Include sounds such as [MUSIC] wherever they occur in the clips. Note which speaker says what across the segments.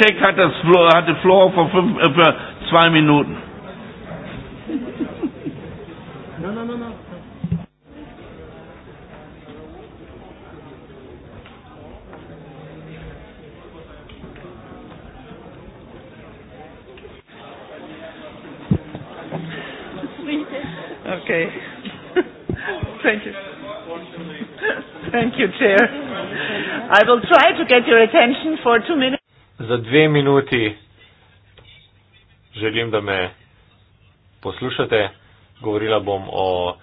Speaker 1: Check hat, das Floor, hat die Floor vor äh, zwei Minuten. No, no, no, okay. Thank you. Thank you, Chair.
Speaker 2: I will try to get your attention for two minutes
Speaker 3: za dve minuti želim, da me poslušate. Govorila bom o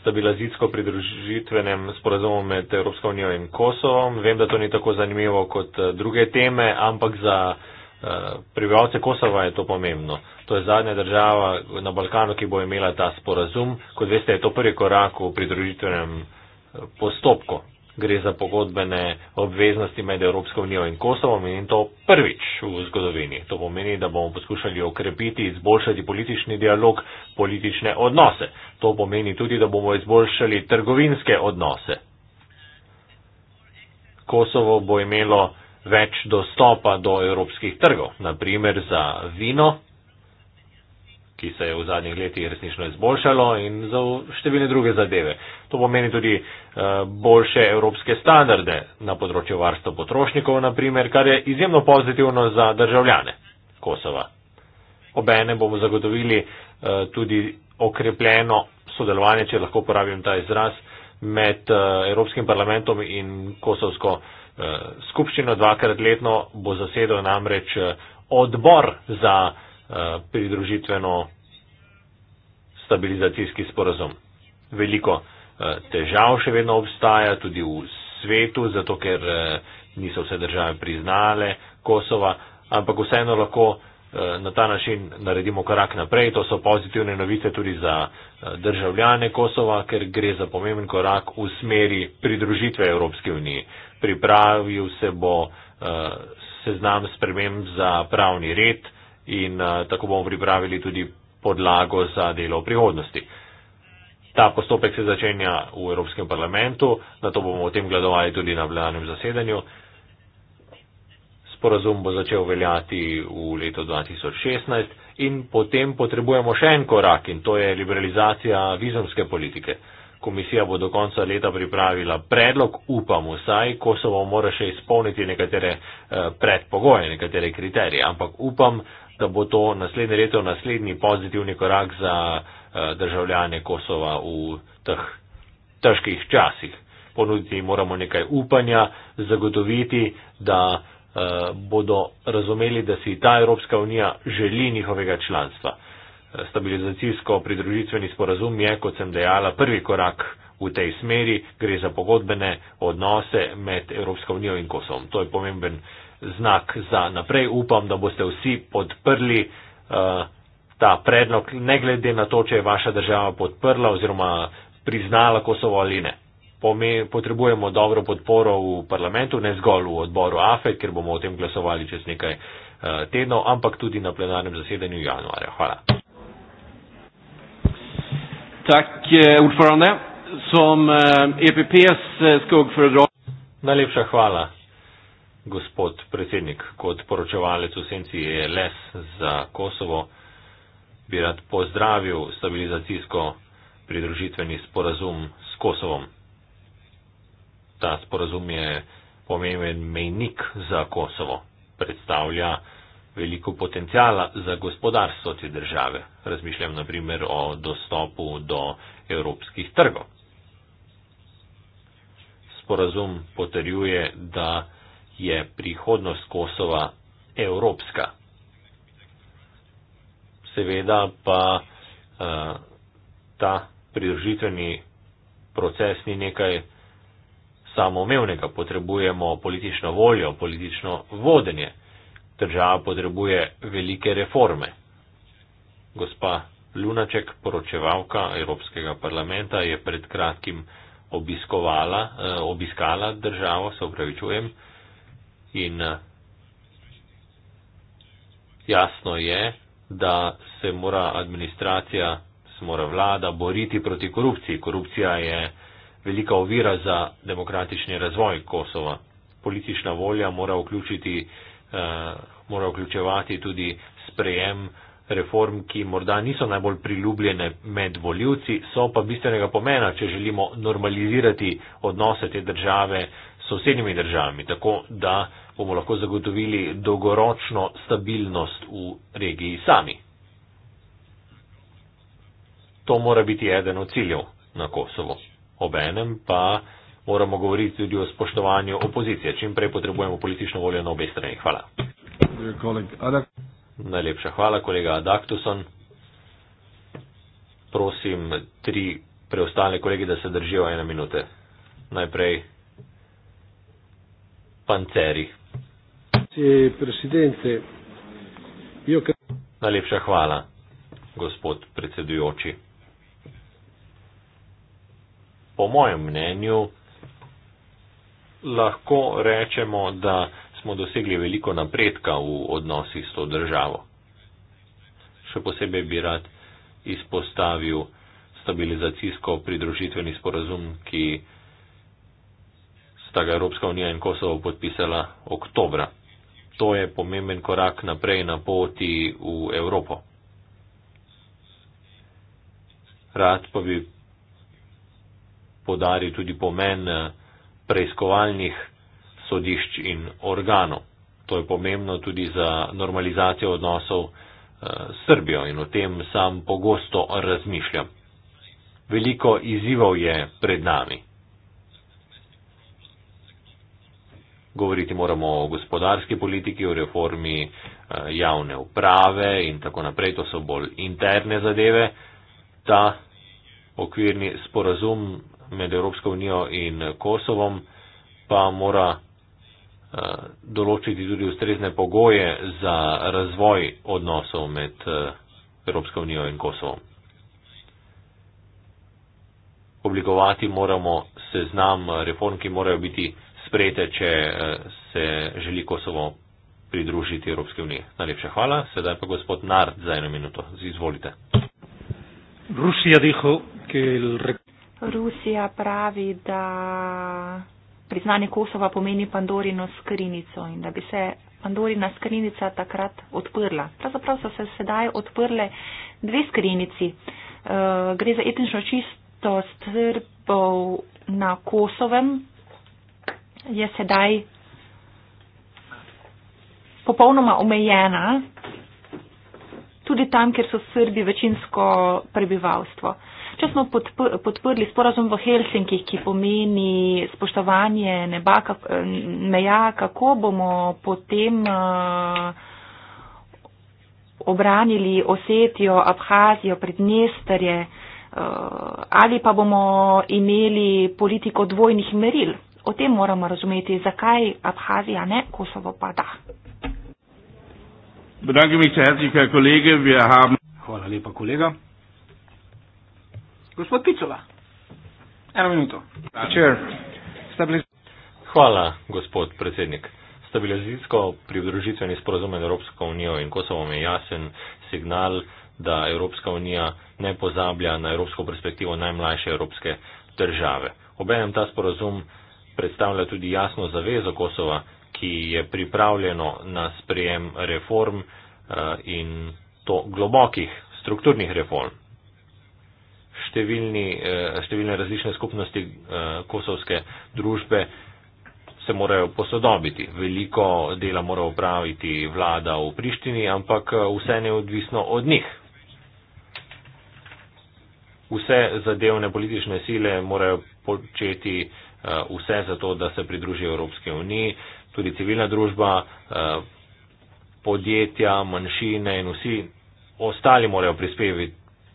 Speaker 3: stabilazitsko pridružitvenem sporazumu med Evropsko unijo in Kosovom. Vem, da to ni tako zanimivo kot eh, druge teme, ampak za eh, prebivalce Kosova je to pomembno. To je zadnja država na Balkanu, ki bo imela ta sporazum. Kot veste, je to prvi korak v pridružitvenem eh, postopku gre za pogodbene obveznosti med Evropsko unijo in Kosovom in to prvič v zgodovini. To pomeni, da bomo poskušali okrepiti, izboljšati politični dialog, politične odnose. To pomeni tudi, da bomo izboljšali trgovinske odnose. Kosovo bo imelo več dostopa do evropskih trgov, naprimer za vino, ki se je v zadnjih letih resnično izboljšalo in za številne druge zadeve. To pomeni tudi eh, boljše evropske standarde na področju varstva potrošnikov, naprimer, kar je izjemno pozitivno za državljane Kosova. Obene bomo zagotovili eh, tudi okrepljeno sodelovanje, če lahko uporabim ta izraz, med eh, Evropskim parlamentom in Kosovsko skupščino. Dvakrat letno bo zasedel namreč odbor za pridružitveno stabilizacijski sporozum. Veliko eh, težav še vedno obstaja tudi v svetu, zato ker eh, niso vse države priznale Kosova, ampak vseeno lahko eh, na ta način naredimo korak naprej. To so pozitivne novice tudi za državljane Kosova, ker gre za pomemben korak v smeri pridružitve Evropske unije. Pripravil se bo seznam sprememb za pravni red, in eh, tako bomo pripravili tudi podlago za delo v prihodnosti. Ta postopek se začenja v Evropskem parlamentu, na to bomo o tem gledovali tudi na vladnem zasedanju. Sporazum bo začel veljati v letu 2016 in potem potrebujemo še en korak in to je liberalizacija vizumske politike. Komisija bo do konca leta pripravila predlog, upam vsaj, Kosovo mora še izpolniti nekatere eh, predpogoje, nekatere kriterije, ampak upam, da bo to naslednje leto naslednji pozitivni korak za eh, državljane Kosova v teh težkih časih. Ponuditi moramo nekaj upanja, zagotoviti, da eh, bodo razumeli, da si ta Evropska unija želi njihovega članstva. Eh, Stabilizacijsko pridružitveni sporazum je, kot sem dejala, prvi korak v tej smeri, gre za pogodbene odnose med Evropsko unijo in Kosovom. To je pomemben znak za naprej. Upam, da boste vsi podprli uh, ta predlog, ne glede na to, če je vaša država podprla oziroma priznala Kosovo ali ne. Pome, potrebujemo dobro podporo v parlamentu, ne zgolj v odboru AFE, ker bomo o tem glasovali čez nekaj uh, tednov, ampak tudi na plenarnem zasedanju januarja. Hvala. Tak, uh, Najlepša hvala gospod predsednik, kot poročevalec v senci ELS za Kosovo, bi rad pozdravil stabilizacijsko pridružitveni sporazum s Kosovom. Ta sporazum je pomemben mejnik za Kosovo, predstavlja veliko potencijala za gospodarstvo te države. Razmišljam na primer o dostopu do evropskih trgov. Sporazum potrjuje, da je prihodnost Kosova evropska. Seveda pa uh, ta pridružitveni proces ni nekaj samoumevnega. Potrebujemo politično voljo, politično vodenje. Država potrebuje velike reforme. Gospa Lunaček, poročevalka Evropskega parlamenta, je pred kratkim obiskovala, uh, obiskala državo, se upravičujem, uh, In eh, jasno je, da se mora administracija, se mora vlada boriti proti korupciji. Korupcija je velika ovira za demokratični razvoj Kosova. Politična volja mora, vključiti, uh, mora vključevati tudi sprejem reform, ki morda niso najbolj priljubljene med voljivci, so pa bistvenega pomena, če želimo normalizirati odnose te države sosednjimi državami, tako da bomo lahko zagotovili dolgoročno stabilnost v regiji sami. To mora biti eden od ciljev na Kosovo. Obenem pa moramo govoriti tudi o spoštovanju opozicije. Čim prej potrebujemo politično voljo na obe strani. Hvala. Najlepša hvala, kolega Adaktuson. Prosim, tri preostale kolegi, da se držijo ene minute. Najprej Panceri. Najlepša hvala, gospod predsedujoči. Po mojem mnenju lahko rečemo, da smo dosegli veliko napredka v odnosih s to državo. Še posebej bi rad izpostavil stabilizacijsko pridružitveni sporazum, ki sta ga Evropska unija in Kosovo podpisala oktobra. To je pomemben korak naprej na poti v Evropo. Rad pa bi podaril tudi pomen eh, preiskovalnih sodišč in organov. To je pomembno tudi za normalizacijo odnosov eh, s Srbijo in o tem sam pogosto razmišljam. Veliko izzivov je pred nami. govoriti moramo o gospodarski politiki, o reformi eh, javne uprave in tako naprej, to so bolj interne zadeve. Ta okvirni sporazum med Evropsko unijo in Kosovom pa mora eh, določiti tudi ustrezne pogoje za razvoj odnosov med eh, Evropsko unijo in Kosovom. Oblikovati moramo seznam reform, ki morajo biti sprejete, če eh, se želi Kosovo pridružiti Evropske unije. Najlepša hvala. Sedaj pa gospod Nard za eno minuto. Izvolite.
Speaker 1: Rusija, dijo, kel...
Speaker 4: Rusija pravi, da priznanje Kosova pomeni Pandorino skrinico in da bi se Pandorina skrinica takrat odprla. Pravzaprav so se sedaj odprle dve skrinici. Uh, gre za etnično čistost Srbov na Kosovem, je sedaj popolnoma omejena, tudi tam, kjer so Srbi večinsko prebivalstvo. Če smo podpr podprli sporazum v Helsinki, ki pomeni spoštovanje neba, kak meja, kako bomo potem uh, obranili Osetijo, Abhazijo, Prednesterje, uh, eh, ali pa bomo imeli politiko dvojnih meril o tem moramo razumeti, zakaj Abhazija ne Kosovo pada.
Speaker 5: Hvala lepa, kolega. Gospod Picova, eno minuto.
Speaker 3: Hvala, gospod predsednik. Stabilizacijsko-pridružitveni sporozum med Evropsko unijo in Kosovom je jasen signal, da Evropska unija ne pozablja na evropsko perspektivo najmlajše evropske države. Obenem ta sporozum predstavlja tudi jasno zavezo Kosova, ki je pripravljeno na sprejem reform eh, in to globokih strukturnih reform. Številni, eh, številne različne skupnosti eh, kosovske družbe se morajo posodobiti. Veliko dela mora upraviti vlada v Prištini, ampak vse ne odvisno od njih. Vse zadevne politične sile morajo početi uh, Eh, vse za to, da se pridruži Evropske unije, tudi civilna družba, eh, podjetja, manjšine in vsi ostali morajo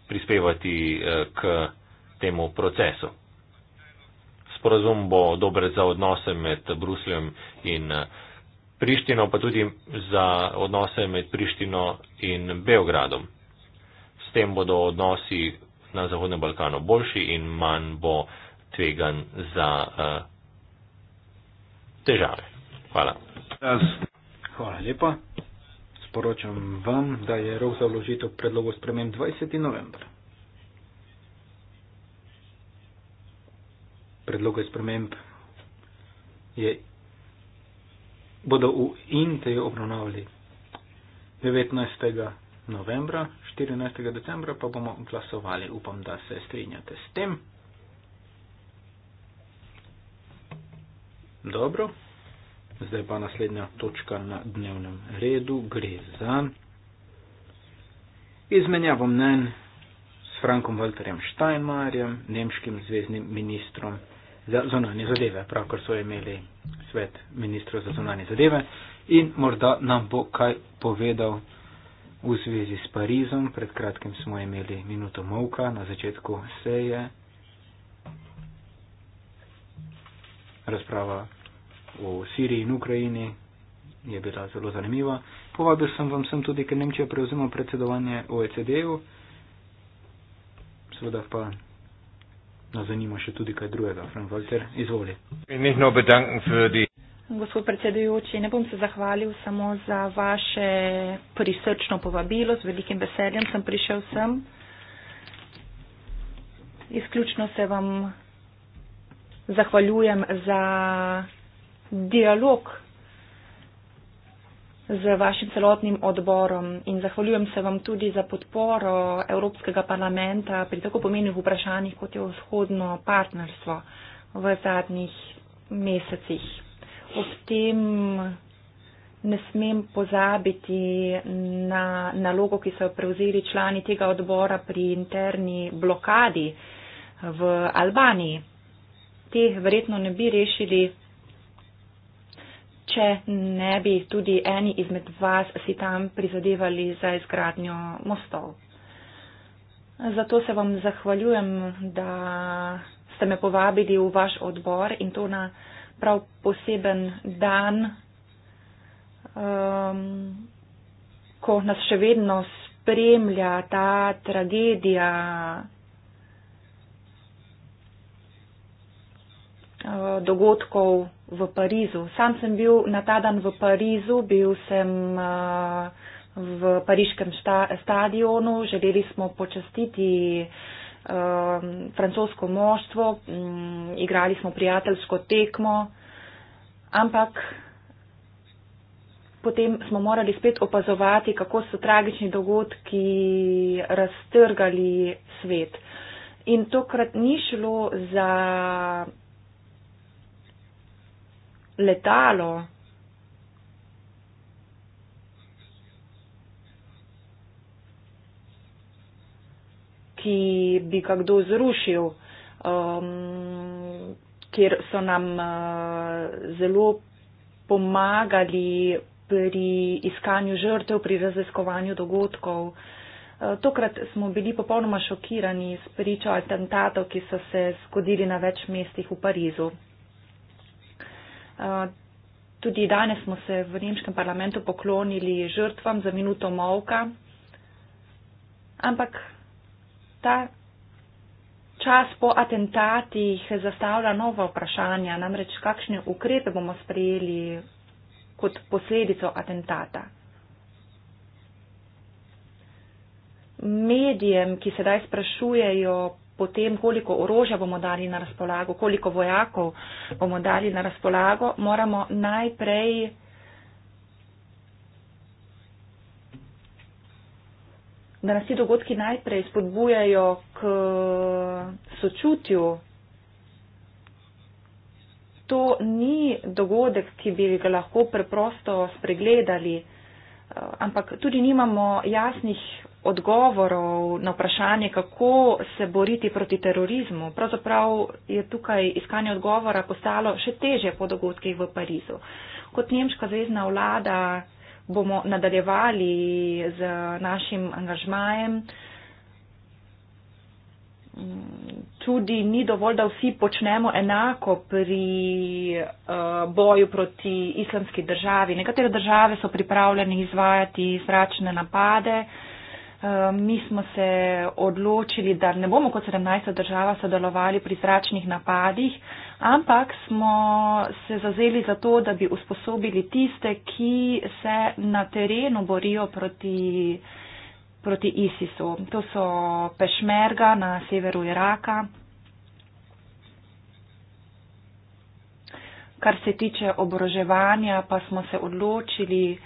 Speaker 3: prispevati eh, k temu procesu. Sporazum bo dober za odnose med Brusljem in Prištino, pa tudi za odnose med Prištino in Beogradom. S tem bodo odnosi na Zahodnem Balkanu boljši in manj bo uh, tvegan za uh, težave. Hvala.
Speaker 5: Hvala lepa. Sporočam vam, da je rok za vložitev predlogov spremem 20. novembra. Predloge sprememb je, bodo v Inteju obravnavali 19. novembra, 14. decembra pa bomo glasovali. Upam, da se strinjate s tem. Dobro, zdaj pa naslednja točka na dnevnem redu gre za izmenjavo mnen s Frankom Walterjem Steinmarjem, nemškim zvezdnim ministrom za zonanje zadeve, pravkar so imeli svet ministrov za zonanje zadeve in morda nam bo kaj povedal v zvezi s Parizom. Pred kratkim smo imeli minuto molka na začetku seje. Razprava o Siriji in Ukrajini, je bila zelo zanimiva. Povabil sem vam sem tudi, ker Nemčija prevzema predsedovanje OECD-u. Seveda pa nas zanima še tudi kaj drugega. Frank Walter, izvoli.
Speaker 4: Gospod predsedujoči, ne bom se zahvalil samo za vaše prisrčno povabilo, z velikim veseljem sem prišel sem. Izključno se vam zahvaljujem za dialog z vašim celotnim odborom in zahvaljujem se vam tudi za podporo Evropskega parlamenta pri tako pomenih vprašanjih, kot je vzhodno partnerstvo v zadnjih mesecih. Ob tem ne smem pozabiti na nalogo, ki so prevzeli člani tega odbora pri interni blokadi v Albaniji. Teh verjetno ne bi rešili če ne bi tudi eni izmed vas si tam prizadevali za izgradnjo mostov. Zato se vam zahvaljujem, da ste me povabili v vaš odbor in to na prav poseben dan, um, ko nas še vedno spremlja ta tragedija. Eh, dogodkov v Parizu. Sam sem bil na ta dan v Parizu, bil sem eh, v pariškem stadionu, želeli smo počastiti eh, francosko moštvo, mm, igrali smo prijateljsko tekmo, ampak potem smo morali spet opazovati, kako so tragični dogodki raztrgali svet. In tokrat ni šlo za letalo. ki bi ga kdo zrušil, um, kjer so nam uh, zelo pomagali pri iskanju žrtev, pri raziskovanju dogodkov. Uh, tokrat smo bili popolnoma šokirani s pričo atentatov, ki so se zgodili na več mestih v Parizu. Eh, tudi danes smo se v nemškem parlamentu poklonili žrtvam za minuto molka, ampak ta čas po atentatih zastavlja nova vprašanja, namreč kakšne ukrepe bomo sprejeli kot posledico atentata. Medijem, ki sedaj sprašujejo potem, koliko orožja bomo dali na razpolago, koliko vojakov bomo dali na razpolago, moramo najprej da nas ti dogodki najprej spodbujajo k eh, sočutju. To ni dogodek, ki bi ga lahko preprosto spregledali, eh, ampak tudi nimamo jasnih odgovorov na vprašanje, kako se boriti proti terorizmu. Pravzaprav je tukaj iskanje odgovora postalo še teže po dogodkih v Parizu. Kot nemška zvezdna vlada bomo nadaljevali z našim angažmajem. Tudi ni dovolj, da vsi počnemo enako pri uh, boju proti islamski državi. Nekatere države so pripravljene izvajati zračne napade, uh, Mi smo se odločili, da ne bomo kot 17 država sodelovali pri zračnih napadih, ampak smo se zazeli za to, da bi usposobili tiste, ki se na terenu borijo proti, proti ISIS-u. To so Pešmerga na severu Iraka. Kar se tiče obroževanja, pa smo se odločili,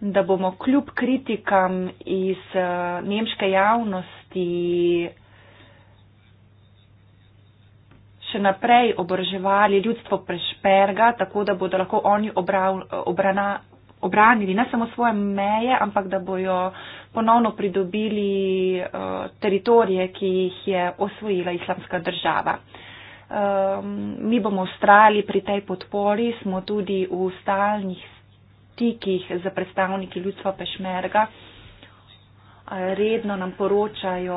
Speaker 4: da bomo kljub kritikam iz uh, nemške javnosti še naprej oboroževali ljudstvo Prešperga, tako da bodo lahko oni obrav, obrana, obranili ne samo svoje meje, ampak da bojo ponovno pridobili uh, teritorije, ki jih je osvojila islamska država. Um, mi bomo ustrali pri tej podpori, smo tudi v stalnih stikih z predstavniki ljudstva Pešmerga. Redno nam poročajo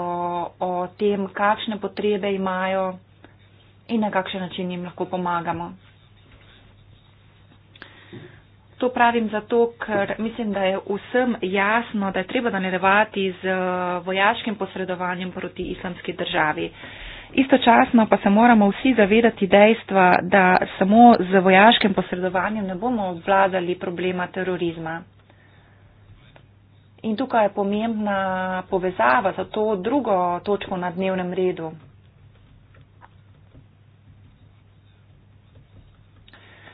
Speaker 4: o tem, kakšne potrebe imajo in na kakšen način jim lahko pomagamo. To pravim zato, ker mislim, da je vsem jasno, da je treba nadaljevati z vojaškim posredovanjem proti islamski državi. Uh, Istočasno pa se moramo vsi zavedati dejstva, da samo z vojaškim posredovanjem ne bomo obvladali problema terorizma. In tukaj je pomembna povezava za to drugo točko na dnevnem redu.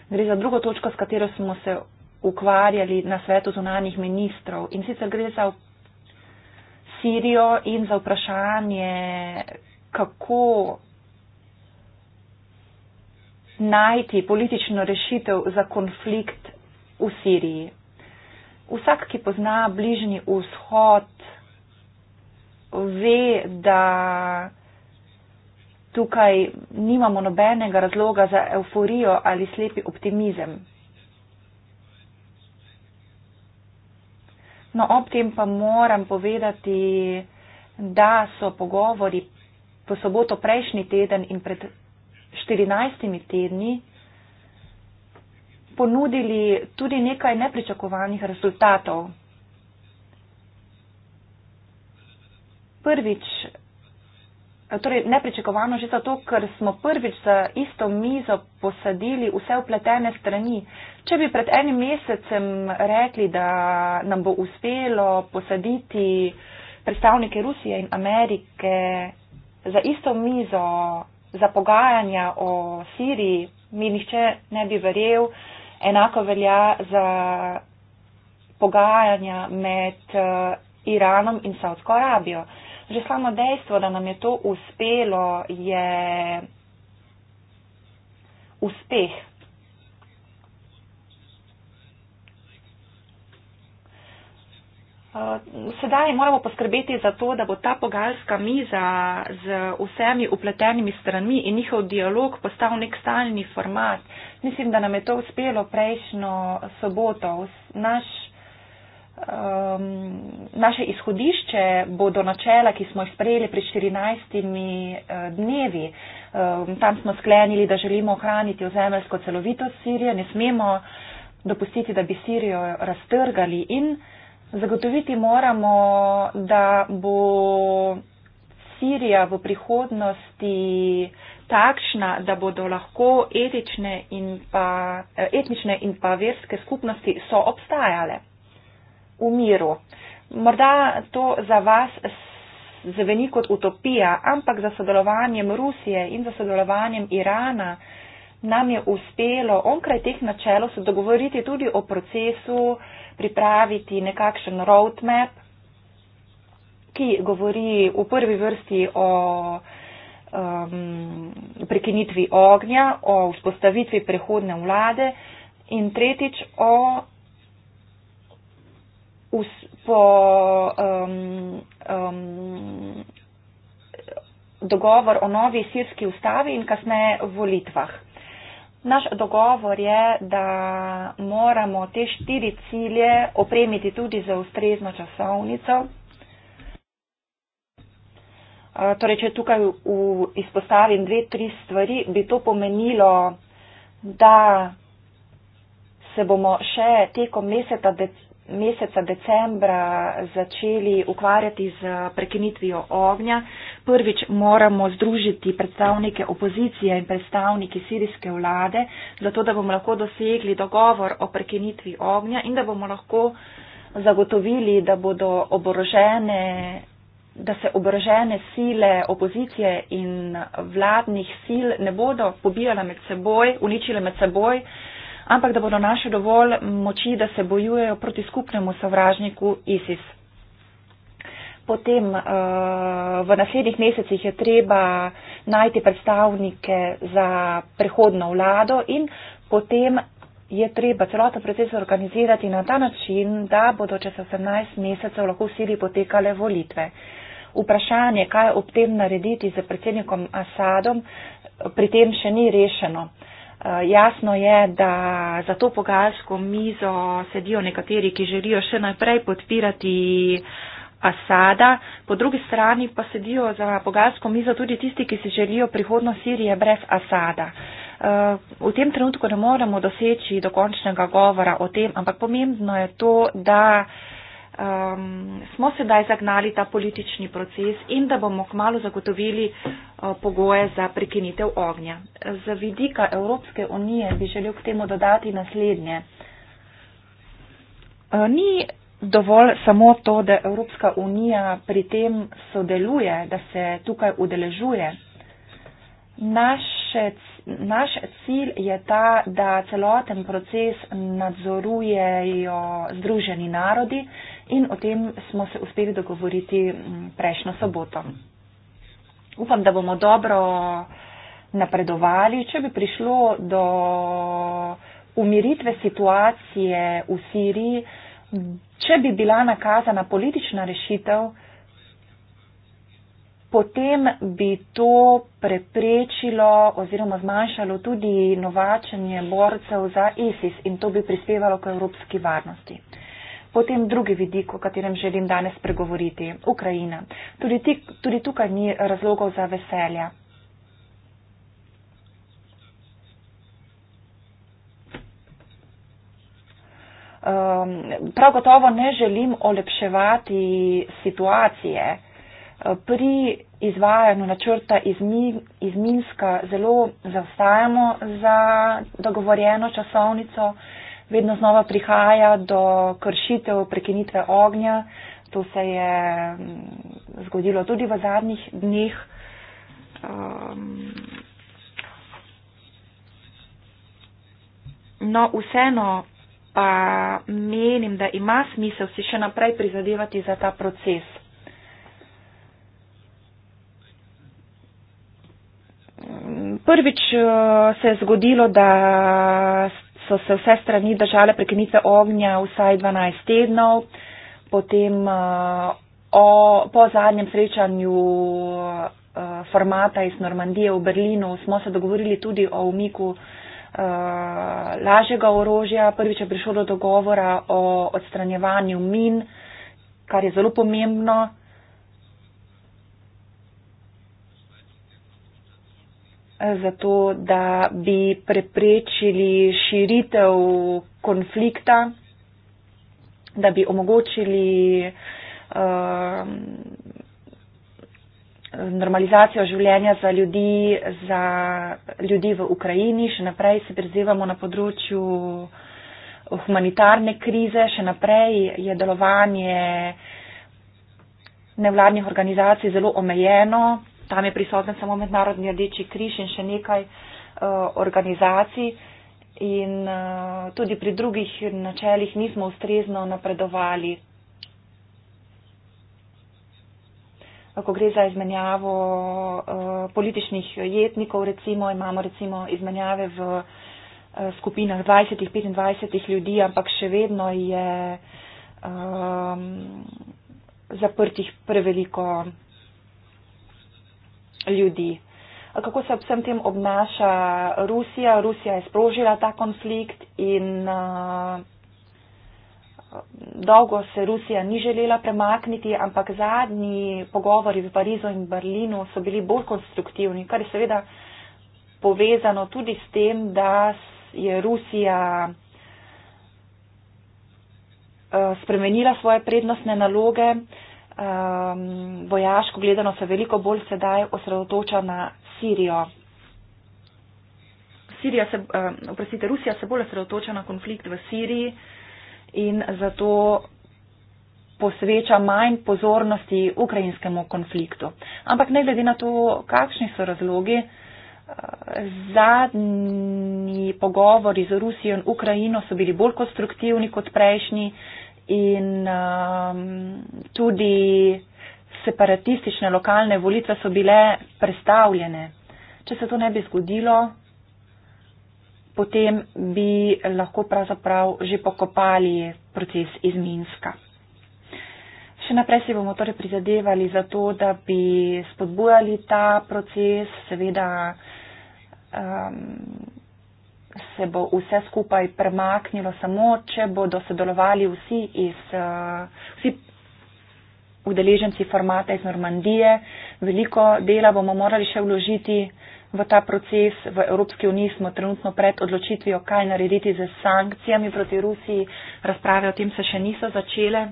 Speaker 4: Gre za drugo točko, s katero smo se ukvarjali na svetu zunanjih ministrov. In sicer gre za Sirijo in za vprašanje kako najti politično rešitev za konflikt v Siriji. Vsak, ki pozna bližnji vzhod, ve, da tukaj nimamo nobenega razloga za euforijo ali slepi optimizem. No, ob tem pa moram povedati, da so pogovori v soboto prejšnji teden in pred 14 tedni ponudili tudi nekaj nepričakovanih rezultatov. Prvič, torej nepričakovano že zato, ker smo prvič za isto mizo posadili vse upletene strani. Če bi pred enim mesecem rekli, da nam bo uspelo posaditi predstavnike Rusije in Amerike za isto mizo, za pogajanja o Siriji, mi nihče ne bi verjel, enako velja za pogajanja med eh, Iranom in Saudsko Arabijo. Že samo dejstvo, da nam je to uspelo, je uspeh. Eh, sedaj moramo poskrbeti za to, da bo ta pogalska miza z vsemi upletenimi stranmi in njihov dialog postal nek stalni format. Mislim, da nam je to uspelo prejšnjo soboto. Naš, um, naše izhodišče bodo načela, ki smo jih sprejeli pred 14 eh, dnevi. Um, tam smo sklenili, da želimo ohraniti ozemeljsko celovitost Sirije. Ne smemo dopustiti, da bi Sirijo raztrgali in. Zagotoviti moramo, da bo Sirija v prihodnosti takšna, da bodo lahko etične in pa, eh, etnične in pa verske skupnosti so obstajale v miru. Morda to za vas zveni kot utopija, ampak za sodelovanjem Rusije in za sodelovanjem Irana nam je uspelo onkraj teh načel se dogovoriti tudi o procesu, pripraviti nekakšen roadmap, ki govori v prvi vrsti o um, prekinitvi ognja, o vzpostavitvi prehodne vlade in tretjič o us, po, um, um, dogovor o novi sirski ustavi in kasneje volitvah. Naš dogovor je, da moramo te štiri cilje opremiti tudi za ustrezno časovnico. Torej, če tukaj v, izpostavim dve, tri stvari, bi to pomenilo, da se bomo še tekom meseca meseca decembra začeli ukvarjati z prekinitvijo ognja. Prvič moramo združiti predstavnike opozicije in predstavniki sirijske vlade, zato da bomo lahko dosegli dogovor o prekinitvi ognja in da bomo lahko zagotovili, da bodo oborožene da se obrožene sile opozicije in vladnih sil ne bodo pobijale med seboj, uničile med seboj, ampak da bodo našli dovolj moči, da se bojujejo proti skupnemu sovražniku ISIS. Potem eh, v naslednjih mesecih je treba najti predstavnike za prehodno vlado in potem je treba celoten proces organizirati na ta način, da bodo čez 18 mesecev lahko v Siriji potekale volitve. Vprašanje, kaj ob tem narediti z predsednikom Asadom, pri tem še ni rešeno. Uh, Eh, jasno je, da za to pogajalsko mizo sedijo nekateri, ki želijo še naprej podpirati Asada, po drugi strani pa sedijo za pogajalsko mizo tudi tisti, ki si želijo prihodnost Sirije brez Asada. Eh, v tem trenutku ne moremo doseči dokončnega govora o tem, ampak pomembno je to, da um, smo sedaj zagnali ta politični proces in da bomo kmalo zagotovili uh, pogoje za prekinitev ognja. Z vidika Evropske unije bi želel k temu dodati naslednje. Uh, ni dovolj samo to, da Evropska unija pri tem sodeluje, da se tukaj udeležuje. Naš, naš cilj je ta, da celoten proces nadzorujejo Združeni narodi, in o tem smo se uspeli dogovoriti mm, prejšnjo soboto. Upam, da bomo dobro napredovali, če bi prišlo do umiritve situacije v Siriji, če bi bila nakazana politična rešitev, potem bi to preprečilo oziroma zmanjšalo tudi novačenje borcev za ISIS in to bi prispevalo k evropski varnosti. Potem drugi vidik, o katerem želim danes pregovoriti, Ukrajina. Tudi, ti, tudi tukaj ni razlogov za veselje. Um, prav gotovo ne želim olepševati situacije. Eh, pri izvajanju načrta iz, Mi, iz Minska zelo zaostajamo za dogovorjeno časovnico. Uh, vedno znova prihaja do kršitev, prekinitve ognja. To se je mm, zgodilo tudi v zadnjih dneh. Um, no, vseeno pa menim, da ima smisel si še naprej prizadevati za ta proces. Prvič eh, se je zgodilo, da so se vse strani držale prekinitve ognja vsaj 12 tednov, potem eh, o, po zadnjem srečanju eh, formata iz Normandije v Berlinu smo se dogovorili tudi o umiku eh, lažjega orožja. Prvič je prišlo do dogovora o odstranjevanju min, kar je zelo pomembno, zato, da bi preprečili širitev konflikta, da bi omogočili uh, normalizacijo življenja za ljudi, za ljudi v Ukrajini. Še naprej se prizivamo na področju humanitarne krize, še naprej je delovanje nevladnih organizacij zelo omejeno, tam je prisoten samo mednarodni rdeči križ in še nekaj eh, organizacij. In eh, tudi pri drugih načelih nismo ustrezno napredovali. Ko gre za izmenjavo eh, političnih jetnikov, recimo imamo recimo izmenjave v skupinah 20-25 ljudi, ampak še vedno je um, zaprtih preveliko ljudi. Kako se ob vsem tem obnaša Rusija? Rusija je sprožila ta konflikt in dolgo se Rusija ni želela premakniti, ampak zadnji pogovori v Parizu in Berlinu so bili bolj konstruktivni, kar je seveda povezano tudi s tem, da je Rusija spremenila svoje prednostne naloge um, vojaško gledano se veliko bolj sedaj osredotoča na Sirijo. Sirija se, um, oprostite, Rusija se bolj osredotoča na konflikt v Siriji in zato posveča manj pozornosti ukrajinskemu konfliktu. Ampak ne glede na to, kakšni so razlogi, uh, zadnji pogovori z Rusijo in Ukrajino so bili bolj konstruktivni kot prejšnji. Uh, in um, tudi separatistične lokalne volitve so bile predstavljene. Če se to ne bi zgodilo, potem bi lahko pravzaprav že pokopali proces iz Minska. Še naprej si bomo torej prizadevali za to, da bi spodbujali ta proces, seveda um, se bo vse skupaj premaknilo samo, če bodo sodelovali vsi, iz, uh, vsi udeleženci formata iz Normandije. Veliko dela bomo morali še vložiti v ta proces. V Evropski uniji smo trenutno pred odločitvijo, kaj narediti z sankcijami proti Rusiji. Razprave o tem se še niso začele.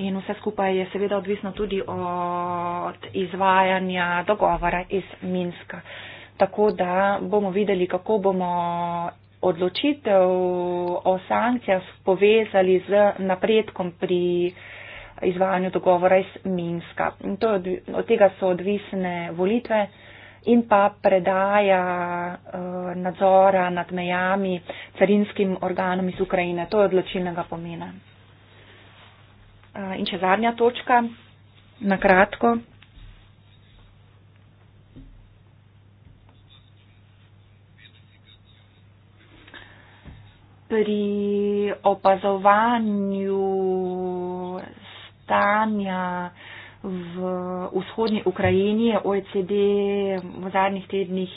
Speaker 4: In vse skupaj je seveda odvisno tudi od izvajanja dogovora iz Minska. Tako da bomo videli, kako bomo odločitev o sankcijah povezali z napredkom pri izvajanju dogovora iz Minska. To, od tega so odvisne volitve in pa predaja eh, nadzora nad mejami carinskim organom iz Ukrajine. To je odločilnega pomena. Eh, in še zadnja točka, na kratko. pri opazovanju stanja v vzhodnji Ukrajini je OECD v zadnjih tednih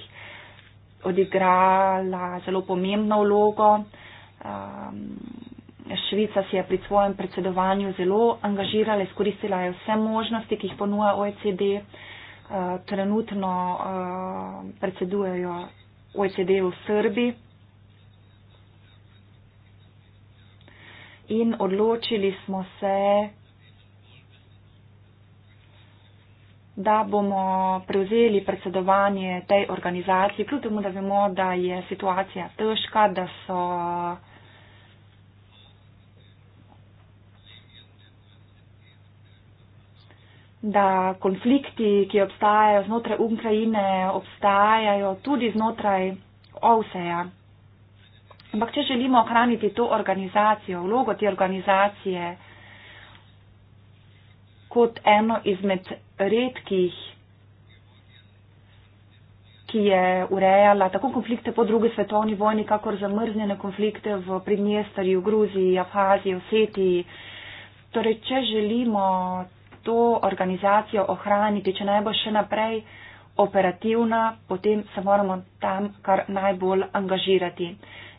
Speaker 4: odigrala zelo pomembno vlogo. Um, Švica si je pri svojem predsedovanju zelo angažirala, izkoristila je vse možnosti, ki jih ponuja OECD. Uh, trenutno uh, predsedujejo OECD v Srbiji. in odločili smo se, da bomo prevzeli predsedovanje tej organizaciji, kljub temu, da vemo, da je situacija težka, da so da konflikti, ki obstajajo znotraj Ukrajine, obstajajo tudi znotraj OVSE-ja. Ampak če želimo ohraniti to organizacijo, vlogo te organizacije kot eno izmed redkih, ki je urejala tako konflikte po drugi svetovni vojni, kakor zamrznjene konflikte v Pridnjestarju, Gruziji, Abhaziji, Osetiji. Torej, če želimo to organizacijo ohraniti, če naj bo še naprej operativna, potem se moramo tam kar najbolj angažirati.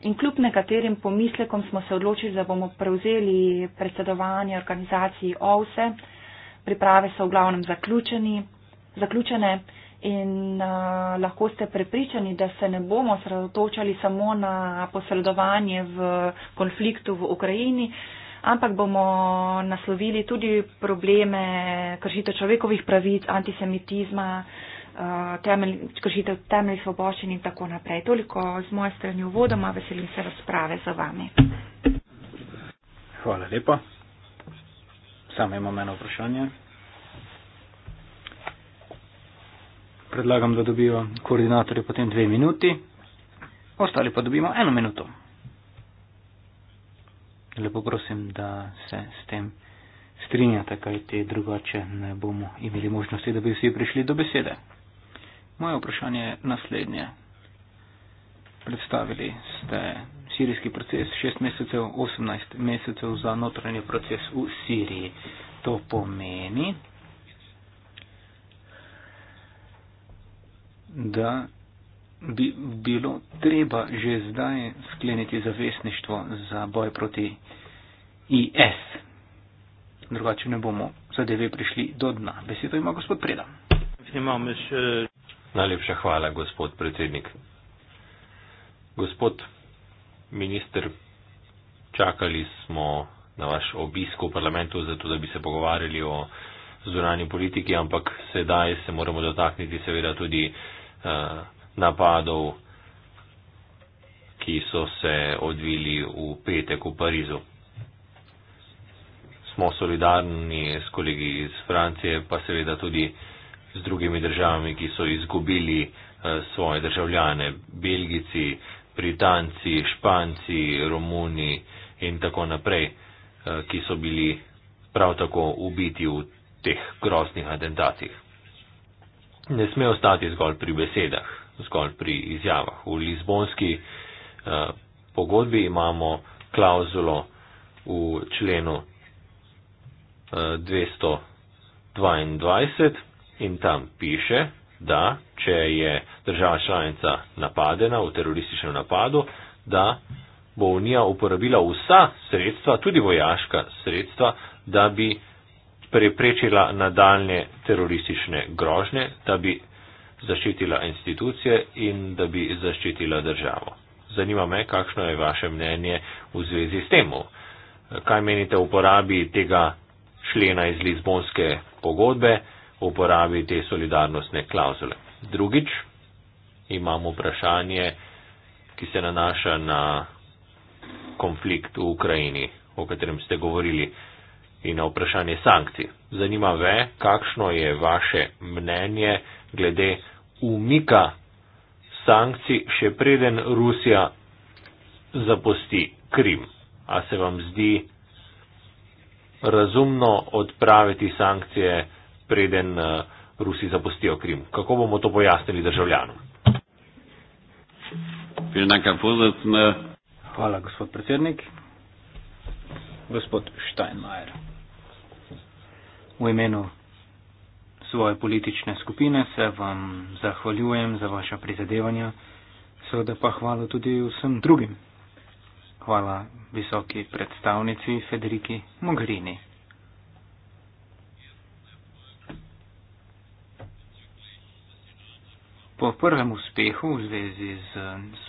Speaker 4: In kljub nekaterim pomislekom smo se odločili, da bomo prevzeli predsedovanje organizaciji OVSE. Priprave so v glavnem zaključeni, zaključene in uh, lahko ste prepričani, da se ne bomo sredotočali samo na posredovanje v konfliktu v Ukrajini, ampak bomo naslovili tudi probleme kršitev človekovih pravic, antisemitizma, uh, Eh, temelj, kršitev temeljih svoboščin in tako naprej. Toliko z moje strani uvodoma, veselim se razprave za vami.
Speaker 5: Hvala lepa. Samo imam eno vprašanje. Predlagam, da dobijo koordinatorje potem dve minuti, ostali pa dobimo eno minuto. Lepo prosim, da se s tem strinjate, kajti drugače ne bomo imeli možnosti, da bi vsi prišli do besede. Moje vprašanje je naslednje. Predstavili ste sirijski proces 6 mesecev, 18 mesecev za notranji proces v Siriji. To pomeni, da bi bilo treba že zdaj skleniti zavesništvo za boj proti IS. Drugače ne bomo zadeve prišli do dna. Besedo ima gospod Preda.
Speaker 3: Imam še. Najlepša hvala, gospod predsednik. Gospod minister, čakali smo na vaš obisk v parlamentu, zato da bi se pogovarjali o zunanji politiki, ampak sedaj se moramo dotakniti seveda tudi uh, napadov, ki so se odvili v petek v Parizu. Smo solidarni s kolegi iz Francije, pa seveda tudi uh, z drugimi državami, ki so izgubili eh, svoje državljane, Belgici, Britanci, Španci, Romuni in tako naprej, eh, ki so bili prav tako ubiti v teh groznih atentatih. Ne sme ostati zgolj pri besedah, zgolj pri izjavah. V Lizbonski eh, pogodbi imamo klauzulo v členu 222 in tam piše, da če je država članica napadena v terorističnem napadu, da bo Unija uporabila vsa sredstva, tudi vojaška sredstva, da bi preprečila nadaljne teroristične grožnje, da bi zaščitila institucije in da bi zaščitila državo. Zanima me, kakšno je vaše mnenje v zvezi s tem. Kaj menite o uporabi tega člena iz Lizbonske pogodbe? uporabi te solidarnostne klauzule. Drugič, imamo vprašanje, ki se nanaša na konflikt v Ukrajini, o katerem ste govorili, in na vprašanje sankcij. Zanima me, kakšno je vaše mnenje glede umika sankcij, še preden Rusija zapusti Krim. A se vam zdi razumno odpraviti sankcije? preden eh, Rusi zapustijo Krim. Kako bomo to pojasnili državljanom?
Speaker 5: Hvala, gospod predsednik. Gospod Steinmeier. V imenu svoje politične skupine se vam zahvaljujem za vaša prizadevanja, seveda pa hvala tudi vsem drugim. Hvala visoki predstavnici Federiki Mogherini. Po prvem uspehu v zvezi z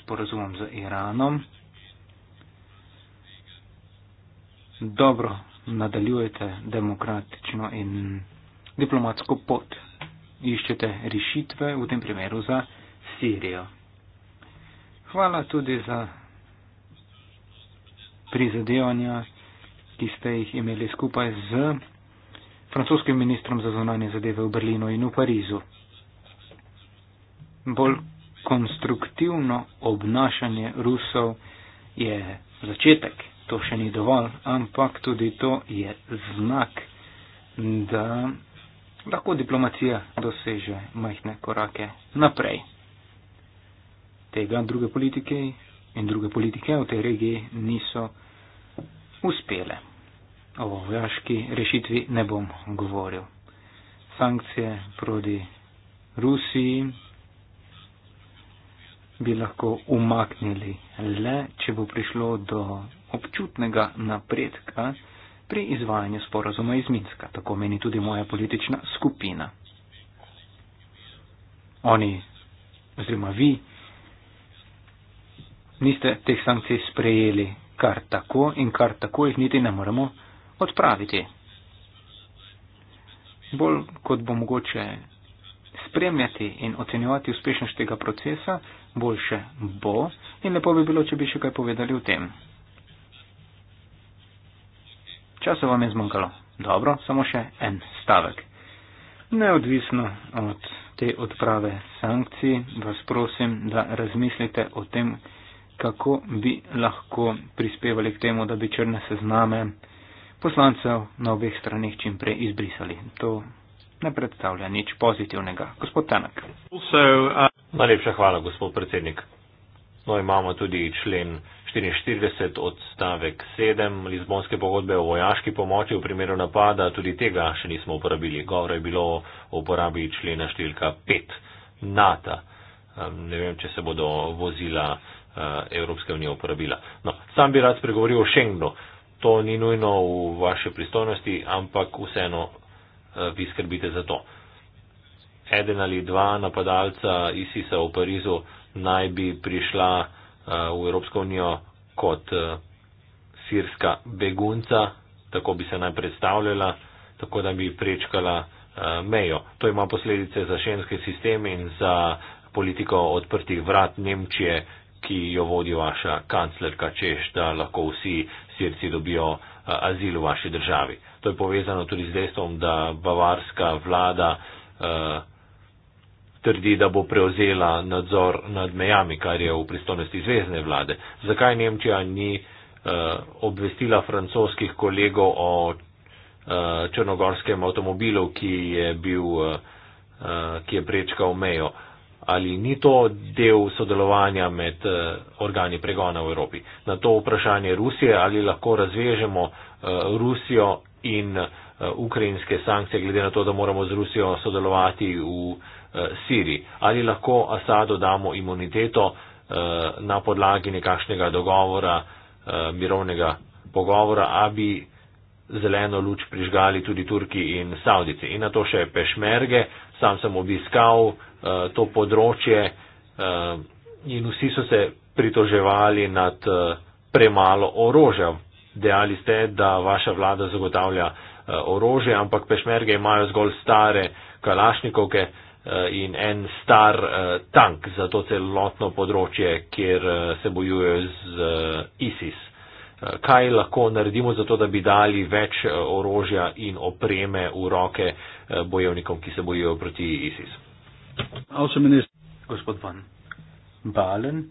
Speaker 5: sporazumom z Iranom, dobro nadaljujete demokratično in diplomatsko pot. Iščete rešitve v tem primeru za Sirijo. Hvala tudi za prizadevanja, ki ste jih imeli skupaj z francoskim ministrom za zunanje zadeve v Berlinu in v Parizu bolj konstruktivno obnašanje Rusov je začetek, to še ni dovolj, ampak tudi to je znak, da lahko diplomacija doseže majhne korake naprej. Tega druge politike in druge politike v tej regiji niso uspele. O vojaški rešitvi ne bom govoril. Sankcije proti Rusiji bi lahko umaknili, le če bo prišlo do občutnega napredka pri izvajanju sporazuma iz Minska, tako meni tudi moja politična skupina. Oni, oziroma vi, niste teh sankcij sprejeli kar tako in kar tako jih niti ne moremo odpraviti. Bolj kot bo mogoče spremljati in ocenjevati uspešnost tega procesa, boljše bo in lepo bi bilo, če bi še kaj povedali o tem. Časa vam je zmanjkalo. Dobro, samo še en stavek. Neodvisno od te odprave sankcij, vas prosim, da razmislite o tem, kako bi lahko prispevali k temu, da bi črne sezname poslancev na obeh stranih čim prej izbrisali. To ne predstavlja nič pozitivnega. Gospod Tanak.
Speaker 3: Also, uh... Najlepša hvala, gospod predsednik. No, imamo tudi člen 44 odstavek 7 Lizbonske pogodbe o vojaški pomoči v primeru napada, tudi tega še nismo uporabili. Govore je bilo o uporabi člena številka 5 NATO. Um, ne vem, če se bodo vozila uh, Evropske unije uporabila. No, sam bi rad spregovoril o Schengenu. To ni nujno v vaše pristojnosti, ampak vseeno Eh, vi skrbite za to. Eden ali dva napadalca ISIS-a v Parizu naj bi prišla eh, v Evropsko unijo kot eh, sirska begunca, tako bi se naj predstavljala, tako da bi prečkala mejo. To ima posledice za šenske sisteme in za politiko odprtih vrat Nemčije, ki jo vodi vaša kanclerka, češ da lahko vsi sirci dobijo azil v vaši državi. To je povezano tudi z dejstvom, da bavarska vlada trdi, da bo prevzela nadzor nad mejami, kar je v pristojnosti zvezdne vlade. Zakaj Nemčija ni obvestila francoskih kolegov o črnogorskem avtomobilu, ki je, bil, ki je prečkal mejo? ali ni to del sodelovanja med eh, organi pregona v Evropi. Na to vprašanje Rusije, ali lahko razvežemo eh, Rusijo in eh, ukrajinske sankcije, glede na to, da moramo z Rusijo sodelovati v Siriji. Ali lahko Asadu damo imuniteto na podlagi nekakšnega dogovora, mirovnega pogovora, a bi zeleno luč prižgali tudi Turki in Saudici. In na to še pešmerge, sam sem obiskal uh, to področje uh, in vsi so se pritoževali nad uh, premalo orožja. Dejali ste, da vaša vlada zagotavlja uh, orožje, ampak pešmerge imajo zgolj stare kalašnikovke uh, in en star uh, tank za to celotno področje, kjer uh, se bojujejo z uh, ISIS. Eh, kaj lahko naredimo za to, da bi dali več eh, orožja in opreme v roke eh, bojevnikom, ki se bojijo proti ISIS.
Speaker 5: Gospod Van Balen,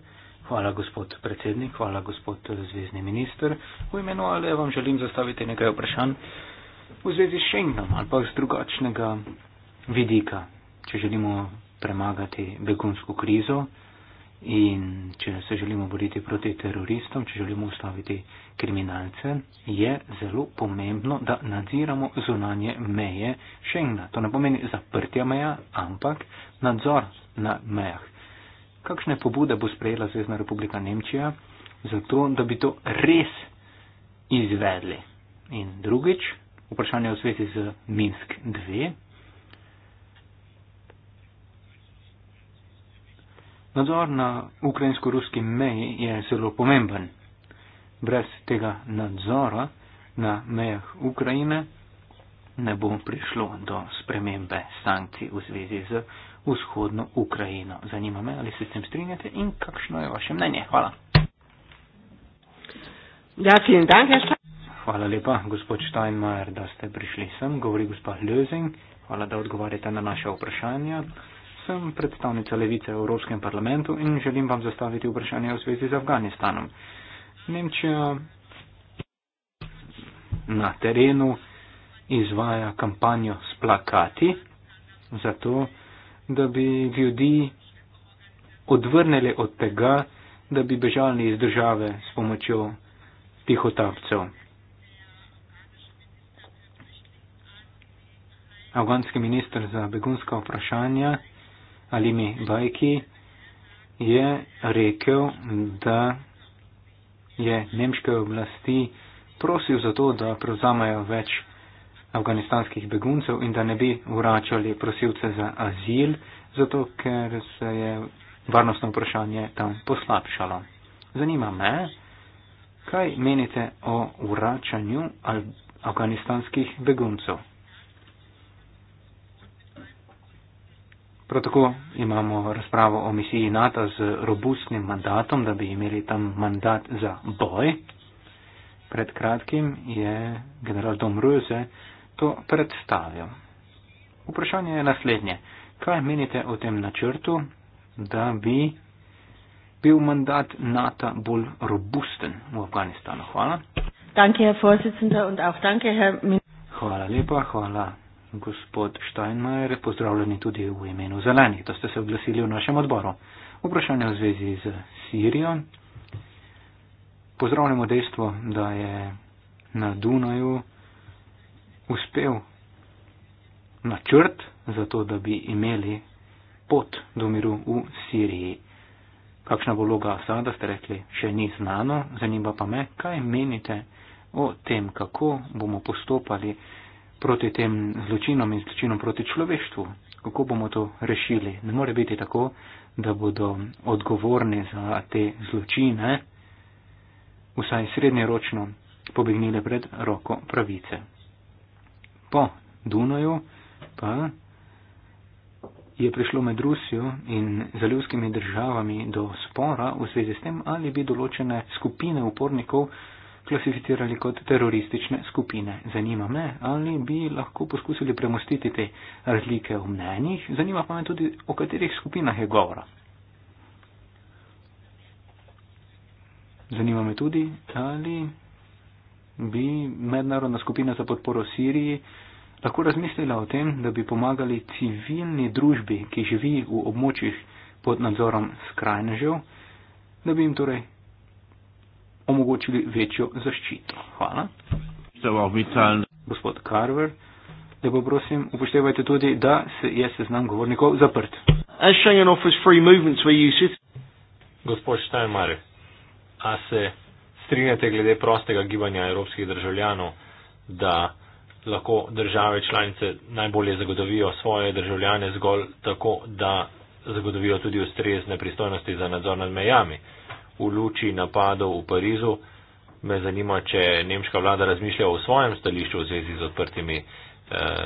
Speaker 5: hvala gospod predsednik, hvala gospod zvezdni minister. V imenu ali vam želim zastaviti nekaj vprašanj v zvezi s Schengenom ali pa z drugačnega vidika, če želimo premagati begunsko krizo. In če se želimo boriti proti teroristom, če želimo ustaviti kriminalce, je zelo pomembno, da nadziramo zunanje meje Schengna. To ne pomeni zaprtja meja, ampak nadzor na mejah. Kakšne pobude bo sprejela Zvezdna republika Nemčija za to, da bi to res izvedli? In drugič, vprašanje v svezi z Minsk 2. Nadzor na ukrajinsko-ruski meji je zelo pomemben. Brez tega nadzora na mejah Ukrajine ne bo prišlo do spremembe sankcij v zvezi z vzhodno Ukrajino. Zanima me, ali se s tem strinjate in kakšno je vaše mnenje. Hvala.
Speaker 6: Ja, dank,
Speaker 5: Hvala lepa, gospod Steinmeier, da ste prišli sem. Govori gospod Lösing. Hvala, da odgovarjate na naše vprašanje. Sem predstavnica levice v Evropskem parlamentu in želim vam zastaviti vprašanje v zvezi z Afganistanom. Nemčija na terenu izvaja kampanjo s plakati zato, da bi ljudi odvrnili od tega, da bi bežali iz države s pomočjo tihotapcev. Afganski minister za begunska vprašanja ali mi bajki, je rekel, da je nemške oblasti prosil za to, da prevzamejo več afganistanskih beguncev in da ne bi vračali prosilce za azil, zato ker se je varnostno vprašanje tam poslabšalo. Zanima me, kaj menite o vračanju afganistanskih beguncev? Prav tako imamo razpravo o misiji NATO z robustnim mandatom, da bi imeli tam mandat za boj. Pred kratkim je general Dom Ruse to predstavil. Vprašanje je naslednje. Kaj menite o tem načrtu, da bi bil mandat NATO bolj robusten v Afganistanu? Hvala. Danke, hvala lepa, hvala gospod Steinmeier, pozdravljeni tudi v imenu zelenih, da ste se oglasili v našem odboru. Vprašanje v zvezi z Sirijo. Pozdravljamo dejstvo, da je na Dunaju uspel načrt za to, da bi imeli pot do miru v Siriji. Kakšna bo vloga Asada, ste rekli, še ni znano. Zanima pa me, kaj menite o tem, kako bomo postopali proti tem zločinom in zločinom proti človeštvu. Kako bomo to rešili? Ne more biti tako, da bodo odgovorni za te zločine, vsaj srednjeročno, pobegnile pred roko pravice. Po Dunaju pa je prišlo med Rusijo in zalivskimi državami do spora v zvezi s tem, ali bi določene skupine upornikov klasificirali kot teroristične skupine. Zanima me, ali bi lahko poskusili premostiti te razlike v mnenjih. Zanima pa me tudi, o katerih skupinah je govora. Zanima me tudi, ali bi mednarodna skupina za podporo Siriji lahko razmislila o tem, da bi pomagali civilni družbi, ki živi v območjih pod nadzorom skrajnežev, da bi jim torej omogočili večjo zaščito. Hvala. Uh, Gospod Carver, lepo prosim, upoštevajte tudi, da se je seznam govornikov zaprt.
Speaker 3: Gospod Štajnmar, a se strinjate glede prostega gibanja evropskih državljanov, da lahko države članice najbolje zagotovijo svoje državljane zgolj tako, da zagotovijo tudi ustrezne pristojnosti za nadzor nad mejami? v luči napadov v Parizu. Me zanima, če nemška vlada razmišlja o svojem stališču v zvezi z odprtimi eh,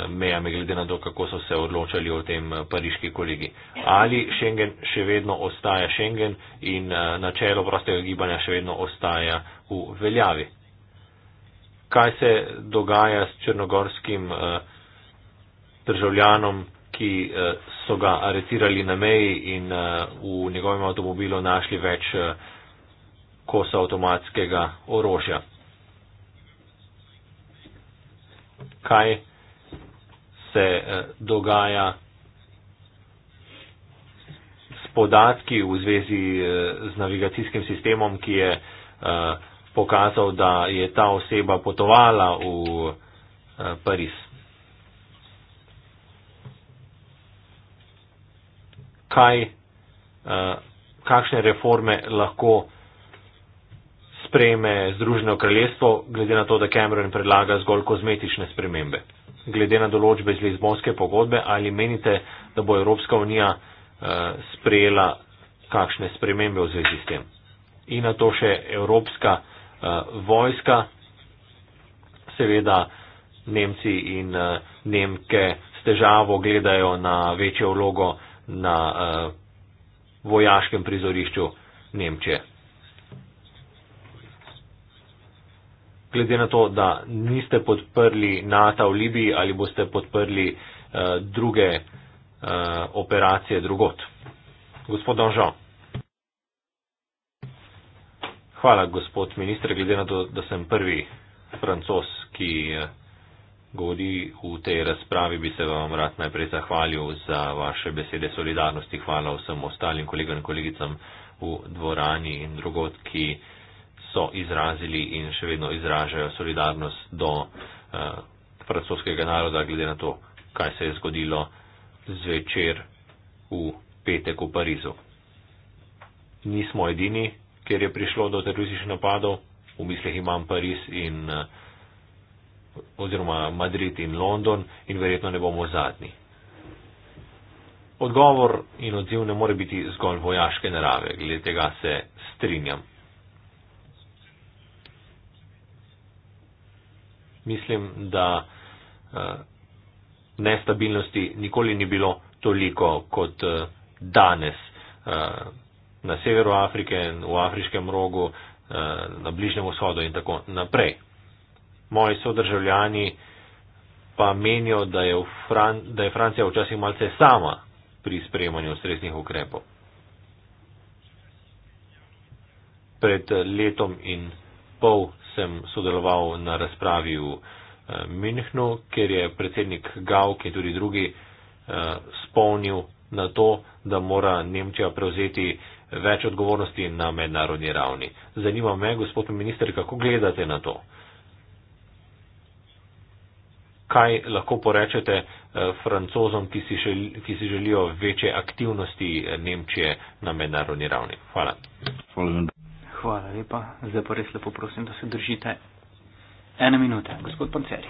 Speaker 3: mejami, glede na to, kako so se odločali o tem eh, pariški kolegi. Ali Schengen še vedno ostaja Schengen in eh, načelo prostega gibanja še vedno ostaja v veljavi? Kaj se dogaja s črnogorskim državljanom, ki so ga aretirali na meji in v njegovem avtomobilu našli več kos avtomatskega orožja. Kaj se eh, dogaja s podatki v zvezi eh, z navigacijskim sistemom, ki je eh, pokazal, da je ta oseba potovala v Pariz? Kaj, kakšne reforme lahko sprejme Združeno kraljestvo, glede na to, da Cameron predlaga zgolj kozmetične spremembe. Glede na določbe iz Lizbonske pogodbe, ali menite, da bo Evropska unija eh, sprejela kakšne spremembe v zvezi s tem? In na to še Evropska eh, vojska, seveda Nemci in eh, Nemke s težavo gledajo na večjo vlogo na eh, vojaškem prizorišču Nemčije. glede na to, da niste podprli NATO v Libiji ali boste podprli uh, druge uh, operacije drugot. Gospod Donžal. Hvala, gospod ministr, glede na to, da sem prvi francos, ki eh, govori v tej razpravi, bi se vam rad najprej zahvalil za vaše besede solidarnosti. Hvala vsem ostalim kolegom in kolegicam v dvorani in drugot, ki so izrazili in še vedno izražajo solidarnost do eh, francoskega naroda, glede na to, kaj se je zgodilo zvečer v petek v Parizu. Nismo edini, kjer je prišlo do terorističnih napadov, v mislih imam Pariz in eh, oziroma Madrid in London in verjetno ne bomo zadnji. Odgovor in odziv ne more biti zgolj vojaške narave, glede tega se strinjam. mislim, da eh, nestabilnosti nikoli ni bilo toliko kot eh, danes. Eh, na severu Afrike, v afriškem rogu, na bližnjem vzhodu in tako naprej. Moji sodržavljani pa menijo, da je, Fran da je Francija včasih malce sama pri sprejemanju ustreznih ukrepov. Pred letom in pol sem sodeloval na razpravi v eh, Minhnu, kjer je predsednik Gau, ki je tudi drugi, eh, spomnil na to, da mora Nemčija prevzeti več odgovornosti na mednarodni ravni. Zanima me, gospod minister, kako gledate na to? Kaj lahko porečete eh, francozom, ki si, žel, ki si želijo večje aktivnosti Nemčije na mednarodni ravni? Hvala. Hvala.
Speaker 5: Hvala lepa. Zdaj pa res lepo prosim, da se držite. Ena minuta, gospod Panceri.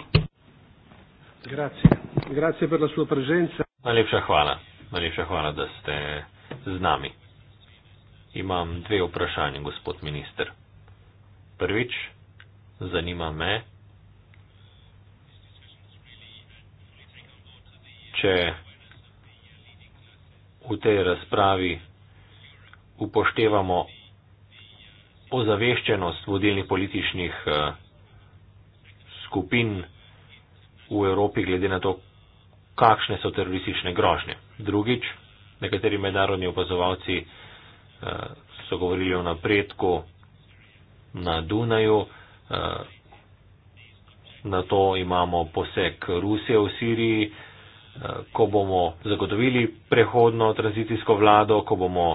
Speaker 5: Grazie.
Speaker 3: Grazie per la sua presenza. Najlepša hvala. Najlepša hvala, da ste z nami. Imam dve vprašanje, gospod minister. Prvič, zanima me, če v tej razpravi upoštevamo ozaveščenost vodilnih političnih eh, skupin v Evropi glede na to, kakšne so teroristične grožnje. Drugič, nekateri mednarodni opazovalci eh, so govorili o napredku na Dunaju, eh, na to imamo poseg Rusije v Siriji, ko bomo zagotovili prehodno tranzicijsko vlado, ko bomo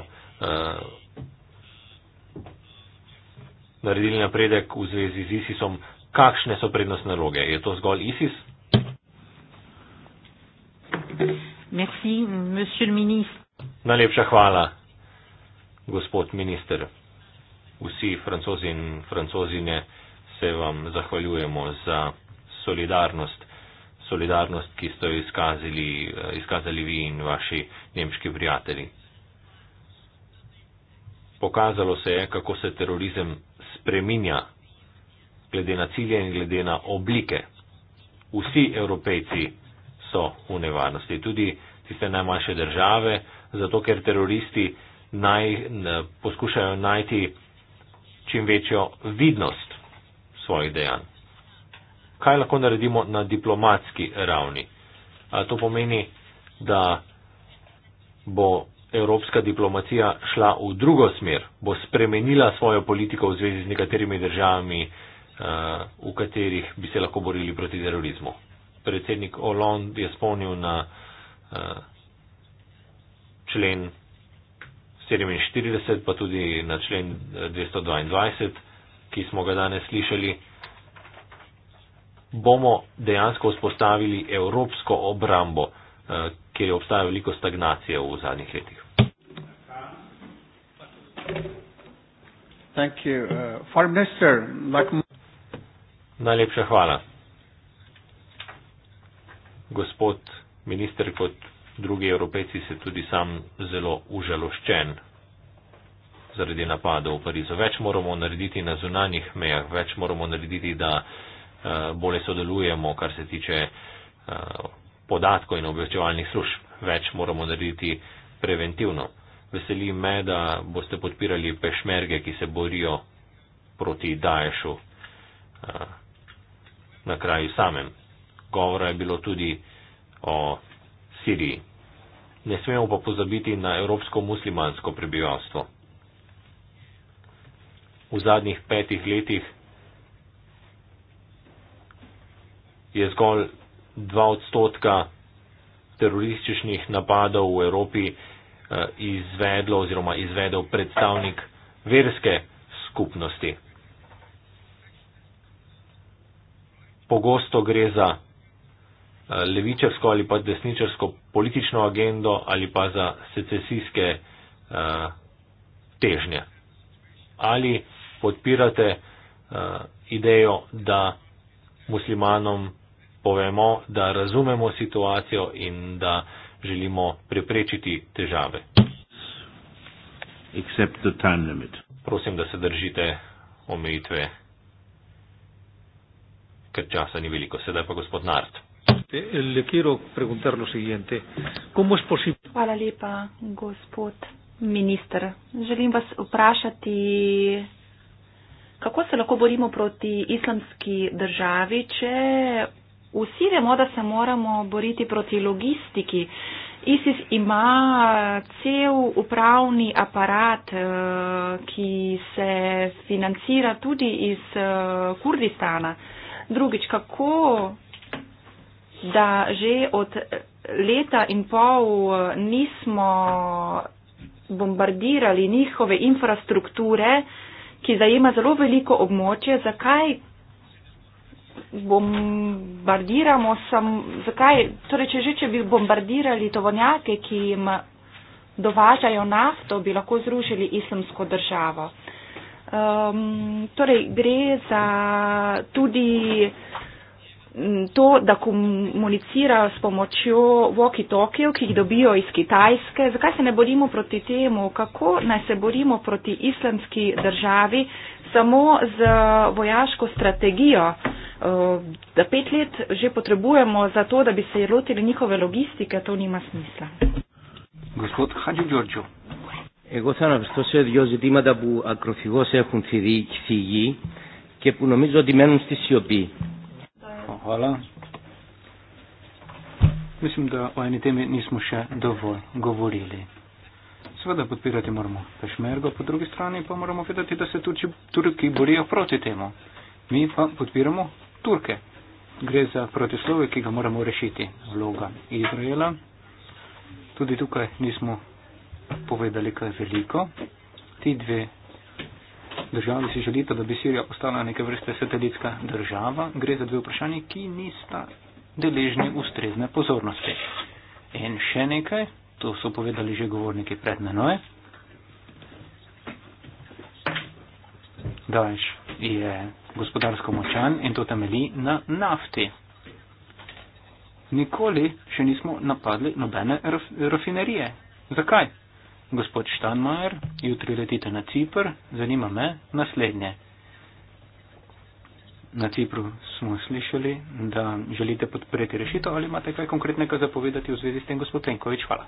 Speaker 3: naredili napredek v zvezi z ISIS-om, kakšne so prednostne naloge? Je to zgolj ISIS?
Speaker 6: Merci, monsieur le ministre.
Speaker 3: Najlepša hvala, gospod minister. Vsi francozi in francozine se vam zahvaljujemo za solidarnost, solidarnost, ki ste jo izkazali, eh, izkazali vi in vaši nemški prijatelji. Pokazalo se je, kako se terorizem spreminja glede na cilje in glede na oblike. Vsi evropejci so v nevarnosti, tudi tiste najmanjše države, zato ker teroristi naj, ne, poskušajo najti čim večjo vidnost svojih dejanj. Kaj lahko naredimo na diplomatski ravni? A to pomeni, da bo evropska diplomacija šla v drugo smer, bo spremenila svojo politiko v zvezi z nekaterimi državami, eh, v katerih bi se lahko borili proti terorizmu. Predsednik Hollande je spomnil na eh, člen 47, pa tudi na člen 222, eh, ki smo ga danes slišali. Bomo dejansko vzpostavili evropsko obrambo, kjer je obstajalo veliko stagnacije v zadnjih letih.
Speaker 1: Thank you. Uh, Foreign
Speaker 3: Minister, like... Najlepša hvala. Gospod minister, kot drugi evropejci, se tudi sam zelo užaloščen zaradi napadov v Parizu. Več moramo narediti na zunanjih mejah, več moramo narediti, da uh, bolje sodelujemo, kar se tiče uh, podatkov in obveščevalnih služb. Več moramo narediti preventivno. Veseli me, da boste podpirali pešmerge, ki se borijo proti Daješu eh, na kraju samem. Govora je bilo tudi o Siriji. Ne smemo pa pozabiti na evropsko muslimansko prebivalstvo. V zadnjih petih letih je zgolj dva odstotka terorističnih napadov v Evropi Eh, izvedlo oziroma izvedel predstavnik verske skupnosti. Pogosto gre za eh, levičarsko ali pa desničarsko politično agendo ali pa za secesijske uh, težnje. Ali podpirate uh, idejo, da muslimanom povemo, da razumemo situacijo in da uh, želimo preprečiti težave. Prosim, da se držite omejitve, ker časa ni veliko. Sedaj pa gospod Nart.
Speaker 4: Hvala lepa, gospod minister. Želim vas vprašati, kako se lahko borimo proti islamski državi, če Vsi vemo, da se moramo boriti proti logistiki. ISIS ima eh, cel upravni aparat, eh, ki se financira tudi iz eh, Kurdistana. Drugič, kako da že od leta in pol nismo bombardirali njihove infrastrukture, ki zajema zelo veliko območje, zakaj bombardiramo sam, zakaj, torej če že, če bi bombardirali tovornjake, ki jim dovažajo nafto, bi lahko zrušili islamsko državo. Um, torej gre za tudi to, da komunicirajo s pomočjo walkie-talkie, ki jih dobijo iz Kitajske. Zakaj se ne borimo proti temu, kako naj se borimo proti islamski državi, samo z vojaško strategijo? Eh, da pet let že potrebujemo za to, da bi se lotili njihove logistike, to nima smisla.
Speaker 5: Gospod Hadži Đorđo. Εγώ θα αναπιστώ σε δύο ζητήματα που ακροφυγώ έχουν φυγεί και που νομίζω ότι μένουν στη σιωπή. Αλλά. Μίσουμε τα ο ενιτέμι νίσμουσε δοβόλ, γοβορίλη. Σβέντα που πήρα τη μορμό. Πεσμέργο, από τρούγη στράνη, είπα μορμό φέτα ότι τα σε τουρκοί μπορεί απρότη τέμο. Μη που πήραμε Turke. Gre za protislove, ki ga moramo rešiti. Vloga Izraela. Tudi tukaj nismo povedali kaj veliko. Ti dve državi si želita, da bi Sirija postala neke vrste satelitska država. Gre za dve vprašanje, ki nista deležni ustrezne pozornosti. In še nekaj, to so povedali že govorniki pred menoj. Daješ je gospodarsko močan in to temelji na nafti. Nikoli še nismo napadli nobene raf rafinerije. Zakaj? Gospod Štanmajer, jutri letite na Cipr, zanima me naslednje. Na Cipru smo slišali, da želite podpreti rešitev ali imate kaj konkretnega zapovedati v zvezi s tem, gospod Tenkovič. Hvala.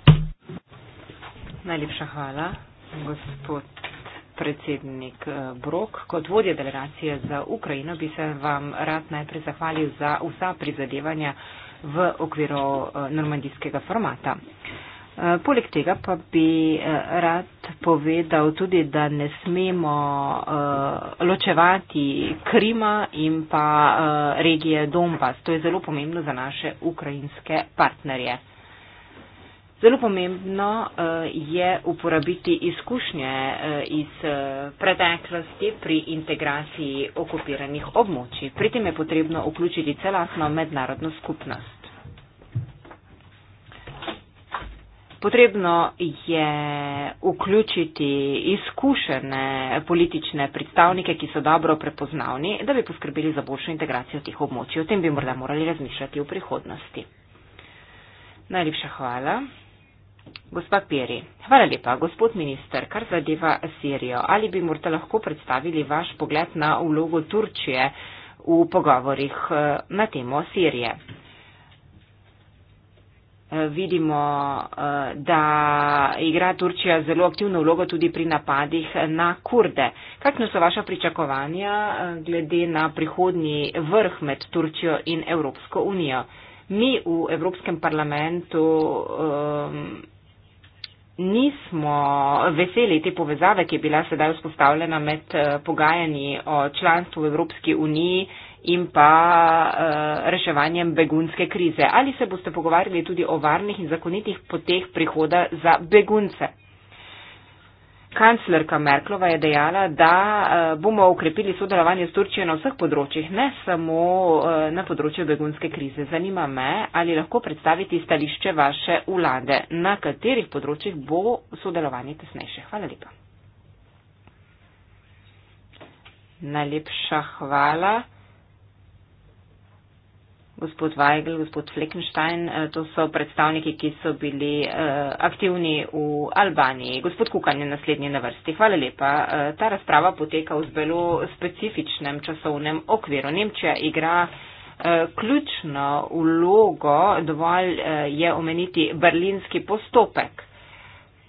Speaker 6: Najlepša hvala, gospod predsednik eh, Brok. Kot vodje delegacije za Ukrajino bi se vam rad najprej zahvalil za vsa prizadevanja v okviru eh, normandijskega formata. Eh, poleg tega pa bi rad povedal tudi, da ne smemo ločevati Krima in pa regije Donbass. To je zelo pomembno za naše ukrajinske partnerje. Zelo pomembno eh, je uporabiti izkušnje eh, iz eh, preteklosti pri integraciji okupiranih območij. Pri tem je potrebno vključiti celotno mednarodno skupnost. Potrebno je vključiti izkušene politične predstavnike, ki so dobro prepoznavni, da bi poskrbeli za boljšo integracijo teh območij. O tem bi morda morali razmišljati v prihodnosti. Najlepša hvala. Gospa Peri, hvala lepa. Gospod minister, kar zadeva Sirijo, ali bi morda lahko predstavili vaš pogled na vlogo Turčije v pogovorih eh, na temo Sirije? Eh, vidimo, eh, da igra Turčija zelo aktivno vlogo tudi pri napadih na kurde. Kakšno so vaše pričakovanja glede na prihodnji vrh med Turčijo in Evropsko unijo? Mi v Evropskem parlamentu um, nismo veseli te povezave, ki je bila sedaj vzpostavljena med eh, pogajanji o članstvu v Evropski uniji in pa eh, reševanjem begunske krize. Ali se boste pogovarjali tudi o varnih in zakonitih poteh prihoda za begunce? Kanclerka Merklova je dejala, da eh, bomo ukrepili sodelovanje s Turčijo na vseh področjih, ne samo eh, na področju begunske krize. Zanima me, ali lahko predstaviti stališče vaše vlade, na katerih področjih bo sodelovanje tesnejše. Hvala lepa. Najlepša hvala gospod Weigl, gospod Fleckenstein, eh, to so predstavniki, ki so bili eh, aktivni v Albaniji. Gospod Kukan je naslednji na vrsti. Hvala lepa. Eh, ta razprava poteka v zelo specifičnem časovnem okviru. Nemčija igra ključno vlogo, dovolj je omeniti berlinski postopek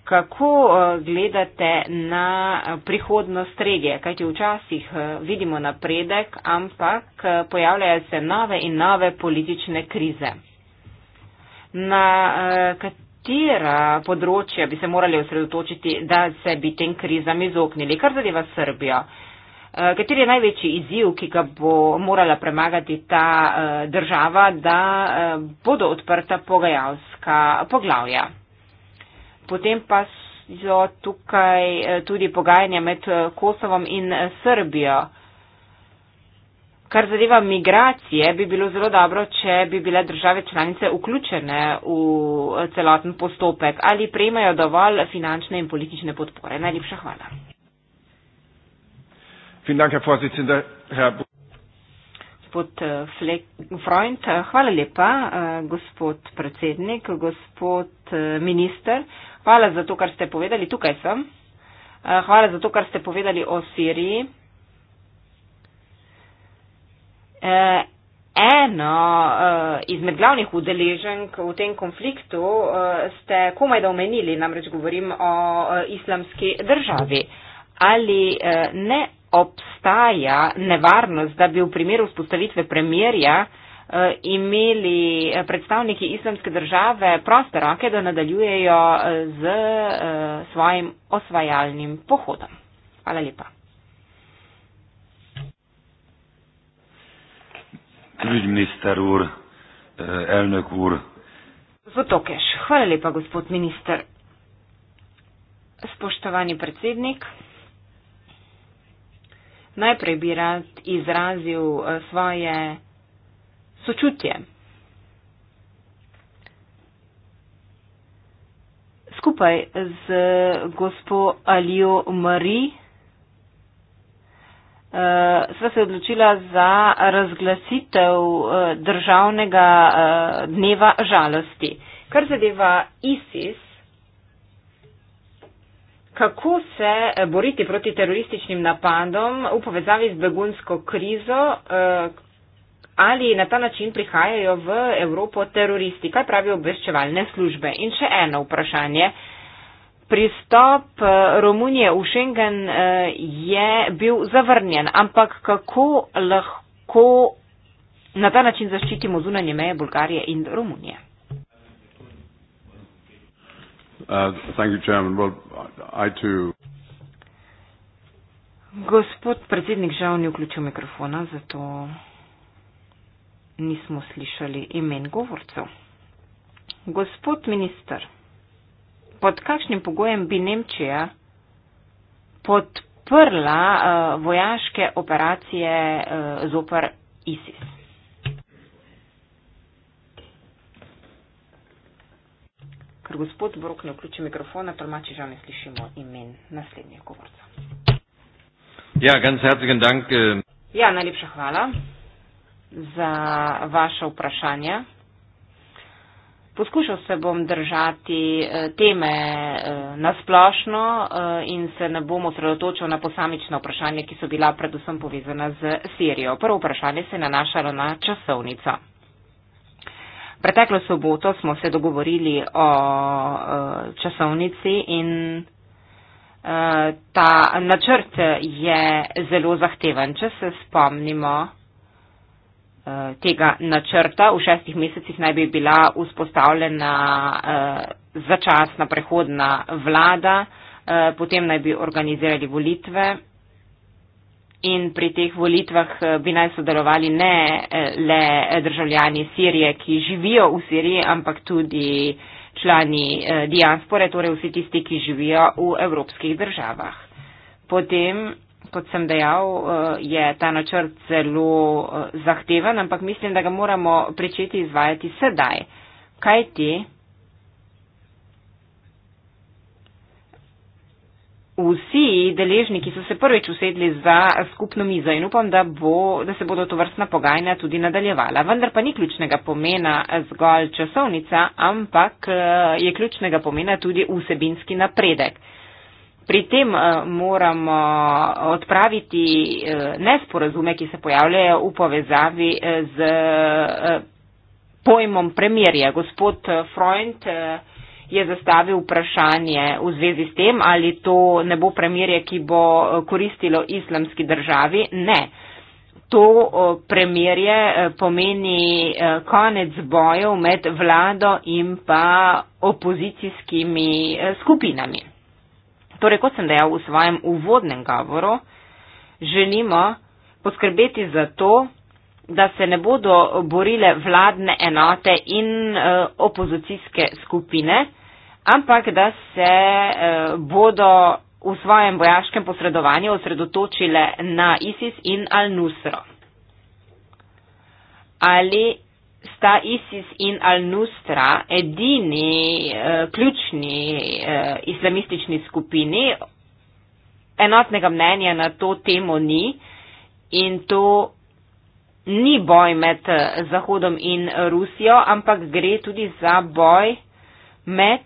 Speaker 6: kako eh, gledate na eh, prihodnost regije, kajti včasih eh, vidimo napredek, ampak pojavljajo se nove in nove politične krize. Na katera področja bi se morali osredotočiti, da se bi tem krizam izognili? Kar zadeva Srbijo? Kateri je največji izziv, ki ga bo morala premagati ta država, da bodo odprta pogajalska poglavja? Potem pa so tukaj eh, tudi pogajanja med eh, Kosovom in eh, Srbijo. Kar zadeva migracije, bi bilo zelo dobro, če bi bile države članice vključene v celoten postopek ali prejmajo dovolj finančne in politične podpore. Najlepša hvala. Gospod Freund, hvala lepa, gospod predsednik, gospod minister. Hvala za to, kar ste povedali. Tukaj sem. Eh, hvala za to, kar ste povedali o Siriji. Eh, eno eh, izmed glavnih udeleženk v tem konfliktu ste komaj da omenili, namreč govorim o islamski državi. Ali ne obstaja nevarnost, da bi v primeru vzpostavitve premjerja Eh, imeli eh, predstavniki islamske države proste roke, da nadaljujejo eh, z svojim osvajalnim pohodom. Hvala lepa.
Speaker 3: Tudi minister Ur, Elnek
Speaker 1: Ur.
Speaker 6: Gospod Tokeš, hvala lepa, gospod minister. Spoštovani predsednik, najprej bi rad izrazil svoje sočutje. Skupaj z gospo Alijo Mari eh, sva se odločila za razglasitev eh, državnega eh, dneva žalosti. Kar zadeva ISIS, kako se boriti proti terorističnim napadom v povezavi z begunsko krizo, ali na ta način prihajajo v Evropo teroristi, kaj pravijo obveščevalne službe. In še eno vprašanje. Pristop eh, Romunije v Schengen eh, je bil zavrnjen, ampak kako lahko na ta način zaščitimo zunanje meje Bulgarije in Romunije?
Speaker 1: Uh, well, too...
Speaker 6: Gospod predsednik žal ni vključil mikrofona, zato nismo slišali imen govorcev. Gospod minister, pod kakšnim pogojem bi Nemčija podprla uh, vojaške operacije uh, eh, zopr ISIS? Ker gospod Borok ne vključi mikrofona, tolmači žal ne slišimo imen naslednjih govorcev.
Speaker 3: Ja, ganz herzigen dank. Eh.
Speaker 6: Ja, najlepša hvala za vaše vprašanje. Poskušal se bom držati eh, teme eh, nasplošno eh, in se ne bom osredotočil na posamična vprašanja, ki so bila predvsem povezana z Sirijo. Prvo vprašanje se je nanašalo na časovnico. Preteklo soboto smo se dogovorili o časovnici in ta načrt je zelo zahteven. Če se spomnimo, Eh, tega načrta. V šestih mesecih naj bi bila vzpostavljena eh, začasna prehodna vlada, eh, potem naj bi organizirali volitve. In pri teh volitvah bi naj sodelovali ne le državljani Sirije, ki živijo v Siriji, ampak tudi člani diaspore, torej vsi tisti, ki živijo v evropskih državah. Potem kot sem dejal, eh, je ta načrt zelo eh, zahteven, ampak mislim, da ga moramo pričeti izvajati sedaj. Kaj ti? Vsi deležniki so se prvič usedli za skupno mizo in upam, da, bo, da se bodo to vrstna pogajanja tudi nadaljevala. Vendar pa ni ključnega pomena zgolj časovnica, ampak eh, je ključnega pomena tudi vsebinski napredek. Pri tem eh, moramo eh, odpraviti eh, nesporazume, ki se pojavljajo v povezavi z pojmom premirja. Gospod Freund je zastavil vprašanje v zvezi s tem, ali to ne bo premirje, ki bo koristilo islamski državi. Ne. To premirje pomeni konec bojev med vlado in pa opozicijskimi skupinami. Torej, kot sem dejal v svojem uvodnem govoru, želimo poskrbeti za to, da se ne bodo borile vladne enote in uh, opozicijske skupine, ampak da se uh, bodo v svojem bojaškem posredovanju osredotočile na ISIS in Al-Nusro. Ali sta ISIS in Al-Nusra edini uh, ključni uh, islamistični skupini. Enotnega mnenja na to temo ni in to ni boj med eh, Zahodom in Rusijo, ampak gre tudi za boj med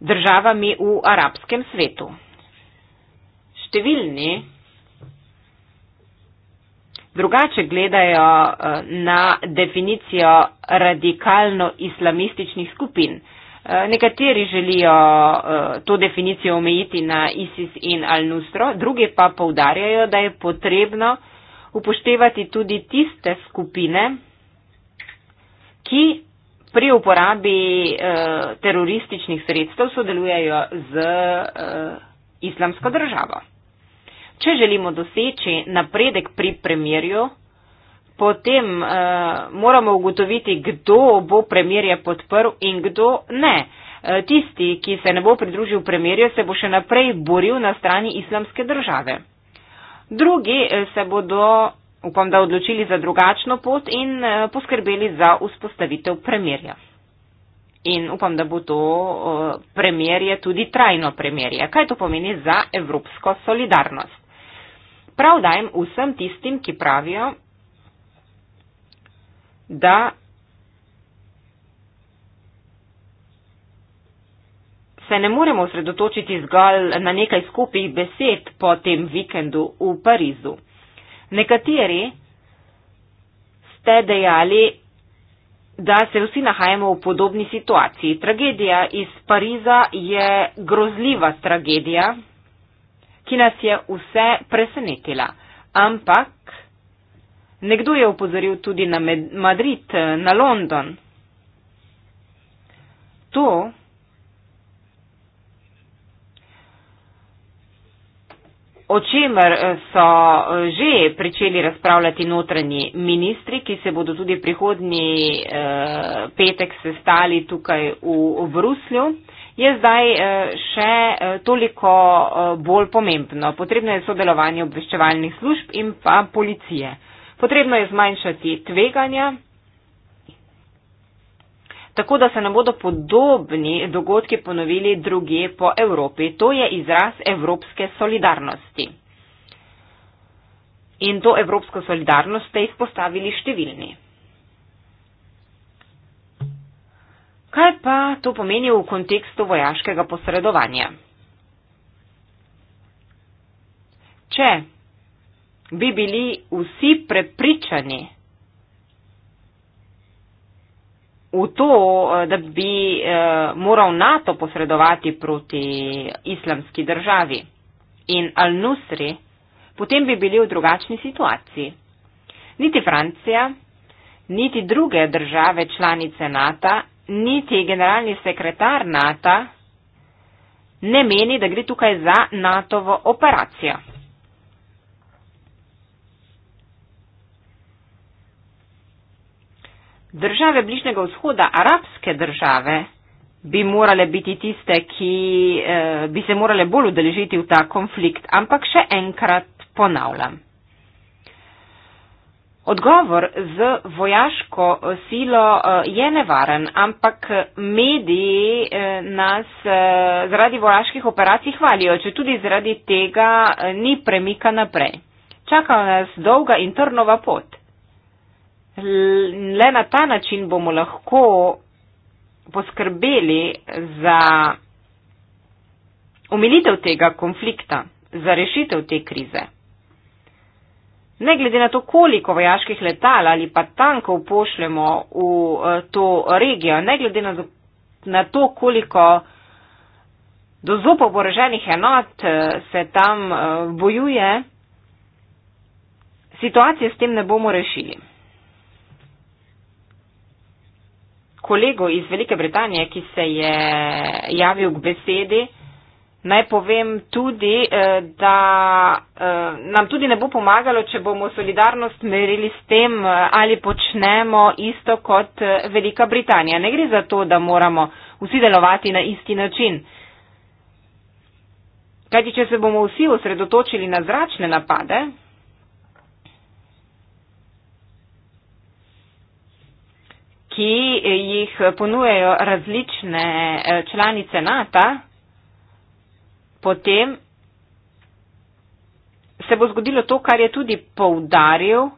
Speaker 6: državami v arabskem svetu. Številni drugače gledajo eh, na definicijo radikalno-islamističnih skupin. Eh, nekateri želijo eh, to definicijo omejiti na ISIS in Al-Nusro, druge pa povdarjajo, da je potrebno upoštevati tudi tiste skupine, ki pri uporabi terorističnih sredstev sodelujejo z islamsko državo. Če želimo doseči napredek pri premirju, potem uh, moramo ugotoviti, kdo bo premirje podprl in kdo ne. Eh, tisti, ki se ne bo pridružil premirju, se bo še naprej boril na strani islamske države. Drugi eh, se bodo, upam, da odločili za drugačno pot in poskrbeli za vzpostavitev premirja. In upam, da bo to premirje tudi trajno premirje. Kaj to pomeni za evropsko solidarnost? prav dajem vsem tistim, ki pravijo, da se ne moremo osredotočiti zgolj na nekaj skupih besed po tem vikendu v Parizu. Nekateri ste dejali, da se vsi nahajamo v podobni situaciji. Tragedija iz Pariza je grozljiva tragedija ki nas je vse presenetila. Ampak nekdo je upozoril tudi na Med Madrid, na London. To O čemer eh, so eh, že pričeli razpravljati notranji ministri, ki se bodo tudi prihodnji eh, petek sestali tukaj v Bruslju je zdaj eh, še eh, toliko eh, bolj pomembno. Potrebno je sodelovanje obveščevalnih služb in pa policije. Potrebno je zmanjšati tveganja, tako da se ne bodo podobni dogodki ponovili druge po Evropi. To je izraz evropske solidarnosti. In to evropsko solidarnost ste izpostavili številni. Kaj pa to pomeni v kontekstu vojaškega posredovanja? Če bi bili vsi prepričani v to, da bi eh, moral NATO posredovati proti islamski državi in Al-Nusri, potem bi bili v drugačni situaciji. Niti Francija, niti druge države članice NATO niti generalni sekretar NATO ne meni, da gre tukaj za NATO-vo operacijo. Države Bližnjega vzhoda, arabske države, bi morale biti tiste, ki eh, bi se morale bolj udeležiti v ta konflikt, ampak še enkrat ponavljam. Odgovor z vojaško eh, silo eh, je nevaren, ampak eh, mediji nas zaradi vojaških operacij hvalijo, če tudi zaradi tega ni premika naprej. Čaka nas dolga in trnova pot. Le na ta način bomo lahko poskrbeli za umilitev tega konflikta, za rešitev te krize. Ne glede na to, koliko vojaških letal ali pa tankov pošljemo v eh, to regijo, ne glede na, na to, koliko do zopo oboroženih enot eh, se tam eh, bojuje, situacije s tem ne bomo rešili. Kolego iz Velike Britanije, ki se je javil k besedi, Naj povem tudi, eh, da eh, nam tudi ne bo pomagalo, če bomo solidarnost merili s tem, eh, ali počnemo isto kot Velika Britanija. Ne gre za to, da moramo vsi delovati na isti način. Kajti, če se bomo vsi osredotočili na zračne napade, ki jih ponujejo različne članice NATO, potem se bo zgodilo to, kar je tudi poudaril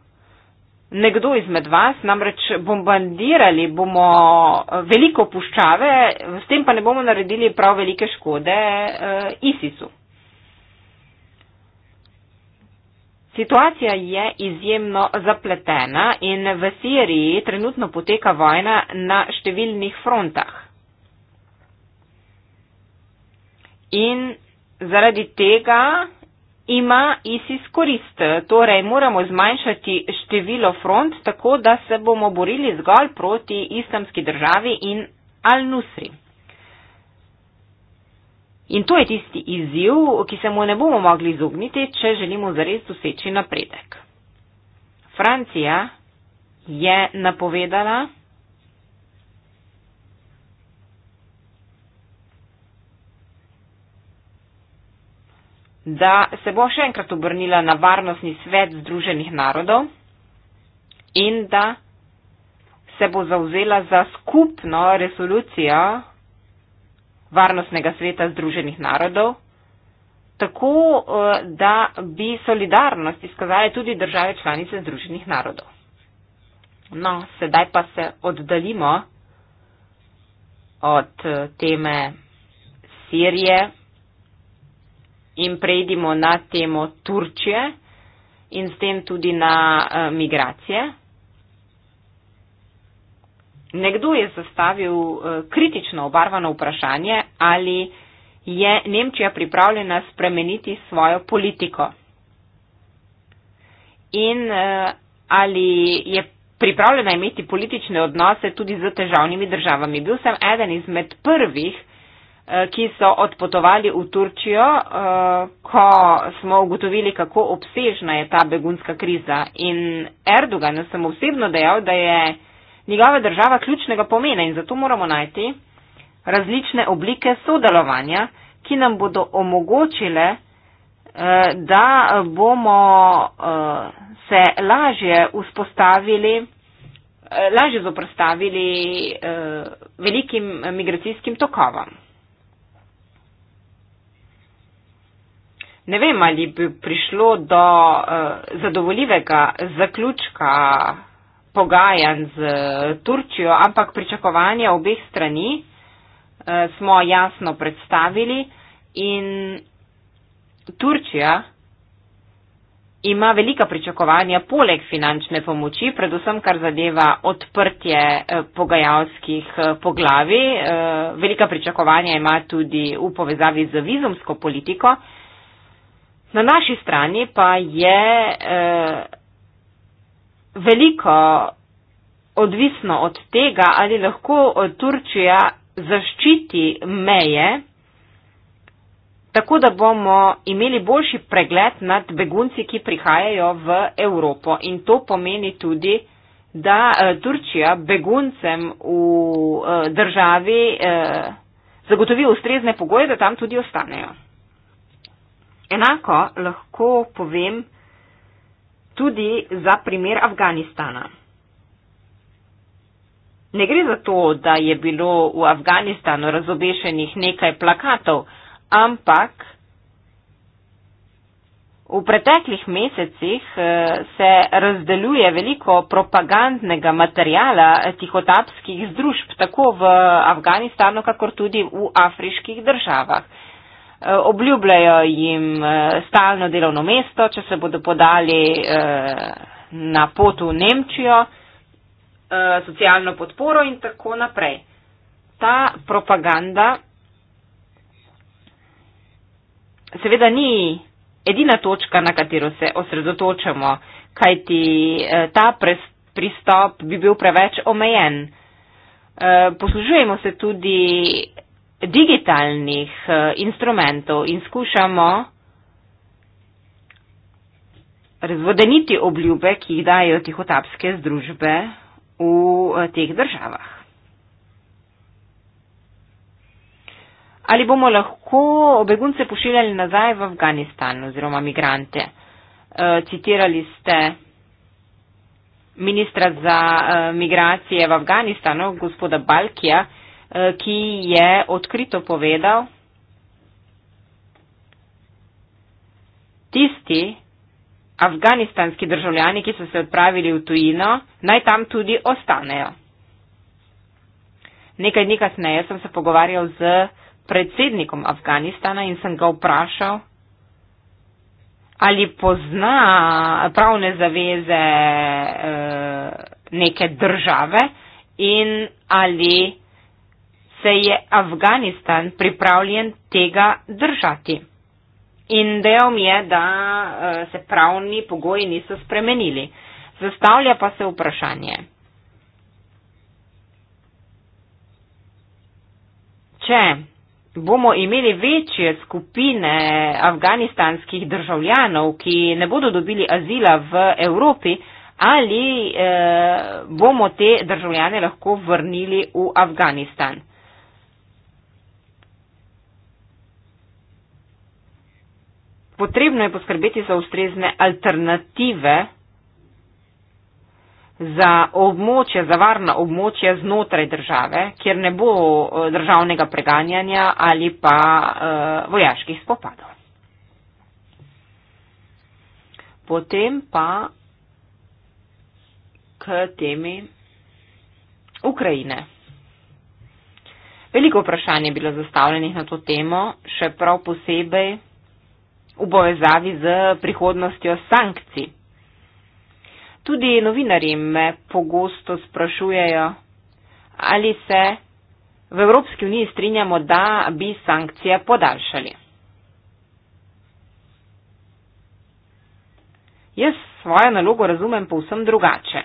Speaker 6: nekdo izmed vas, namreč bombardirali bomo veliko puščave, s tem pa ne bomo naredili prav velike škode eh, ISIS-u. Situacija je izjemno zapletena in v Siriji trenutno poteka vojna na številnih frontah. In zaradi tega ima ISIS korist. Torej moramo zmanjšati število front, tako da se bomo borili zgolj proti islamski državi in Al-Nusri. In to je tisti izziv, ki se mu ne bomo mogli izogniti, če želimo zares doseči napredek. Francija je napovedala, da se bo še enkrat obrnila na varnostni svet Združenih narodov in da se bo zauzela za skupno resolucijo Varnostnega sveta Združenih narodov, tako eh, da bi solidarnost izkazali tudi države članice Združenih narodov. No, sedaj pa se oddalimo od eh, teme Sirije in predimo na temo Turčije in s tem tudi na uh, migracije. Nekdo je zastavil uh, kritično obarvano vprašanje, ali je Nemčija pripravljena spremeniti svojo politiko in uh, ali je pripravljena imeti politične odnose tudi z težavnimi državami. Bil sem eden izmed prvih, Eh, ki so odpotovali v Turčijo, eh, ko smo ugotovili, kako obsežna je ta begunska kriza. In Erdogan sem osebno dejal, da je njegova država ključnega pomena in zato moramo najti različne oblike sodelovanja, ki nam bodo omogočile, eh, da bomo se lažje vzpostavili, lažje zoprstavili velikim migracijskim tokovam. ne vem, ali bi prišlo do uh, zadovoljivega zaključka pogajanj z eh, Turčijo, ampak pričakovanja obeh strani uh, smo jasno predstavili in Turčija ima velika pričakovanja poleg finančne pomoči, predvsem kar zadeva odprtje pogajalskih poglavi. Velika pričakovanja ima tudi v povezavi z vizumsko politiko. Na naši strani pa je eh, veliko odvisno od tega, ali lahko Turčija zaščiti meje, tako da bomo imeli boljši pregled nad begunci, ki prihajajo v Evropo. In to pomeni tudi, da eh, Turčija beguncem v eh, državi eh, zagotovi ustrezne pogoje, da tam tudi ostanejo. Enako lahko povem tudi za primer Afganistana. Ne gre za to, da je bilo v Afganistanu razobešenih nekaj plakatov, ampak v preteklih mesecih eh, se razdeluje veliko propagandnega materijala tihotapskih združb, tako v Afganistanu, kakor tudi v afriških državah. Eh, obljubljajo jim eh, stalno delovno mesto, če se bodo podali eh, na pot v Nemčijo, socialno podporo in tako naprej. Ta propaganda seveda ni edina točka, na katero se osredotočamo, kajti ta pristop bi bil preveč omejen. Poslužujemo se tudi digitalnih eh, instrumentov in skušamo razvodeniti obljube, ki jih dajo tihotapske združbe v eh, teh državah. Ali bomo lahko begunce pošiljali nazaj v Afganistan oziroma migrante? Eh, citirali ste ministra za migracije v Afganistanu, gospoda Balkija, Eh, ki je odkrito povedal, tisti afganistanski državljani, ki so se odpravili v tujino, naj tam tudi ostanejo. Nekaj dni kasneje sem se pogovarjal z predsednikom Afganistana in sem ga vprašal, ali pozna pravne zaveze eh, neke države in ali se je Afganistan pripravljen tega držati. In dejal mi je, da eh, se pravni pogoji niso spremenili. Zastavlja pa se vprašanje. Če bomo imeli večje skupine afganistanskih državljanov, ki ne bodo dobili azila v Evropi, ali eh, bomo te državljane lahko vrnili v Afganistan? Eh, potrebno je poskrbeti za ustrezne alternative za območje, za varna območja znotraj države, kjer ne bo eh, državnega preganjanja ali pa uh, vojaških spopadov. Potem pa k temi Ukrajine. Veliko vprašanj je bilo zastavljenih na to temo, še prav posebej v povezavi z prihodnostjo sankcij. Tudi novinari me pogosto sprašujejo, ali se v Evropski uniji strinjamo, da bi sankcije podaljšali. Jaz svojo nalogo razumem povsem drugače.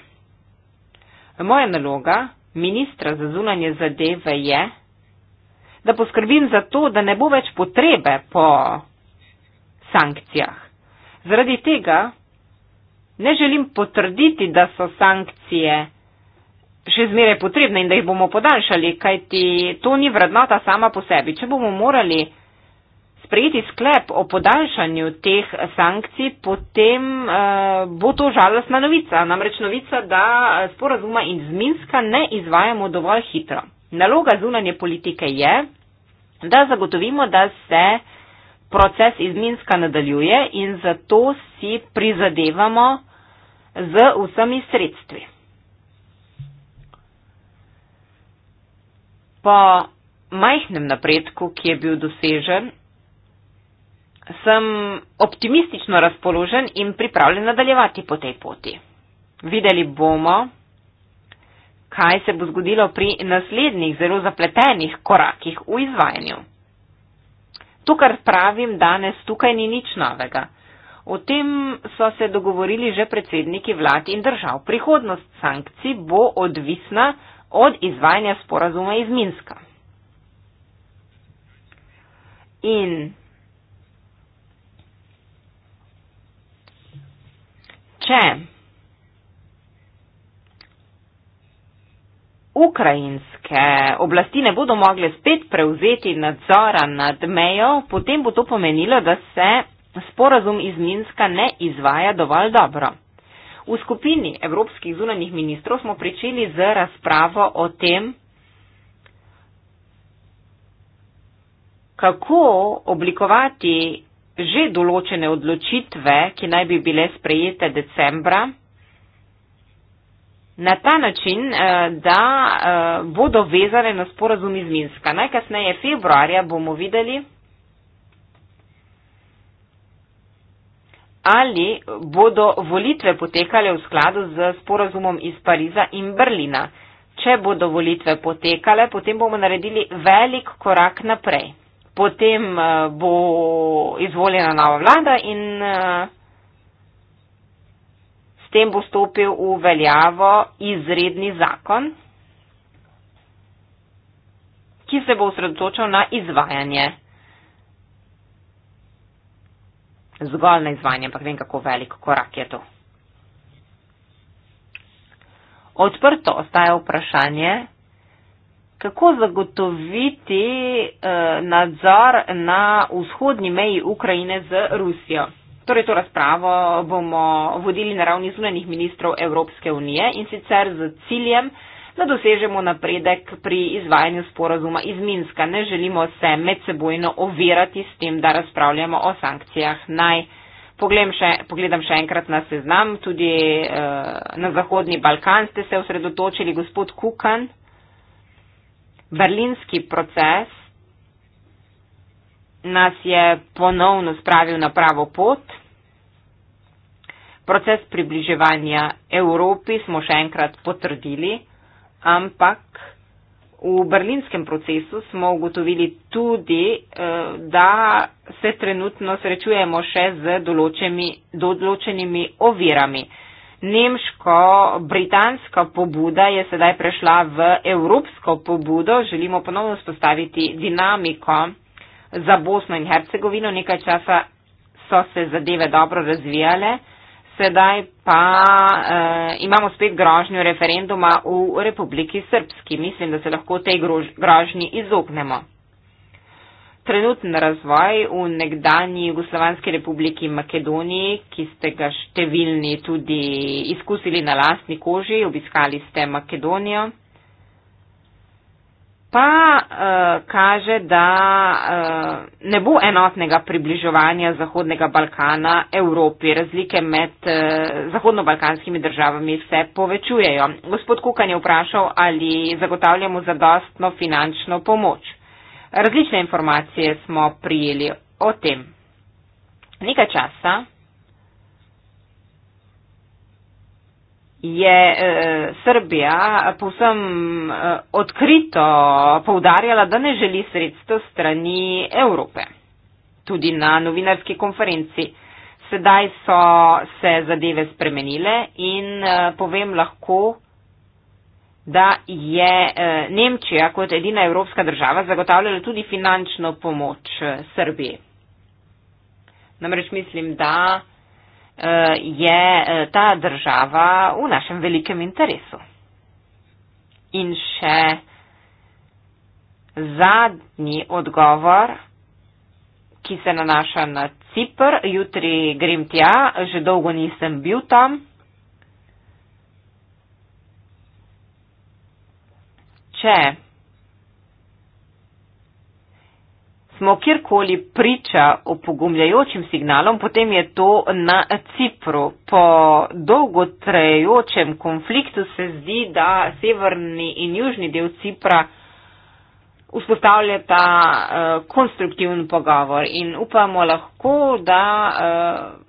Speaker 6: Moja naloga ministra za zunanje zadeve je, da poskrbim za to, da ne bo več potrebe po sankcijah. Zaradi tega ne želim potrditi, da so sankcije še zmeraj potrebne in da jih bomo podaljšali, kajti to ni vrednota sama po sebi. Če bomo morali sprejeti sklep o podaljšanju teh sankcij, potem eh, bo to žalostna novica. Namreč novica, da eh, sporazuma in zminska ne izvajamo dovolj hitro. Naloga zunanje politike je, da zagotovimo, da se eh, proces iz Minska nadaljuje in zato si prizadevamo z vsemi sredstvi. Po majhnem napredku, ki je bil dosežen, sem optimistično razpoložen in pripravljen nadaljevati po tej poti. Videli bomo, kaj se bo zgodilo pri naslednjih zelo zapletenih korakih v izvajanju. To, kar pravim danes, tukaj ni nič novega. O tem so se dogovorili že predsedniki vlad in držav. Prihodnost sankcij bo odvisna od izvajanja sporazuma iz Minska. In če ukrajinske oblasti ne bodo mogle spet prevzeti nadzora nad mejo, potem bo to pomenilo, da se sporazum iz Minska ne izvaja dovolj dobro. V skupini evropskih zunanjih ministrov smo pričeli z razpravo o tem, kako oblikovati že določene odločitve, ki naj bi bile sprejete decembra na ta način, eh, da eh, bodo vezane na sporazum iz Minska. Najkasneje februarja bomo videli, ali bodo volitve potekale v skladu z sporazumom iz Pariza in Berlina. Če bodo volitve potekale, potem bomo naredili velik korak naprej. Potem eh, bo izvoljena nova vlada in tem bo stopil v veljavo izredni zakon, ki se bo osredotočal na izvajanje. Zgolj na izvajanje, ampak vem, kako velik korak je to. Odprto ostaja vprašanje, kako zagotoviti eh, nadzor na vzhodni meji Ukrajine z Rusijo. Torej, to razpravo bomo vodili na ravni zunanih ministrov Evropske unije in sicer z ciljem, da dosežemo napredek pri izvajanju sporazuma iz Minska. Ne želimo se medsebojno ovirati s tem, da razpravljamo o sankcijah. Naj pogledam še, pogledam še enkrat na seznam, tudi eh, na Zahodni Balkan ste se osredotočili, gospod Kukan. Berlinski proces nas je ponovno spravil na pravo pot. Proces približevanja Evropi smo še enkrat potrdili, ampak v berlinskem procesu smo ugotovili tudi, eh, da se trenutno srečujemo še z določenimi ovirami. Nemško-britanska pobuda je sedaj prešla v evropsko pobudo. Želimo ponovno spostaviti dinamiko za Bosno in Hercegovino nekaj časa so se zadeve dobro razvijale, sedaj pa eh, imamo spet grožnjo referenduma v Republiki Srpski. Mislim, da se lahko tej grož grožnji izognemo. Trenuten razvoj v nekdani Jugoslovanski republiki Makedoniji, ki ste ga številni tudi izkusili na lastni koži, obiskali ste Makedonijo pa uh, kaže, da uh, ne bo enotnega približevanja Zahodnega Balkana Evropi. Razlike med uh, zahodnobalkanskimi državami se povečujejo. Gospod Kukan je vprašal, ali zagotavljamo zadostno finančno pomoč. Različne informacije smo prijeli o tem. Nekaj časa je e, Srbija povsem e, odkrito povdarjala, da ne želi sredstva strani Evrope. Tudi na novinarski konferenci. Sedaj so se zadeve spremenile in e, povem lahko, da je Nemčija kot edina evropska država zagotavljala tudi finančno pomoč Srbiji. Namreč mislim, da Eh, je eh, ta država v našem velikem interesu. In še zadnji odgovor, ki se nanaša na Cipr, jutri grem tja, že dolgo nisem bil tam. Če smo kjerkoli priča opogumljajočim signalom, potem je to na Cipru. Po dolgotrajočem konfliktu se zdi, da severni in južni del Cipra vzpostavljata uh, eh, konstruktivn pogovor in upamo lahko, da uh,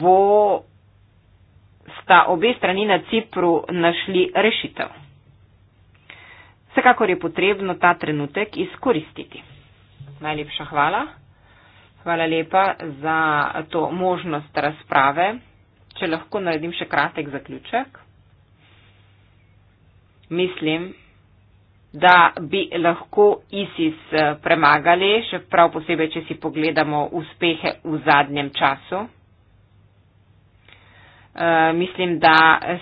Speaker 6: bo sta obe strani na Cipru našli rešitev. Vsekakor je potrebno ta trenutek izkoristiti najlepša hvala. Hvala lepa za to možnost razprave. Če lahko naredim še kratek zaključek. Mislim, da bi lahko ISIS eh, premagali, še prav posebej, če si pogledamo uspehe v zadnjem času. E, mislim, da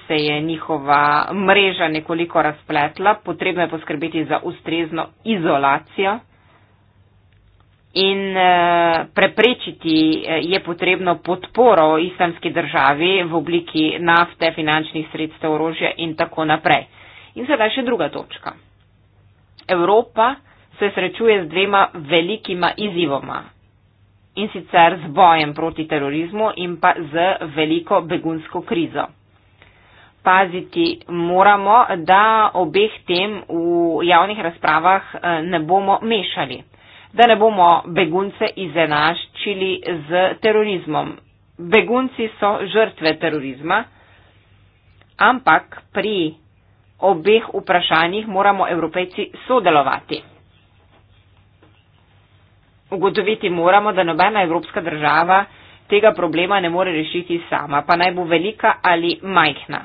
Speaker 6: se je njihova mreža nekoliko razpletla. Potrebno je poskrbeti za ustrezno izolacijo in eh, preprečiti eh, je potrebno podporo islamski državi v obliki nafte, finančnih sredstev, orožja in tako naprej. In sedaj še druga točka. Evropa se srečuje z dvema velikima izzivoma in sicer z bojem proti terorizmu in pa z veliko begunsko krizo. Paziti moramo, da obeh tem v javnih razpravah eh, ne bomo mešali da ne bomo begunce izenačili z terorizmom. Begunci so žrtve terorizma, ampak pri obeh vprašanjih moramo evropejci sodelovati. Ugotoviti moramo, da nobena evropska država tega problema ne more rešiti sama, pa naj bo velika ali majhna,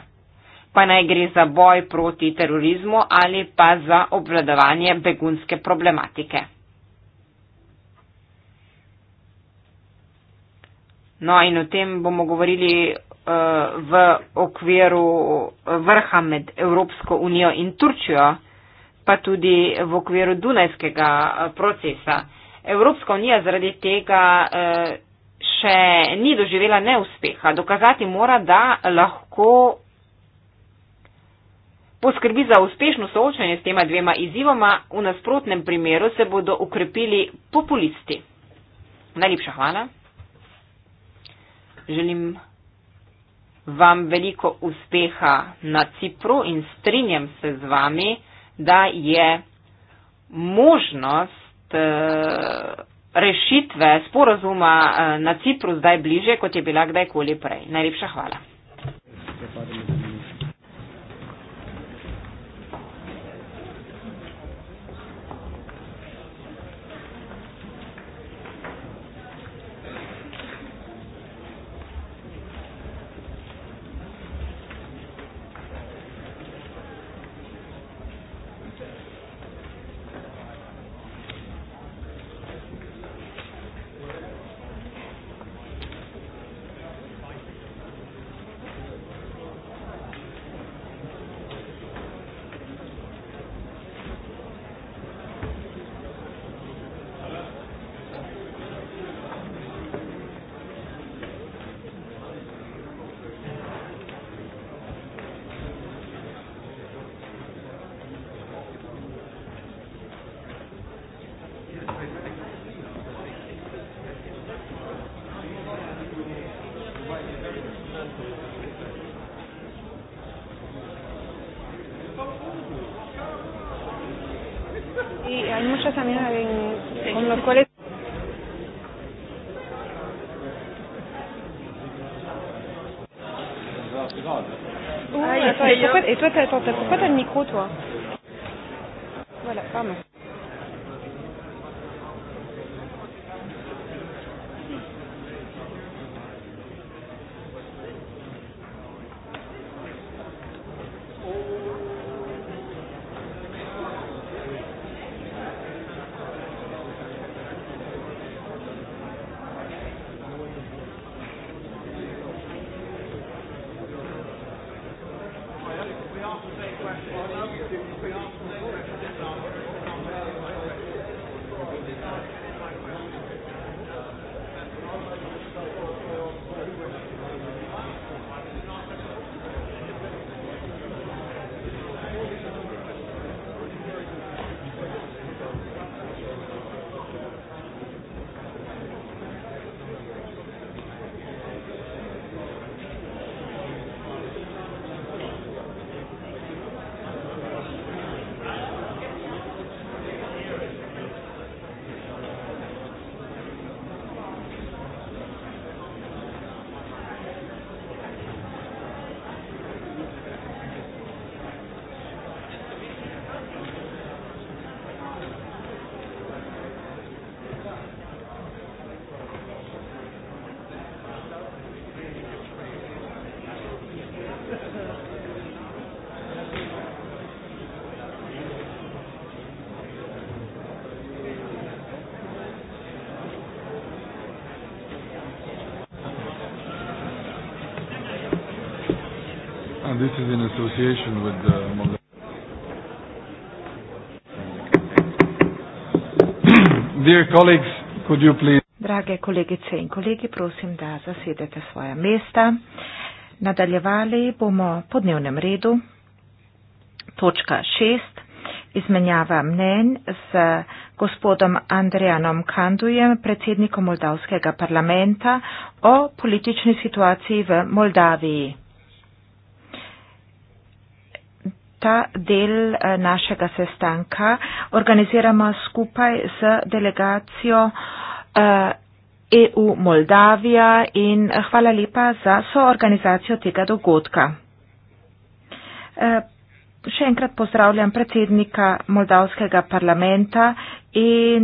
Speaker 6: pa naj gre za boj proti terorizmu ali pa za obvladovanje begunske problematike. No in o tem bomo govorili eh, v okviru vrha med Evropsko unijo in Turčijo, pa tudi v okviru Dunajskega eh, procesa. Evropska unija zaradi tega eh, še ni doživela neuspeha. Dokazati mora, da lahko poskrbi za uspešno soočanje s tema dvema izzivoma, v nasprotnem primeru se bodo ukrepili populisti. Najlepša hvala želim vam veliko uspeha na Cipru in strinjam se z vami, da je možnost eh, rešitve sporozuma eh, na Cipru zdaj bliže, kot je bila kdajkoli prej. Najlepša hvala.
Speaker 1: association with the uh, [CLEARS THROAT] Dear colleagues, could you please...
Speaker 2: Drage kolegice in kolegi, prosim, da zasedete svoja mesta. Nadaljevali bomo po dnevnem redu. Točka šest. Izmenjava mnen z gospodom Andrejanom Kandujem, predsednikom Moldavskega parlamenta, o politični situaciji v Moldaviji. ta del eh, našega sestanka organiziramo skupaj z delegacijo EU eh, e Moldavija in eh, hvala lepa za soorganizacijo tega dogodka. Še enkrat pozdravljam predsednika Moldavskega parlamenta in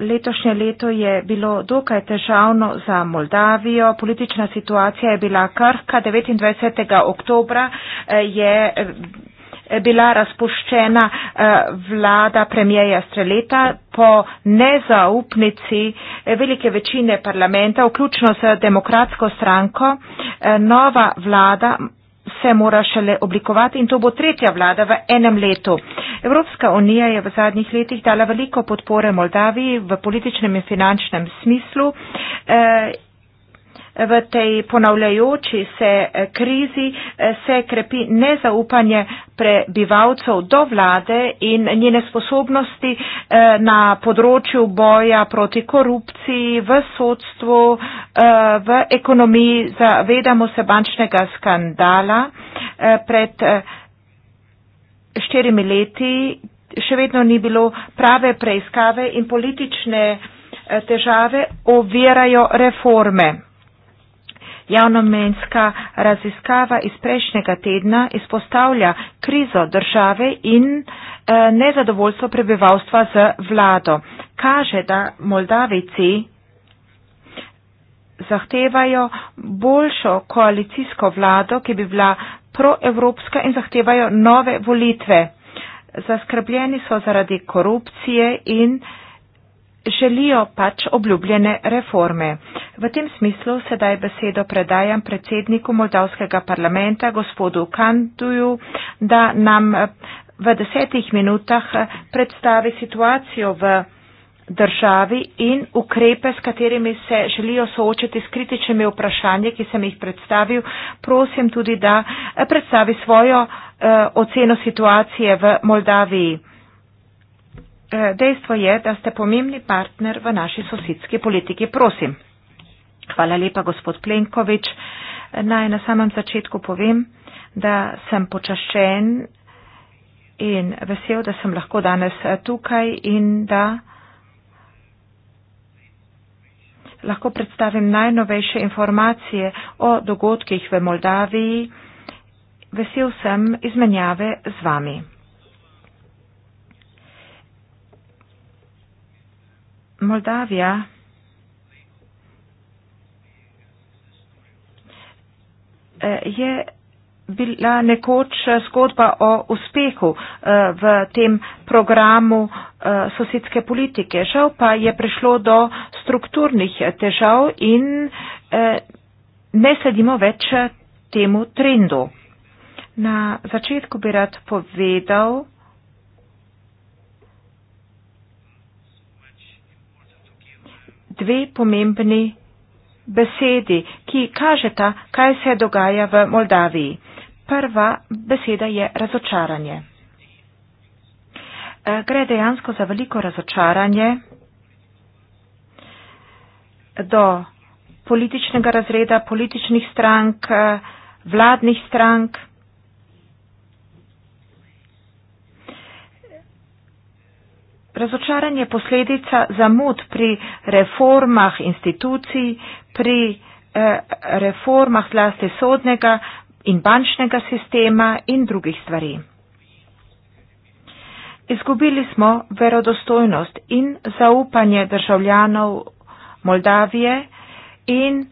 Speaker 2: letošnje leto je bilo dokaj težavno za Moldavijo. Politična situacija je bila krhka. 29. oktobra eh, je eh, bila razpuščena eh, vlada premijeja Streleta po nezaupnici velike večine parlamenta, vključno z demokratsko stranko. Nova vlada se mora šele oblikovati in to bo tretja vlada v enem letu. Evropska unija je v zadnjih letih dala veliko podpore Moldaviji v političnem in finančnem smislu. Eh, v tej ponavljajoči se eh, krizi eh, se krepi nezaupanje prebivalcev do vlade in njene sposobnosti eh, na področju boja proti korupciji, v sodstvu, v ekonomiji. Zavedamo se bančnega skandala pred štirimi leti. Še vedno ni bilo prave preiskave in politične težave ovirajo reforme. Javnomenska raziskava iz prejšnjega tedna izpostavlja krizo države in e, nezadovoljstvo prebivalstva z vlado. Kaže, da Moldavici zahtevajo boljšo koalicijsko vlado, ki bi bila proevropska in zahtevajo nove volitve. Zaskrbljeni so zaradi korupcije in želijo pač obljubljene reforme. V tem smislu sedaj besedo predajam predsedniku Moldavskega parlamenta, gospodu Kanduju, da nam eh, v desetih minutah eh, predstavi situacijo v državi in ukrepe, s katerimi se želijo soočiti s kritičnimi vprašanji, ki sem jih predstavil. Prosim tudi, da eh, predstavi svojo eh, oceno situacije v Moldaviji. Eh, dejstvo je, da ste pomembni partner v naši sosedski politiki. Prosim. Hvala lepa, gospod Plenkovič. Naj na samem začetku povem, da sem počaščen in vesel, da sem lahko danes eh, tukaj in da lahko predstavim najnovejše informacije o dogodkih v Moldaviji. Vesel sem izmenjave z vami. Moldavia je bila nekoč zgodba o uspehu eh, v tem programu eh, sosedske politike. Žal pa je prišlo do strukturnih težav in eh, ne sledimo več temu trendu. Na začetku bi rad povedal, dve pomembni besedi, ki kažeta, kaj se dogaja v Moldaviji. Prva beseda je razočaranje. E, gre dejansko za veliko razočaranje do političnega razreda, političnih strank, e, vladnih strank Razočaranje je posledica zamud pri reformah institucij, pri eh, reformah zlasti sodnega in bančnega sistema in drugih stvari. Izgubili smo verodostojnost in zaupanje državljanov Moldavije in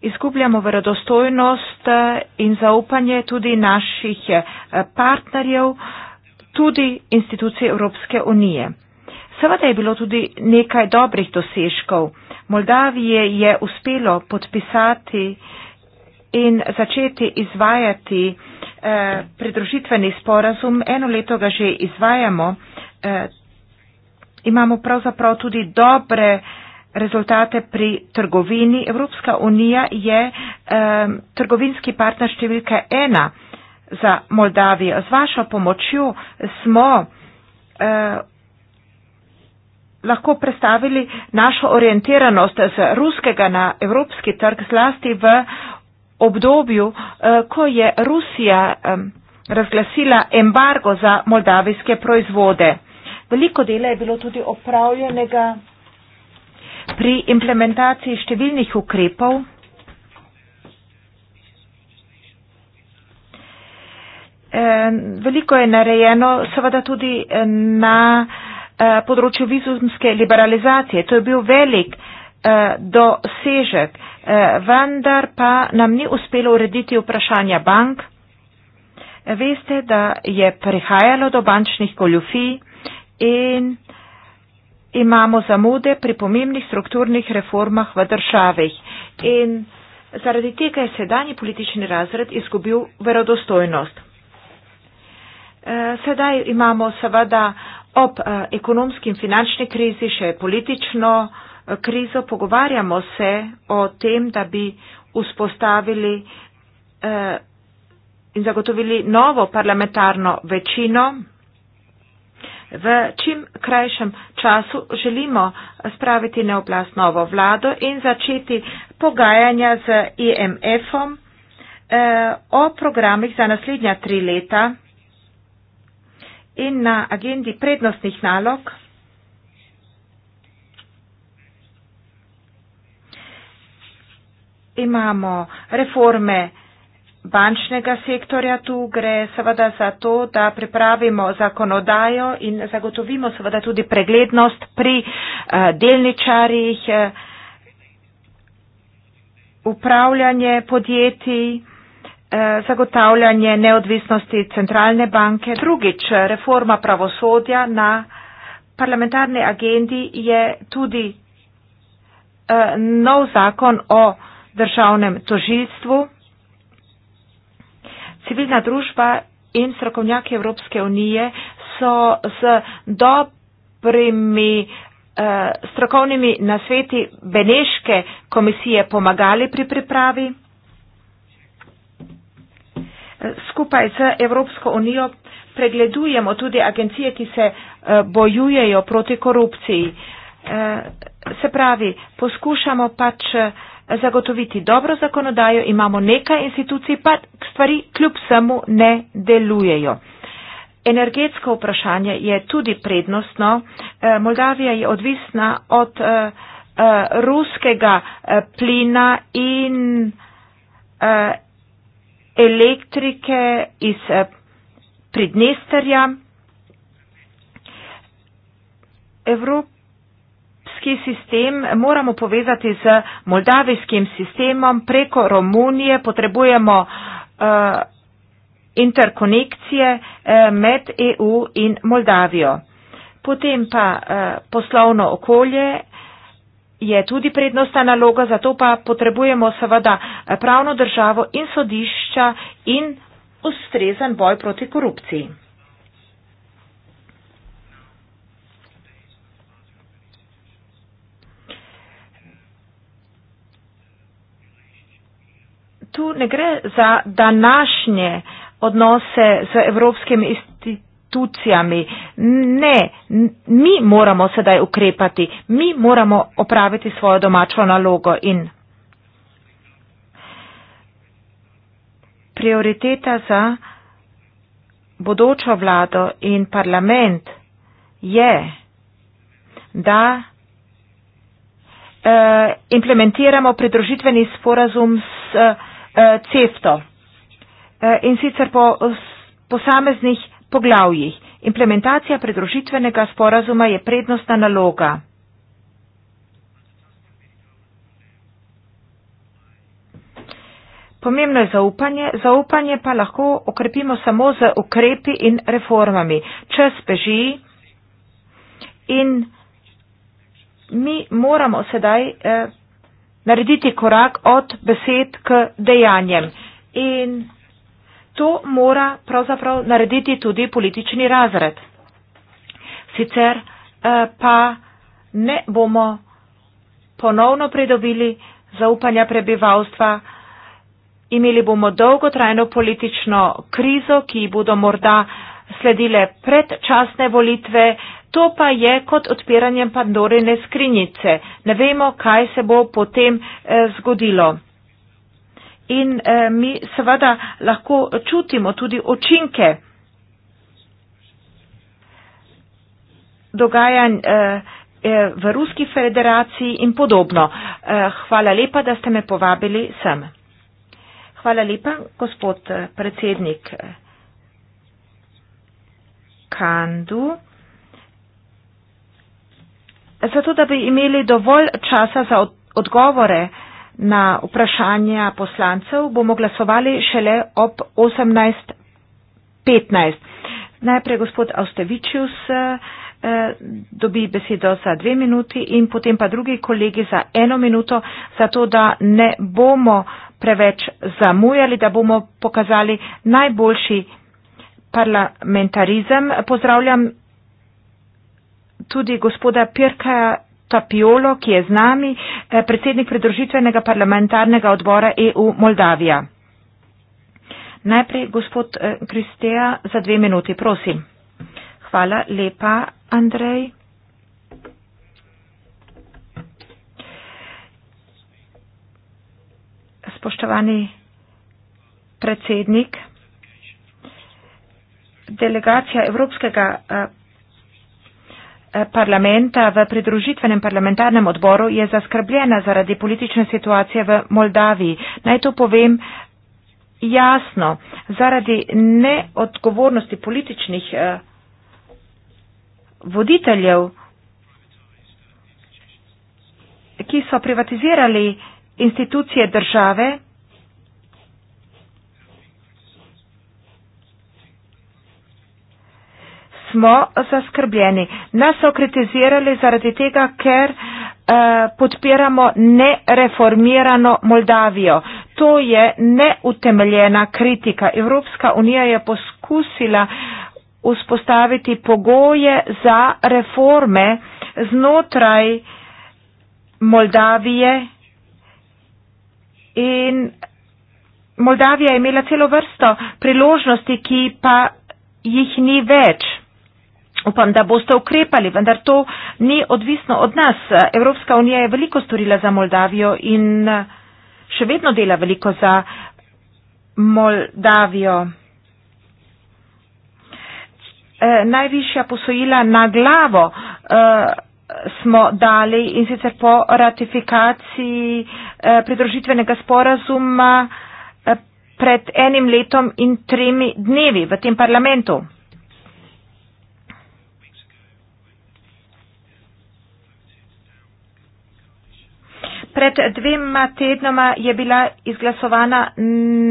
Speaker 2: izgubljamo verodostojnost eh, in zaupanje tudi naših eh, partnerjev, tudi institucij Evropske unije. Seveda je bilo tudi nekaj dobrih dosežkov. Moldavije je uspelo podpisati in začeti izvajati eh, pridružitveni sporazum. Eno leto ga že izvajamo. Eh, imamo pravzaprav tudi dobre rezultate pri trgovini. Evropska unija je eh, trgovinski partner številka ena za Moldavijo. Z vašo pomočjo smo. Eh, lahko predstavili našo orientiranost z ruskega na evropski trg zlasti v obdobju, eh, ko je Rusija razglasila embargo za moldavijske proizvode. Veliko dela je bilo tudi opravljenega pri implementaciji številnih ukrepov. Eh, veliko je narejeno seveda tudi eh, na Eh, področju vizumske liberalizacije. To je bil velik eh, dosežek, eh, vendar pa nam ni uspelo urediti vprašanja bank. Veste, da je prihajalo do bančnih goljufij in imamo zamude pri pomembnih strukturnih reformah v državih. In zaradi tega je sedanji politični razred izgubil verodostojnost. Sedaj imamo seveda Ob eh, ekonomski in finančni krizi še politično eh, krizo pogovarjamo se o tem, da bi vzpostavili eh, in zagotovili novo parlamentarno večino. V čim krajšem času želimo spraviti neoblast novo vlado in začeti pogajanja z IMF-om o programih za naslednja tri leta in na agendi prednostnih nalog. Imamo reforme bančnega sektorja, tu gre seveda za to, da pripravimo zakonodajo in zagotovimo seveda tudi preglednost pri eh, delničarjih, eh, upravljanje podjetij. Eh, zagotavljanje neodvisnosti centralne banke. Drugič, reforma pravosodja na parlamentarni agendi je tudi eh, nov zakon o državnem tožilstvu. Civilna družba in strokovnjaki Evropske unije so z dobrimi eh, strokovnimi nasveti Beneške komisije pomagali pri pripravi skupaj z Evropsko unijo pregledujemo tudi agencije, ki se eh, bojujejo proti korupciji. Eh, se pravi, poskušamo pač eh, zagotoviti dobro zakonodajo, imamo nekaj institucij, pa stvari kljub samo ne delujejo. Energetsko vprašanje je tudi prednostno. Moldavija je odvisna od ruskega plina in elektrike iz eh, Pridnesterja. Evropski sistem moramo povezati z moldavijskim sistemom preko Romunije. Potrebujemo eh, interkonekcije eh, med EU in Moldavijo. Potem pa poslovno okolje, je tudi prednostna naloga, zato pa potrebujemo seveda pravno državo in sodišča in ustrezen boj proti korupciji. Tu ne gre za današnje odnose z evropskimi institucijami, institucijami. Ne, mi moramo sedaj ukrepati, mi moramo opraviti svojo domačo nalogo in prioriteta za bodočo vlado in parlament je, da eh, implementiramo pridružitveni sporazum s eh, eh, CEFTO in sicer po posameznih poglavjih. Implementacija predružitvenega sporazuma je prednostna naloga. Pomembno je zaupanje, zaupanje pa lahko okrepimo samo z ukrepi in reformami. Čas beži in mi moramo sedaj eh, narediti korak od besed k dejanjem. In To mora pravzaprav narediti tudi politični razred. Sicer eh, pa ne bomo ponovno pridobili zaupanja prebivalstva, imeli bomo dolgotrajno politično krizo, ki bodo morda sledile predčasne volitve, to pa je kot odpiranje pandorine skrinjice. Ne vemo, kaj se bo potem eh, zgodilo in eh, mi seveda lahko čutimo tudi očinke dogajanj eh, eh, v Ruski federaciji in podobno. Eh, hvala lepa, da ste me povabili sem. Hvala lepa, gospod eh, predsednik eh, Kandu. Zato, da bi imeli dovolj časa za odgovore, na vprašanja poslancev, bomo glasovali šele ob 18.15. Najprej gospod Austevičius eh, dobi besedo za dve minuti in potem pa drugi kolegi za eno minuto, zato da ne bomo preveč zamujali, da bomo pokazali najboljši parlamentarizem. Pozdravljam tudi gospoda Pirka Roberto Piolo, ki je z nami, eh, predsednik predružitvenega parlamentarnega odbora EU Moldavija. Najprej gospod eh, Kristeja za dve minuti, prosim. Hvala lepa, Andrej. Spoštovani predsednik, delegacija Evropskega parlamenta eh, parlamenta v pridružitvenem parlamentarnem odboru je zaskrbljena zaradi politične situacije v Moldaviji. Naj to povem jasno, zaradi neodgovornosti političnih eh, voditeljev, ki so privatizirali institucije države, smo zaskrbljeni. Nas so kritizirali zaradi tega, ker eh, podpiramo nereformirano Moldavijo. To je neutemeljena kritika. Evropska unija je poskusila vzpostaviti pogoje za reforme znotraj Moldavije in Moldavija je imela celo vrsto priložnosti, ki pa jih ni več. Upam, da boste ukrepali, vendar to ni odvisno od nas. Evropska unija je veliko storila za Moldavijo in eh, še vedno dela veliko za Moldavijo. E, najvišja posojila na glavo e, smo dali in sicer po ratifikaciji e, pridružitvenega sporazuma e, pred enim letom in tremi dnevi v tem parlamentu. Pred dvema tednoma je bila izglasovana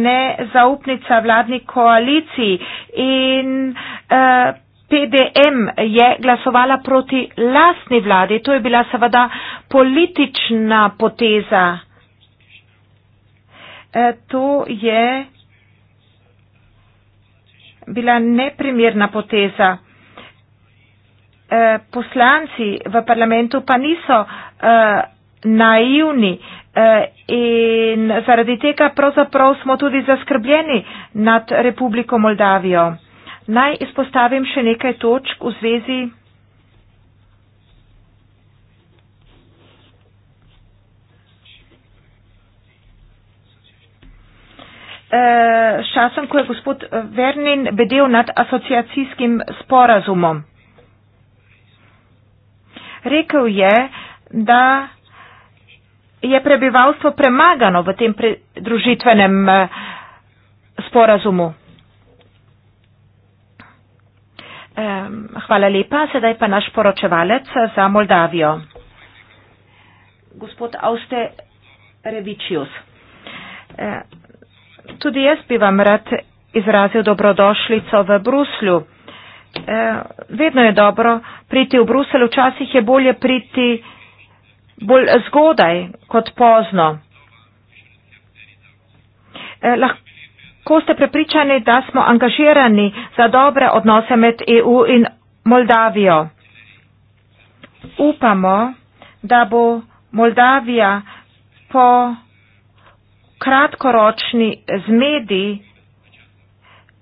Speaker 2: nezaupnica vladni koaliciji in uh, eh, PDM je glasovala proti lastni vladi. To je bila seveda politična poteza. E, to je bila neprimerna poteza. E, poslanci v parlamentu pa niso e, naivni eh, in zaradi tega pravzaprav smo tudi zaskrbljeni nad Republiko Moldavijo. Naj izpostavim še nekaj točk v zvezi. Eh, s časom, ko je gospod Vernin bedel nad asociacijskim sporazumom. Rekel je, da je prebivalstvo premagano v tem družitvenem eh, sporazumu. Hvala lepa. Sedaj pa naš poročevalec eh, za Moldavijo. Gospod Auste Revičius. Eh, tudi jaz bi vam rad izrazil dobrodošlico v Bruslju. Vedno je dobro priti v Bruselj, včasih je bolje priti bolj zgodaj kot pozno. Eh, lahko ste prepričani, da smo angažirani za dobre odnose med EU in Moldavijo. Upamo, da bo Moldavija po kratkoročni zmedi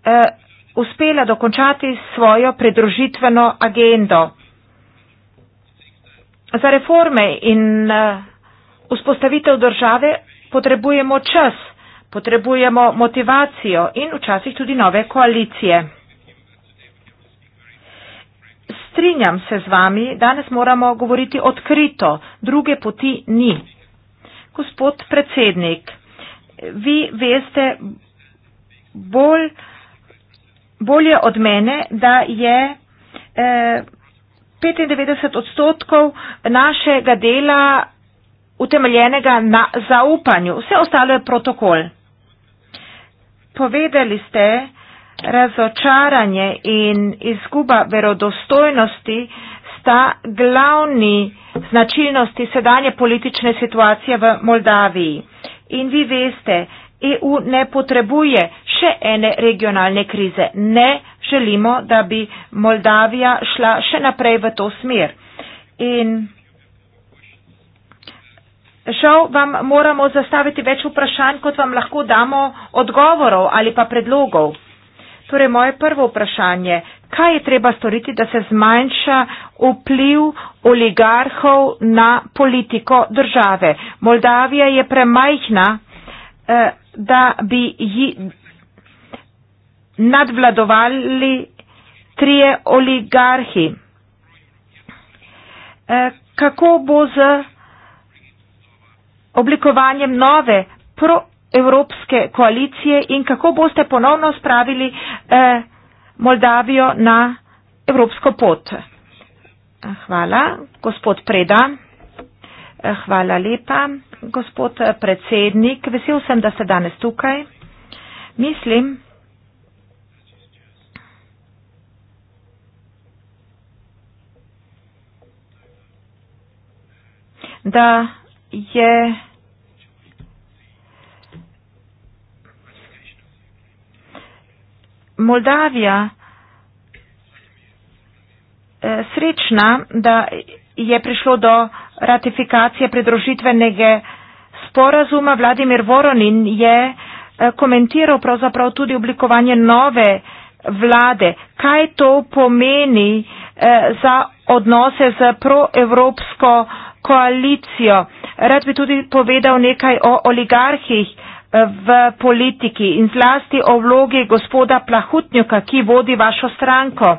Speaker 2: eh, uspela dokončati svojo pridružitveno agendo. Za reforme in eh, vzpostavitev države potrebujemo čas, potrebujemo motivacijo in včasih tudi nove koalicije. Strinjam se z vami, danes moramo govoriti odkrito, druge poti ni. Gospod predsednik, vi veste bolj, bolje od mene, da je. Eh, 95 odstotkov našega dela utemeljenega na zaupanju. Vse ostalo je protokol. Povedali ste, razočaranje in izguba verodostojnosti sta glavni značilnosti sedanje politične situacije v Moldaviji. In vi veste, EU ne potrebuje še ene regionalne krize. Ne potrebuje želimo, da bi Moldavija šla še naprej v to smer. In žal vam moramo zastaviti več vprašanj, kot vam lahko damo odgovorov ali pa predlogov. Torej, moje prvo vprašanje, kaj je treba storiti, da se zmanjša vpliv oligarhov na politiko države? Moldavija je premajhna, eh, da bi, nadvladovali trije oligarhi. E, kako bo z oblikovanjem nove proevropske koalicije in kako boste ponovno spravili e, Moldavijo na evropsko pot? Hvala, gospod Preda. E, hvala lepa, gospod predsednik. Vesel sem, da ste danes tukaj. Mislim, da je Moldavija eh, srečna, da je prišlo do ratifikacije pridružitvenega sporazuma. Vladimir Voronin je eh, komentiral pravzaprav tudi oblikovanje nove vlade. Kaj to pomeni eh, za odnose z proevropsko koalicijo. Rad bi tudi povedal nekaj o oligarhih eh, v politiki in zlasti o vlogi gospoda Plahutnjuka, ki vodi vašo stranko.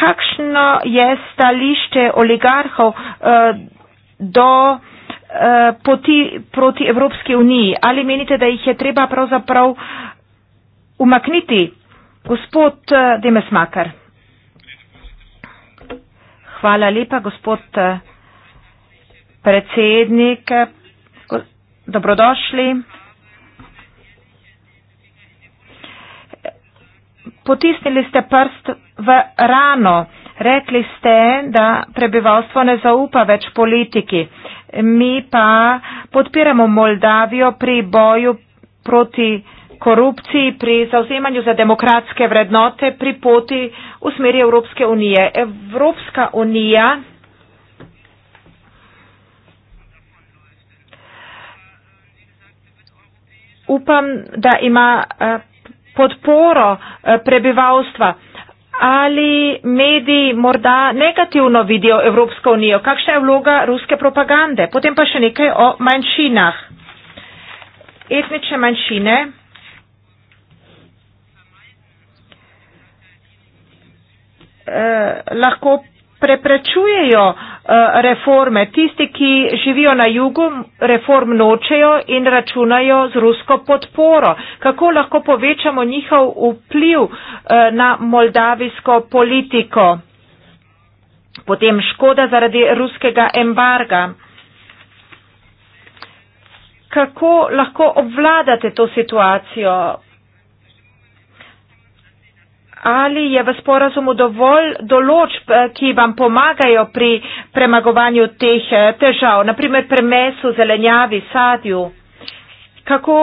Speaker 2: Kakšno je stališče oligarhov eh, do eh, poti proti Evropski uniji? Ali menite, da jih je treba pravzaprav umakniti? Gospod Demesmakar. Hvala lepa, gospod eh, predsednik. Dobrodošli. Potisnili ste prst v rano. Rekli ste, da prebivalstvo ne zaupa več politiki. Mi pa podpiramo Moldavijo pri boju proti korupciji, pri zauzemanju za demokratske vrednote, pri poti v smeri Evropske unije. Evropska unija upam, da ima eh, podporo eh, prebivalstva. Ali mediji morda negativno vidijo Evropsko unijo? Kakšna je vloga ruske propagande? Potem pa še nekaj o manjšinah. Etnične manjšine. Eh, lahko preprečujejo eh, reforme. Tisti, ki živijo na jugu, reform nočejo in računajo z rusko podporo. Kako lahko povečamo njihov vpliv eh, na moldavijsko politiko? Potem škoda zaradi ruskega embarga. Kako lahko obvladate to situacijo? ali je v sporazumu dovolj določb, eh, ki vam pomagajo pri premagovanju teh eh, težav, naprimer pri mesu, zelenjavi, sadju. Kako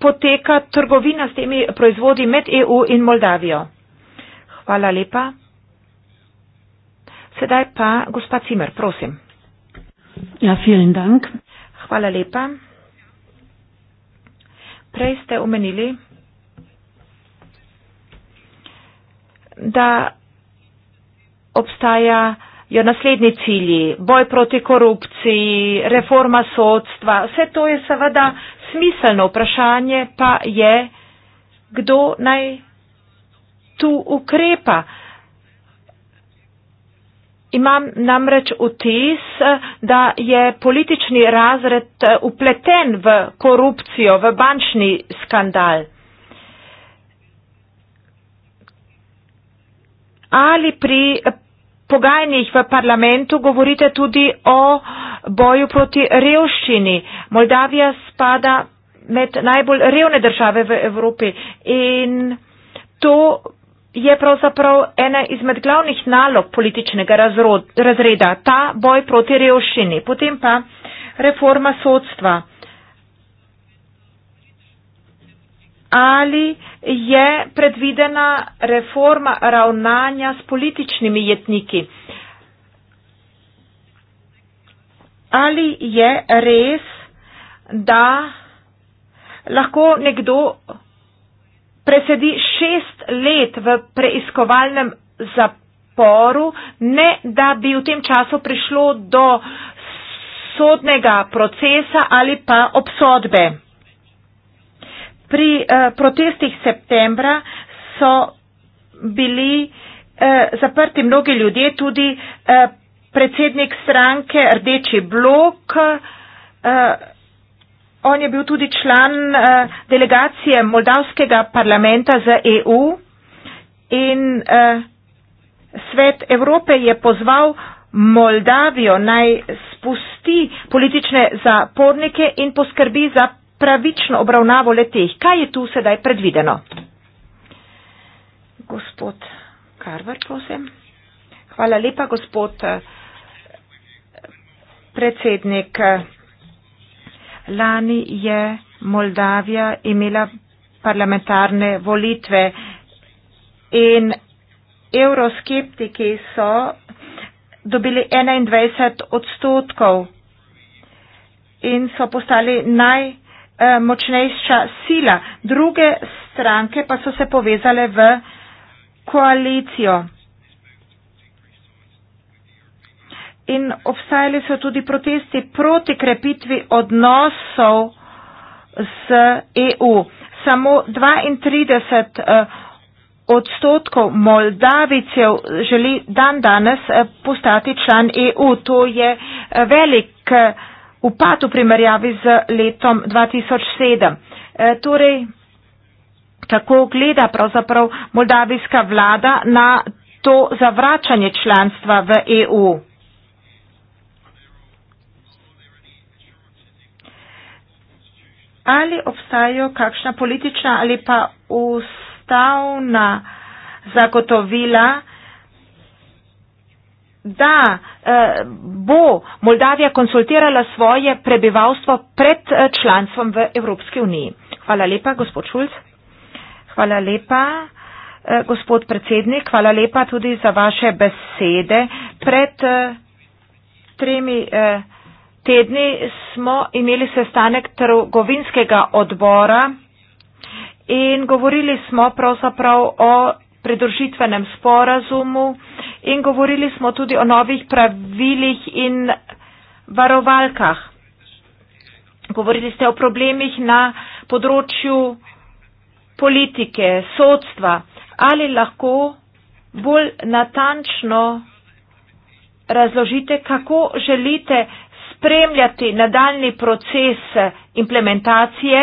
Speaker 2: poteka trgovina s temi proizvodi med EU in Moldavijo? Hvala lepa. Sedaj pa gospa Cimer, prosim.
Speaker 7: Ja, vielen dank.
Speaker 2: Hvala lepa. Prej ste omenili, da obstajajo naslednji cilji. Boj proti korupciji, reforma sodstva, vse to je seveda smiselno vprašanje, pa je, kdo naj tu ukrepa. Imam namreč vtis, da je politični razred eh, upleten v korupcijo, v bančni skandal. Ali pri eh, pogajanjih v parlamentu govorite tudi o boju proti revščini? Moldavija spada med najbolj revne države v Evropi in to je pravzaprav ena izmed glavnih nalog političnega razreda, ta boj proti revščini. Potem pa reforma sodstva. ali je predvidena reforma ravnanja s političnimi jetniki. Ali je res, da lahko nekdo presedi šest let v preiskovalnem zaporu, ne da bi v tem času prišlo do sodnega procesa ali pa obsodbe. Pri eh, protestih septembra so bili eh, zaprti mnogi ljudje, tudi eh, predsednik stranke Rdeči blok. Eh, on je bil tudi član eh, delegacije Moldavskega parlamenta za EU in eh, svet Evrope je pozval Moldavijo naj spusti politične zapornike in poskrbi za pravično obravnavo leteh. Kaj je tu sedaj predvideno? Gospod Karvar, prosim. Hvala lepa, gospod eh, predsednik. Lani je Moldavija imela parlamentarne volitve in euroskeptiki so dobili 21 odstotkov in so postali najbolj eh, močnejša sila. Druge stranke pa so se povezale v koalicijo. In obstajali so tudi protesti proti krepitvi odnosov z EU. Samo 32 eh, odstotkov Moldavicev želi dan danes eh, postati član EU. To je eh, velik upad v primerjavi z letom 2007. E, torej, kako gleda pravzaprav moldavijska vlada na to zavračanje članstva v EU? Ali obstajajo kakšna politična ali pa ustavna zagotovila, da eh, bo Moldavija konsultirala svoje prebivalstvo pred eh, članstvom v Evropski uniji. Hvala lepa, gospod Šulc. Hvala lepa, eh, gospod predsednik. Hvala lepa tudi za vaše besede. Pred tremi tedni smo imeli sestanek trgovinskega odbora in govorili smo pravzaprav o pridružitvenem sporazumu in govorili smo tudi o novih pravilih in varovalkah. Govorili ste o problemih na področju politike, sodstva. Ali lahko bolj natančno razložite, kako želite spremljati nadaljni proces implementacije?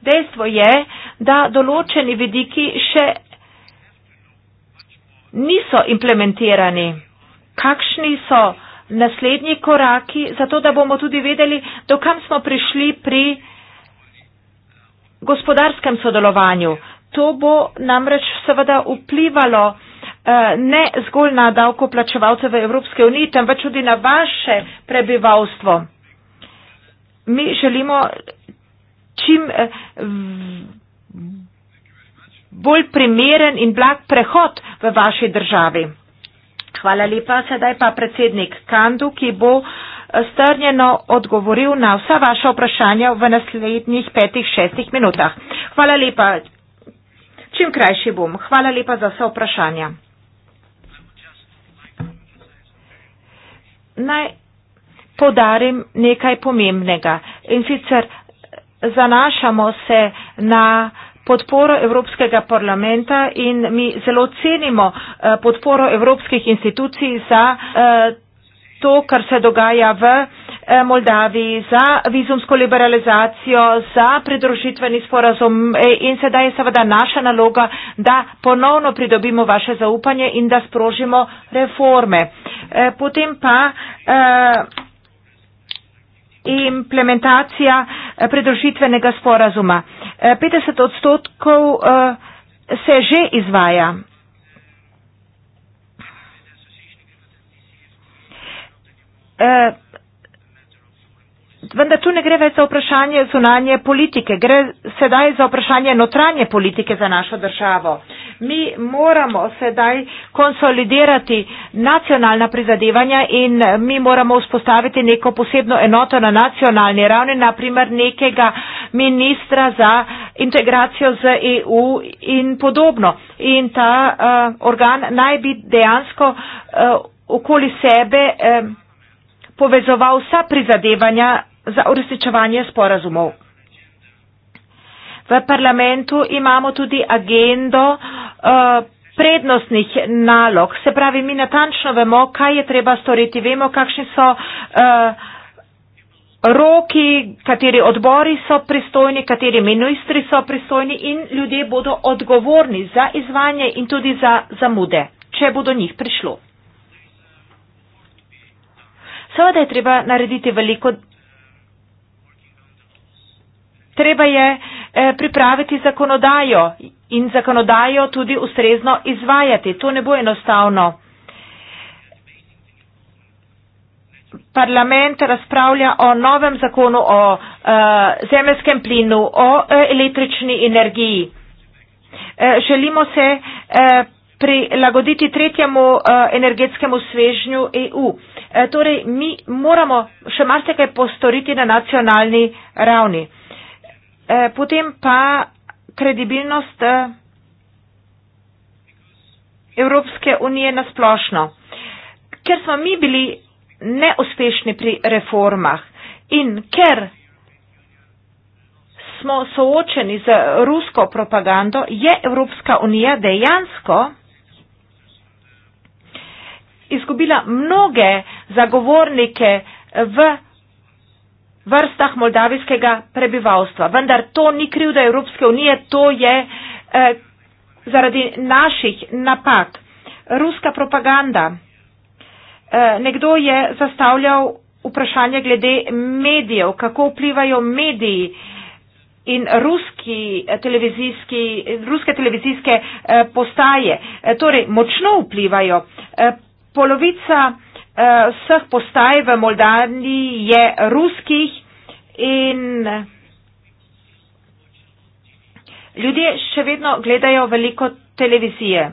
Speaker 2: Dejstvo je, da določeni vidiki še niso implementirani. Kakšni so naslednji koraki, zato da bomo tudi vedeli, dokam smo prišli pri gospodarskem sodelovanju. To bo namreč seveda vplivalo eh, ne zgolj na davkoplačevalce v Evropske unije, temveč tudi na vaše prebivalstvo. Mi želimo čim eh, bolj primeren in blag prehod v vaši državi. Hvala lepa. Sedaj pa predsednik Kandu, ki bo eh, strnjeno odgovoril na vsa vaša vprašanja v naslednjih petih, šestih minutah. Hvala lepa. Čim krajši bom. Hvala lepa za vse vprašanja. Naj podarim nekaj pomembnega. In sicer zanašamo se na podporo Evropskega parlamenta in mi zelo cenimo eh, podporo evropskih institucij za eh, to, kar se dogaja v eh, Moldaviji, za vizumsko liberalizacijo, za pridružitveni sporazum in sedaj je seveda naša naloga, da ponovno pridobimo vaše zaupanje in da sprožimo reforme. Potem pa implementacija eh, predložitvenega sporazuma. 50 eh, odstotkov eh, se že izvaja. Vendar tu ne gre več za vprašanje zunanje politike, gre sedaj za vprašanje notranje politike za našo državo. Mi moramo sedaj eh, konsolidirati nacionalna prizadevanja in eh, mi moramo vzpostaviti neko posebno enoto na nacionalni ravni, naprimer nekega ministra za integracijo z EU in podobno. In ta uh, organ naj bi dejansko uh, okoli sebe uh, povezoval vsa prizadevanja za uresničevanje sporazumov. V parlamentu imamo tudi agendo uh, prednostnih nalog. Se pravi, mi natančno vemo, kaj je treba storiti, vemo, kakšni so uh, roki, kateri odbori so pristojni, kateri ministri so pristojni in ljudje bodo odgovorni za izvanje in tudi za zamude, če bodo njih prišlo. Seveda je treba narediti veliko. Treba je uh, Eh, pripraviti zakonodajo in zakonodajo tudi ustrezno izvajati. To ne bo enostavno. Parlament razpravlja o novem zakonu o uh, eh, zemljskem plinu, o uh, električni energiji. Uh, želimo se uh, prilagoditi tretjemu uh, energetskemu svežnju EU. Uh, torej, mi moramo še marsikaj postoriti na nacionalni ravni eh, potem pa kredibilnost eh, Evropske unije na splošno. Ker smo mi bili neuspešni pri reformah in ker smo soočeni z rusko propagando, je Evropska unija dejansko izgubila mnoge zagovornike v vrstah moldavijskega prebivalstva. Vendar to ni krivda Evropske unije, to je eh, zaradi naših napak. Ruska propaganda. Eh, nekdo je zastavljal vprašanje glede medijev, kako vplivajo mediji in ruski televizijski, ruske televizijske eh, postaje. Eh, torej, močno vplivajo. Eh, polovica eh, Eh, vseh postaj v Moldaviji je ruskih in ljudje še vedno gledajo veliko televizije.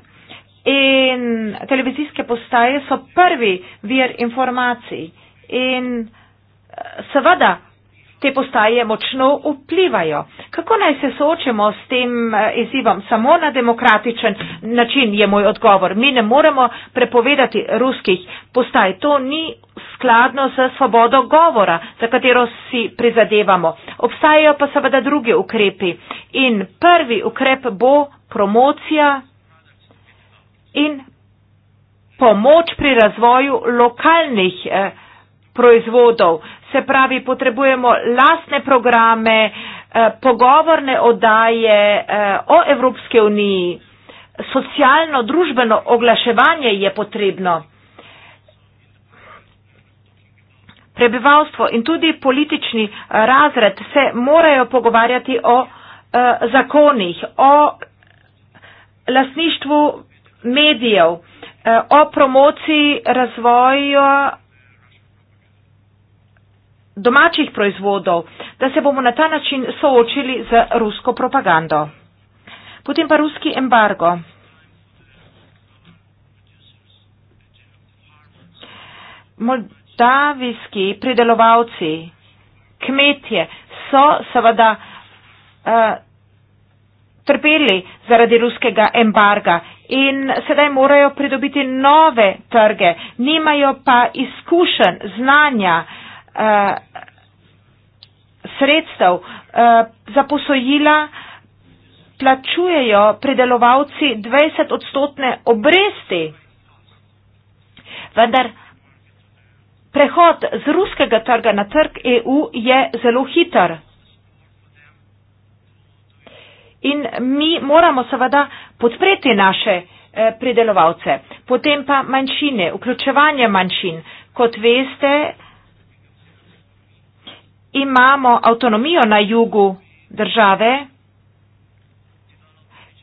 Speaker 2: In televizijske postaje so prvi vir informacij. In eh, seveda, te postaje močno vplivajo. Kako naj se soočemo s tem eh, izzivom? Samo na demokratičen način je moj odgovor. Mi ne moremo prepovedati ruskih postaj. To ni skladno s svobodo govora, za katero si prizadevamo. Obstajajo pa seveda druge ukrepi. In prvi ukrep bo promocija in pomoč pri razvoju lokalnih eh, proizvodov. Se pravi, potrebujemo lastne programe, eh, pogovorne oddaje eh, o Evropske uniji, socialno, družbeno oglaševanje je potrebno. Prebivalstvo in tudi politični razred se morajo pogovarjati o eh, zakonih, o lasništvu medijev, o promociji razvoja domačih proizvodov, da se bomo na ta način soočili z rusko propagando. Potem pa ruski embargo. Moldavijski pridelovalci, kmetje so seveda uh, trpeli zaradi ruskega embarga in sedaj morajo pridobiti nove trge, nimajo pa izkušenj, znanja, uh, Eh, sredstev eh, za posojila plačujejo predelovalci 20 odstotne obresti, vendar prehod z ruskega trga na trg EU je zelo hiter. In mi moramo seveda podpreti naše eh, pridelovalce, potem pa manjšine, vključevanje manjšin. Kot veste, imamo avtonomijo na jugu države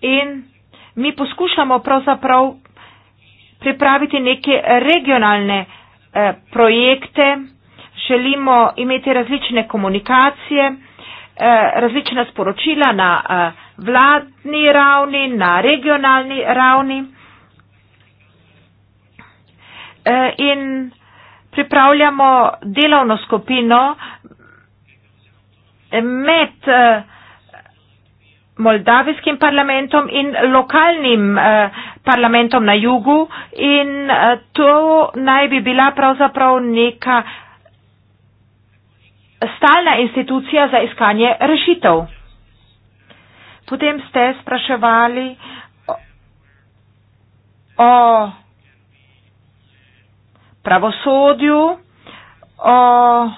Speaker 2: in mi poskušamo pravzaprav pripraviti neke regionalne eh, projekte, želimo imeti različne komunikacije, eh, različna sporočila na eh, vladni ravni, na regionalni ravni in pripravljamo delovno skupino, med eh, moldavijskim parlamentom in lokalnim eh, parlamentom na jugu in eh, to naj bi bila pravzaprav neka stalna institucija za iskanje rešitev. Potem ste spraševali o pravosodju, o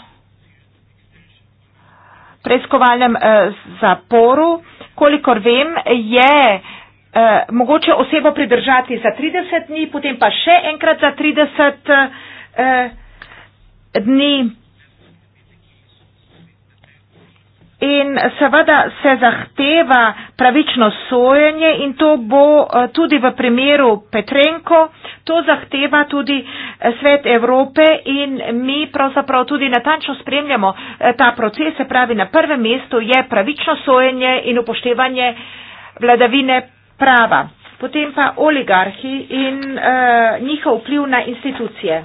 Speaker 2: preiskovalnem eh, zaporu. Kolikor vem, je eh, mogoče osebo pridržati za 30 dni, potem pa še enkrat za 30 eh, dni. In seveda se zahteva pravično sojenje in to bo eh, tudi v primeru Petrenko, to zahteva tudi eh, svet Evrope in mi pravzaprav tudi natančno spremljamo eh, ta proces, se pravi na prvem mestu je pravično sojenje in upoštevanje vladavine prava. Potem pa oligarhi in uh, njihov vpliv na institucije.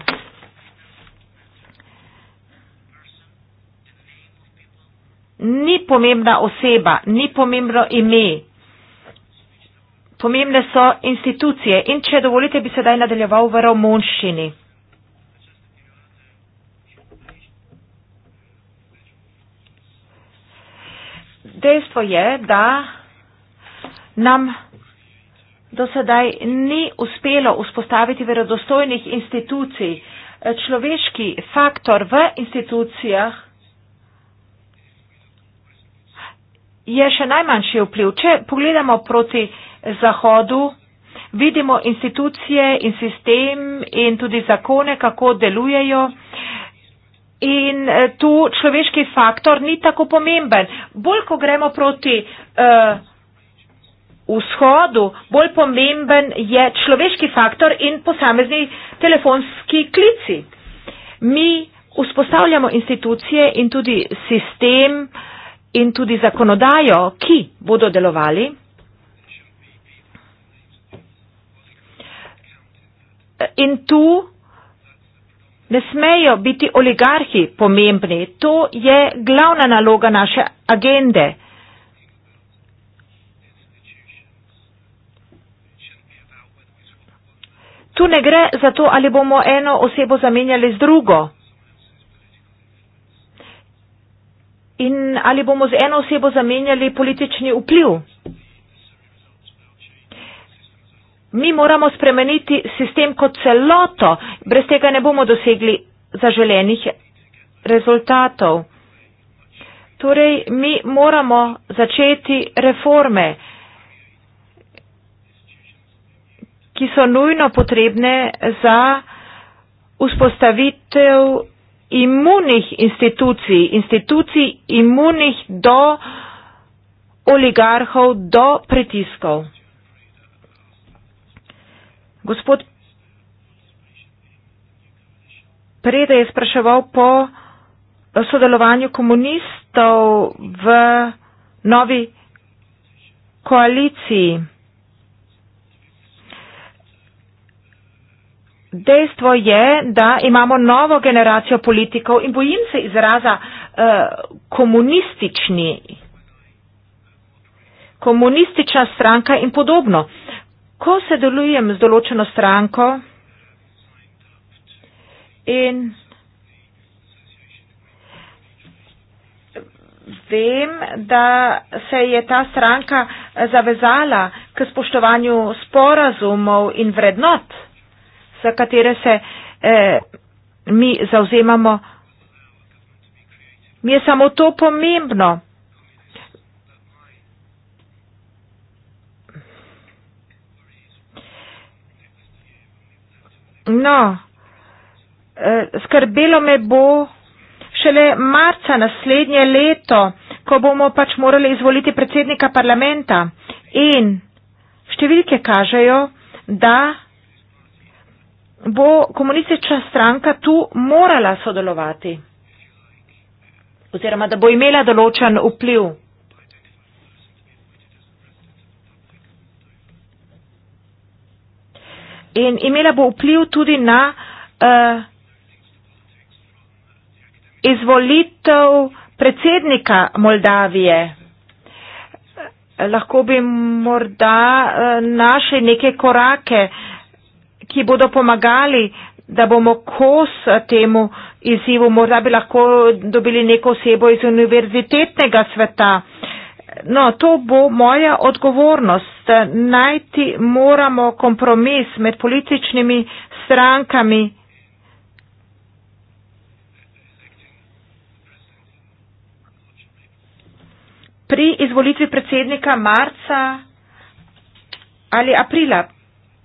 Speaker 2: ni pomembna oseba, ni pomembno ime. Pomembne so institucije in če dovolite, bi sedaj nadaljeval v romonščini. Dejstvo je, da nam do sedaj ni uspelo vzpostaviti verodostojnih institucij. Človeški faktor v institucijah je še najmanjši vpliv. Če pogledamo proti Zahodu, vidimo institucije in sistem in tudi zakone, kako delujejo. In eh, tu človeški faktor ni tako pomemben. Bolj, ko gremo proti uh, vzhodu, bolj pomemben je človeški faktor in posamezni telefonski klici. Mi vzpostavljamo institucije in tudi sistem uh, in tudi zakonodajo, ki bodo delovali, in tu ne smejo biti oligarhi pomembni. To je glavna naloga naše agende. Tu ne gre za to, ali bomo eno osebo zamenjali z drugo. in ali bomo z eno osebo zamenjali politični vpliv. Mi moramo spremeniti sistem kot celoto, brez tega ne bomo dosegli zaželenih rezultatov. Torej, mi moramo začeti reforme, ki so nujno potrebne za vzpostavitev imunih institucij, institucij imunih do oligarhov, do pritiskov. Gospod Preda je spraševal po sodelovanju komunistov v novi koaliciji. Dejstvo je, da imamo novo generacijo politikov in bojim se izraza uh, komunistični, komunistična stranka in podobno. Ko se delujem z določeno stranko in vem, da se je ta stranka zavezala k spoštovanju sporazumov in vrednot, za katere se eh, mi zauzemamo. Mi je samo to pomembno. No, eh, skrbelo me bo šele marca naslednje leto, ko bomo pač morali izvoliti predsednika parlamenta. In številke kažejo, da bo komunistična stranka tu morala sodelovati oziroma da bo imela določen vpliv. In imela bo vpliv tudi na uh, izvolitev predsednika Moldavije. Lahko bi morda uh, našli neke korake uh, ki bodo pomagali, da bomo kos temu izzivu. Morda bi lahko dobili neko osebo iz univerzitetnega sveta. No, to bo moja odgovornost. Najti moramo kompromis med političnimi strankami. Pri izvolitvi predsednika marca ali aprila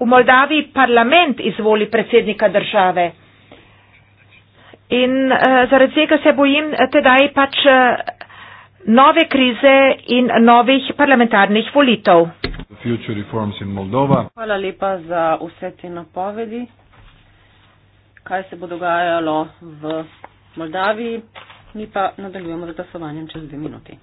Speaker 2: v Moldaviji parlament izvoli predsednika države. In uh, zaradi tega se bojim eh, tedaj pač uh, nove krize in novih parlamentarnih volitev. Hvala
Speaker 7: lepa za vse te napovedi, kaj se bo dogajalo v Moldaviji. Mi pa nadaljujemo z glasovanjem čez dve minuti.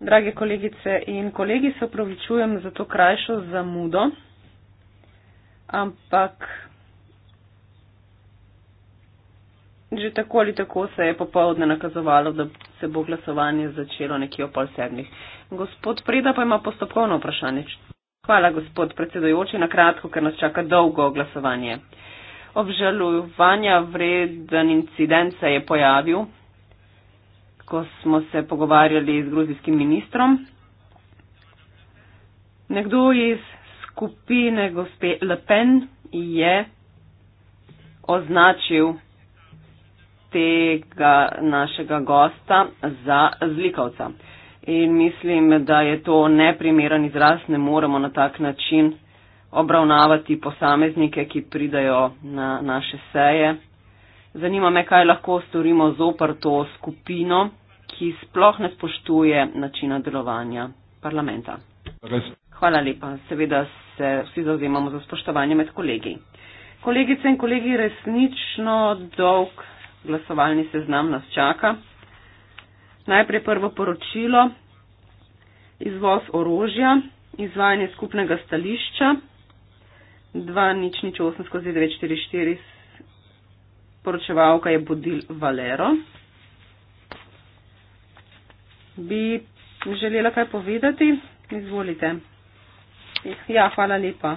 Speaker 7: Drage kolegice in kolegi, se upravičujem za to krajšo zamudo, ampak že tako ali tako se je popovdne nakazovalo, da se bo glasovanje začelo nekje o pol sedmih. Gospod Preda pa ima postopkovno vprašanje. Hvala, gospod predsedojoči, na kratko, ker nas čaka dolgo glasovanje. Obžalovanja vreden incident se je pojavil, ko smo se pogovarjali z gruzijskim ministrom. Nekdo iz skupine gospe Le Pen je označil tega našega gosta za zlikovca. In mislim, da je to neprimeren izraz, ne moremo na tak način obravnavati posameznike, ki pridajo na naše seje. Zanima me, kaj lahko storimo zopr to skupino, ki sploh ne spoštuje načina delovanja parlamenta. Res. Hvala lepa. Seveda se vsi zauzemamo za spoštovanje med kolegi. Kolegice in kolegi, resnično dolg glasovalni seznam nas čaka. Najprej prvo poročilo. Izvoz orožja, izvajanje skupnega stališča 2.0.8 skozi 944 poročevalka je Budil Valero. Bi želela kaj povedati? Izvolite. Ja, hvala lepa.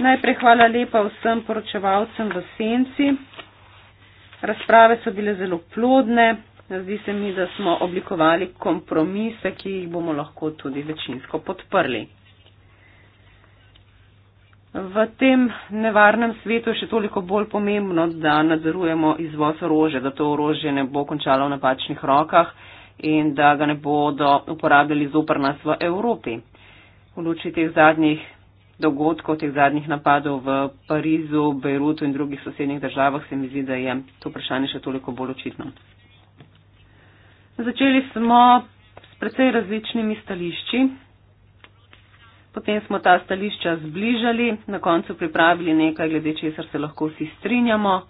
Speaker 7: Najprej hvala lepa vsem poročevalcem v Senci. Razprave so bile zelo plodne. Zdi se mi, da smo oblikovali kompromise, ki jih bomo lahko tudi večinsko podprli. V tem nevarnem svetu je še toliko bolj pomembno, da nadzorujemo izvoz orožja, da to orožje ne bo končalo v napačnih rokah in da ga ne bodo uporabljali zopr nas v Evropi. V luči teh zadnjih dogodkov, teh zadnjih napadov v Parizu, Bejrutu in drugih sosednjih državah se mi zdi, da je to vprašanje še toliko bolj očitno. Začeli smo s precej različnimi stališči. Potem smo ta stališča zbližali, na koncu pripravili nekaj, glede česar se lahko vsi strinjamo.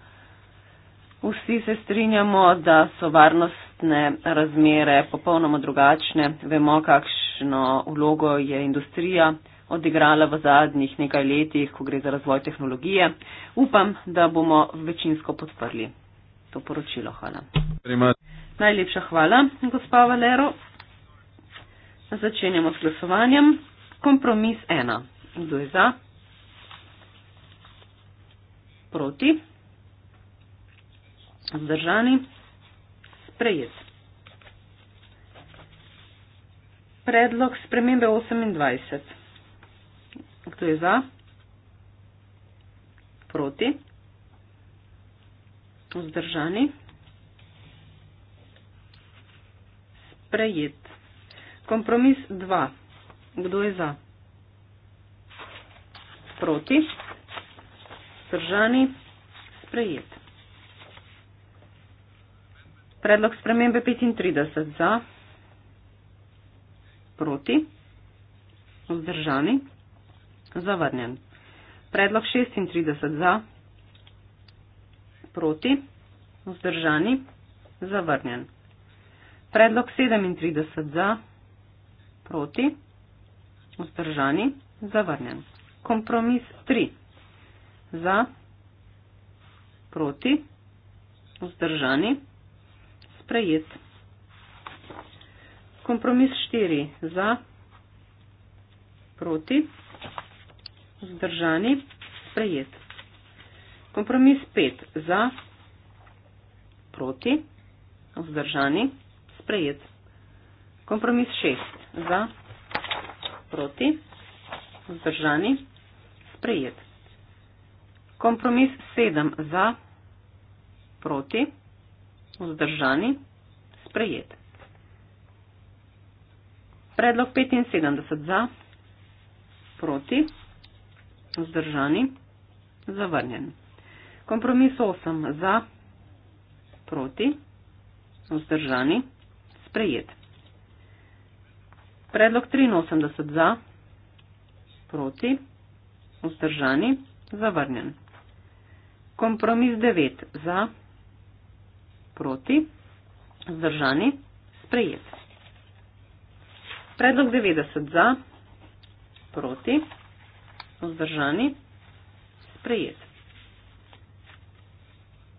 Speaker 7: Vsi se strinjamo, da so varnostne razmere popolnoma drugačne. Vemo, kakšno vlogo je industrija odigrala v zadnjih nekaj letih, ko gre za razvoj tehnologije. Upam, da bomo večinsko podprli to poročilo. Hvala. Najlepša hvala, gospa Valero. Začenjamo s glasovanjem. Kompromis ena. Kdo je za? Proti? Zdržani? Sprejet. Predlog spremembe 28. Kdo je za? Proti? Zdržani? Sprejet. Kompromis 2. Kdo je za? Proti? Zdržani? Sprejet. Predlog spremembe 35 za? Proti? Zdržani? Zavrnjen. Predlog 36 za? Proti? Zdržani? Zavrnjen. Predlog 37 za? Proti? vzdržani, zavrnjen. Kompromis 3. Za, proti, vzdržani, sprejet. Kompromis 4. Za, proti, vzdržani, sprejet. Kompromis 5. Za, proti, vzdržani, sprejet. Kompromis 6. Za, proti, vzdržani, sprejet proti, vzdržani, sprejet. Kompromis 7 za, proti, vzdržani, sprejet. Predlog 75 za, proti, vzdržani, zavrnjen. Kompromis 8 za, proti, vzdržani, sprejet. Predlog 83 za, proti, vzdržani, zavrnjen. Kompromis 9 za, proti, vzdržani, sprejet. Predlog 90 za, proti, vzdržani, sprejet.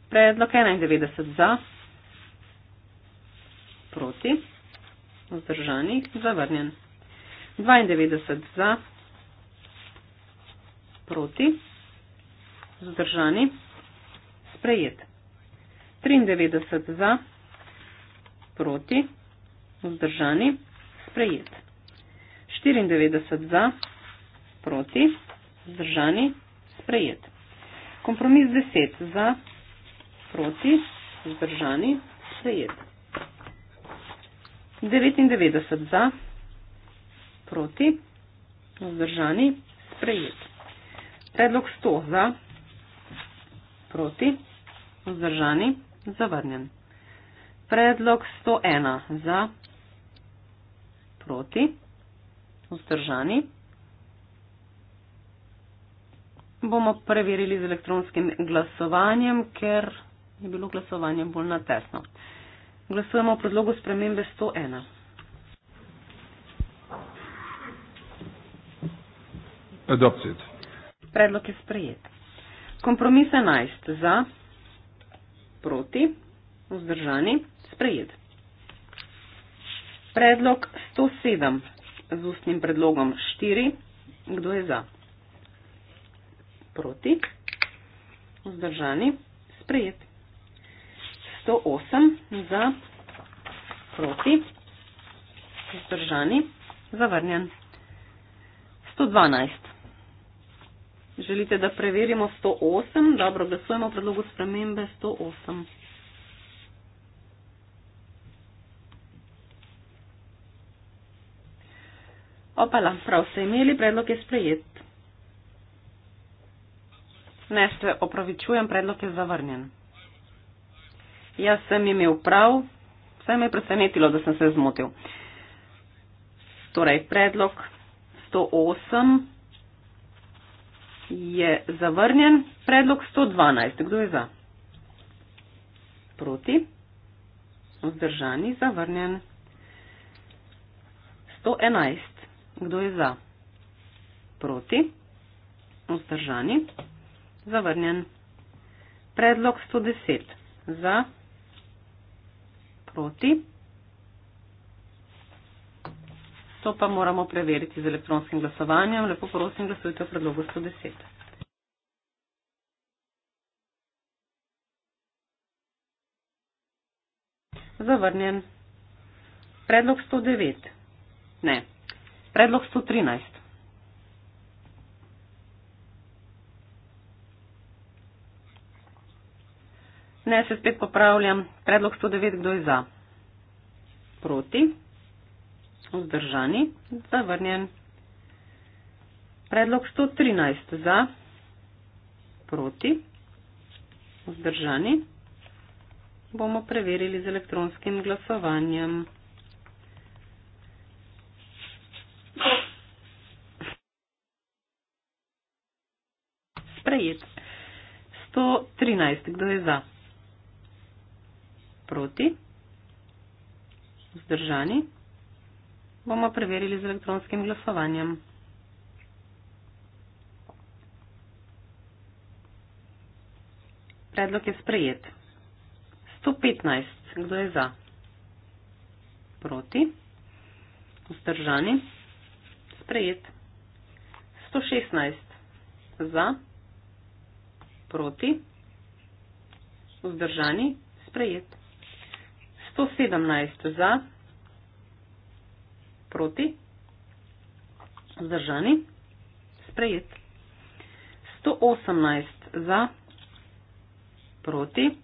Speaker 7: Predlog 91 za, proti, vzdržani, sprejet vzdržani, zavrnjen. 92 za, proti, vzdržani, sprejet. 93 za, proti, vzdržani, sprejet. 94 za, proti, vzdržani, sprejet. Kompromis 10 za, proti, vzdržani, sprejet. 99 za, proti, vzdržani, sprejet. Predlog 100 za, proti, vzdržani, zavrnjen. Predlog 101 za, proti, vzdržani. Bomo preverili z elektronskim glasovanjem, ker je bilo glasovanje bolj natesno. Glasujemo o predlogu spremembe 101. Adopted. Predlog je sprejet. Kompromis 11. Za, proti, vzdržani, sprejet. Predlog 107 z ustnim predlogom 4. Kdo je za? Proti, vzdržani, sprejet. 108 za proti, vzdržani, zavrnjen. 112. Želite, da preverimo 108? Dobro, glasujemo o predlogu spremembe 108. Opala, prav ste imeli, predlog je sprejet. Ne, se opravičujem, predlog je zavrnjen jaz sem imel prav, saj me je presenetilo, da sem se zmotil. Torej, predlog 108 je zavrnjen, predlog 112. Kdo je za? Proti? Vzdržani, zavrnjen. 111. Kdo je za? Proti? Vzdržani, zavrnjen. Predlog 110. Za? proti. To pa moramo preveriti z elektronskim glasovanjem. Lepo prosim, glasujte v predlogu 110. Zavrnjen. Predlog 109. Ne. Predlog 113. Ne, se spet popravljam. Predlog 109, kdo je za? Proti? Vzdržani? Zavrnjen. Predlog 113, za? Proti? Vzdržani? Bomo preverili z elektronskim glasovanjem. Sprejet. 113, kdo je za? sproti, vzdržani, bomo preverili z elektronskim glasovanjem. Predlog je sprejet. 115. Kdo je za? Proti. Vzdržani. Sprejet. 116. Za. Proti. Vzdržani. Sprejet. 117 za, proti, zdržani, sprejet. 118 za, proti,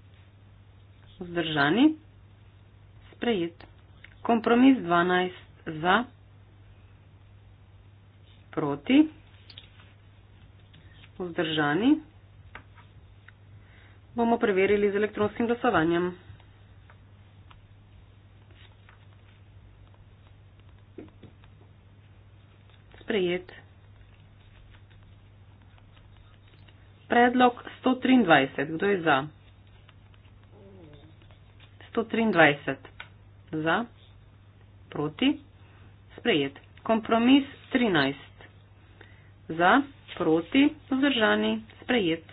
Speaker 7: zdržani, sprejet. Kompromis 12 za, proti, vzdržani. Bomo preverili z elektronskim glasovanjem. sprejet. Predlog 123. Kdo je za? 123. Za. Proti. Sprejet. Kompromis 13. Za. Proti. Vzdržani. Sprejet.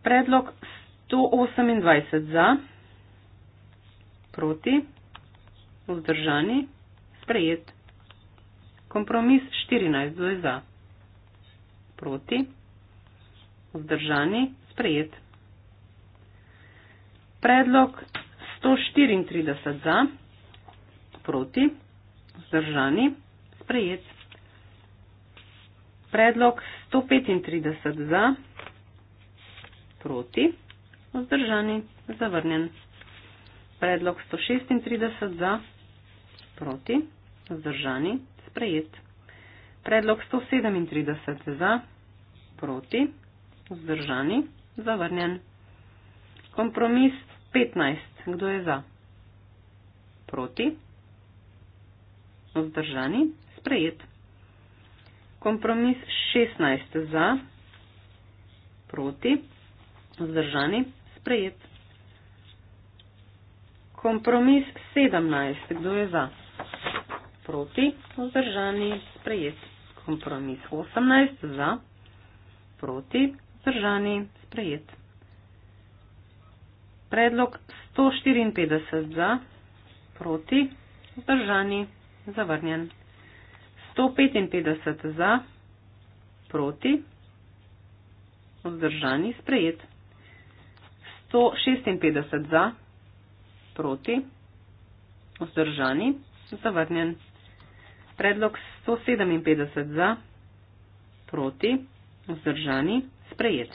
Speaker 7: Predlog 128. Za. Proti. Vzdržani. Sprejet. Kompromis 14 do za. Proti. Vzdržani. Sprejet. Predlog 134 za. Proti. Vzdržani. Sprejet. Predlog 135 za. Proti. Vzdržani. Zavrnjen. Predlog 136 za. Proti. Vzdržani sprejet. Predlog 137 za, proti, vzdržani, zavrnjen. Kompromis 15. Kdo je za? Proti, vzdržani, sprejet. Kompromis 16 za, proti, vzdržani, sprejet. Kompromis 17. Kdo je za? proti, vzdržani, sprejet. Kompromis 18 za, proti, vzdržani, sprejet. Predlog 154 za, proti, vzdržani, zavrnjen. 155 za, proti, vzdržani, sprejet. 156 za, proti, vzdržani, zavrnjen predlog 157 za, proti, vzdržani, sprejet.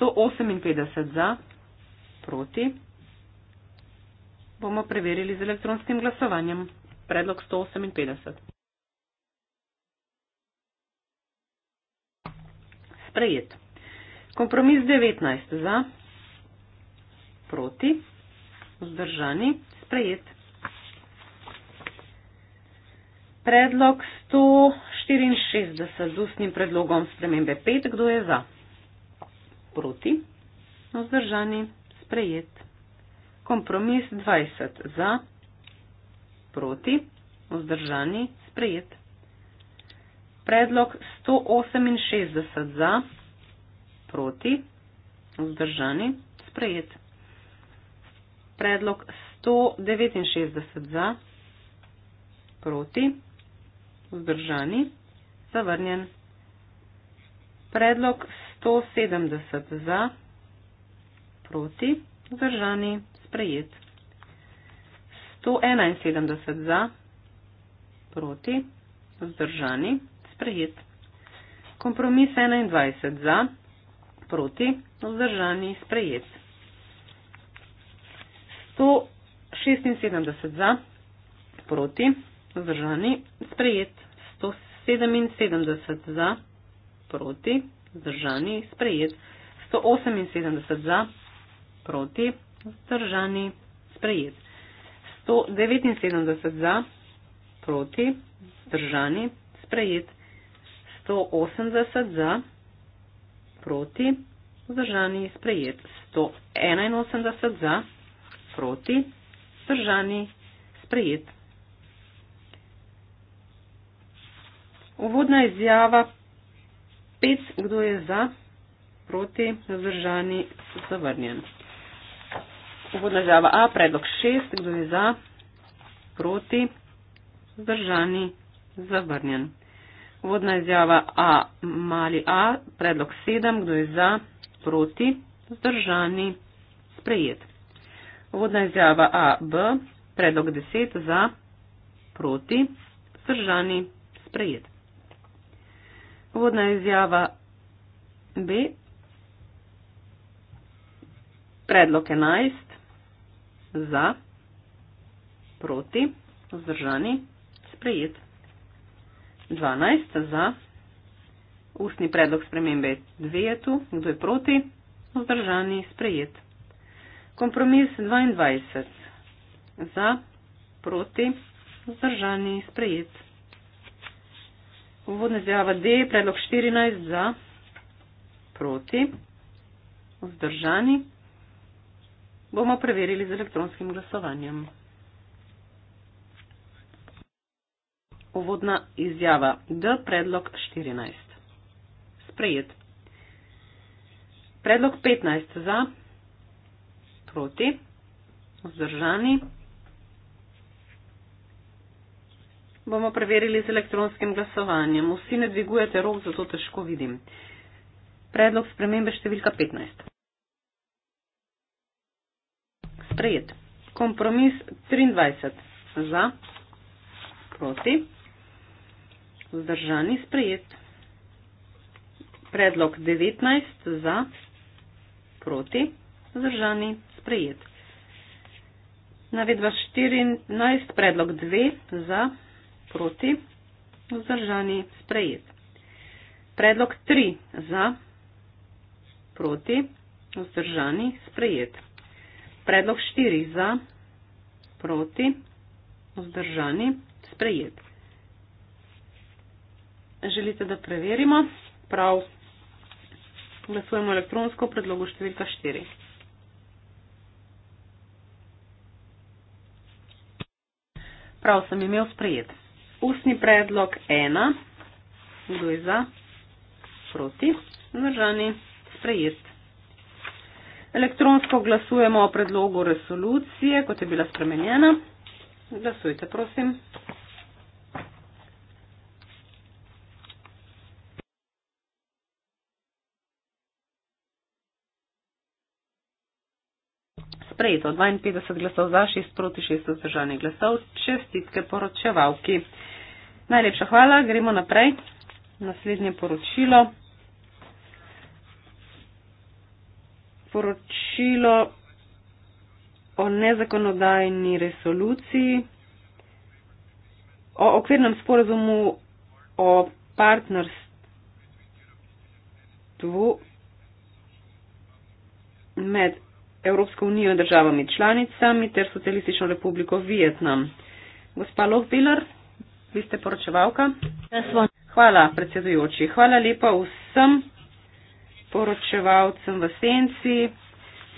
Speaker 7: 158 za, proti, bomo preverili z elektronskim glasovanjem. Predlog 158. Sprejet. Kompromis 19 za, proti, vzdržani, sprejet. predlog 164 z ustnim predlogom spremembe 5. Kdo je za? Proti? Ozdržani? Sprejet. Kompromis 20 za? Proti? Ozdržani? Sprejet. Predlog 168 za? Proti? Vzdržani, sprejet. Predlog 169 za, proti, vzdržani, zavrnjen. Predlog 170 za, proti, vzdržani, sprejet. 171 za, proti, vzdržani, sprejet. Kompromis 21 za, proti, vzdržani, sprejet. 176 za, proti, vzdržani, sprejet. 177 za, proti, zdržani, sprejet. 178 za, proti, zdržani, sprejet. 179 za, proti, zdržani, sprejet. 180 za, proti, zdržani, sprejet. 181 za, proti, zdržani, sprejet. Uvodna izjava 5, kdo je za, proti, zadržani, zavrnjen. Uvodna izjava A, predlog 6, kdo je za, proti, zadržani, zavrnjen. Uvodna izjava A, mali A, predlog 7, kdo je za, proti, zadržani, sprejet. Uvodna izjava A, B, predlog 10, za, proti, zadržani, sprejet. Uvodna izjava B. Predlog 11. Za. Proti. Vzdržani. Sprejet. 12. Za. Ustni predlog spremembe 2 je tu. Kdo je proti? Vzdržani. Sprejet. Kompromis 22. Za. Proti. Vzdržani. Sprejet. Uvodna izjava D, predlog 14 za, proti, vzdržani, bomo preverili z elektronskim glasovanjem. Uvodna izjava D, predlog 14. Sprejet. Predlog 15 za, proti, vzdržani, vzdržani. bomo preverili z elektronskim glasovanjem. Vsi ne dvigujete rok, zato težko vidim. Predlog spremembe številka 15. Sprejet. Kompromis 23. Za. Proti. Vzdržani. Sprejet. Predlog 19. Za. Proti. Vzdržani. Sprejet. Navedba 14. Predlog 2. Za. Proti proti, vzdržani, sprejet. Predlog 3 za, proti, vzdržani, sprejet. Predlog 4 za, proti, vzdržani, sprejet. Želite, da preverimo? Prav, glasujemo elektronsko v predlogu številka 4. Prav sem imel sprejet. Ustni predlog ena, kdo je za, proti, zdržani, sprejet. Elektronsko glasujemo o predlogu resolucije, kot je bila spremenjena. Glasujte, prosim. Sprejeto 52 glasov za, 6 proti 6 zdržanih glasov, čestitke poročevalki. Najlepša hvala, gremo naprej. Naslednje poročilo. Poročilo o nezakonodajni resoluciji, o okvirnem sporazumu o partnerstvu med Evropsko unijo in državami članicami ter Socialistično republiko Vietnam. Gospa Lohbiller. Vi ste poročevalka? Hvala, predsedujoči. Hvala lepa vsem poročevalcem v Senci.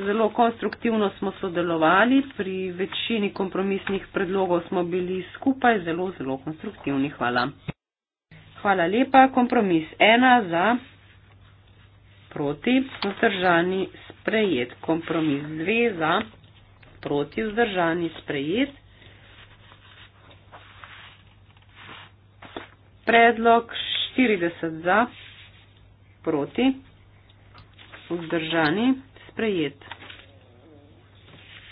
Speaker 7: Zelo konstruktivno smo sodelovali, pri večini kompromisnih predlogov smo bili skupaj zelo, zelo konstruktivni. Hvala. Hvala lepa. Kompromis ena za, proti, vzdržani, sprejet. Kompromis dve za, proti, vzdržani, sprejet. predlog 40 za, proti, vzdržani, sprejet.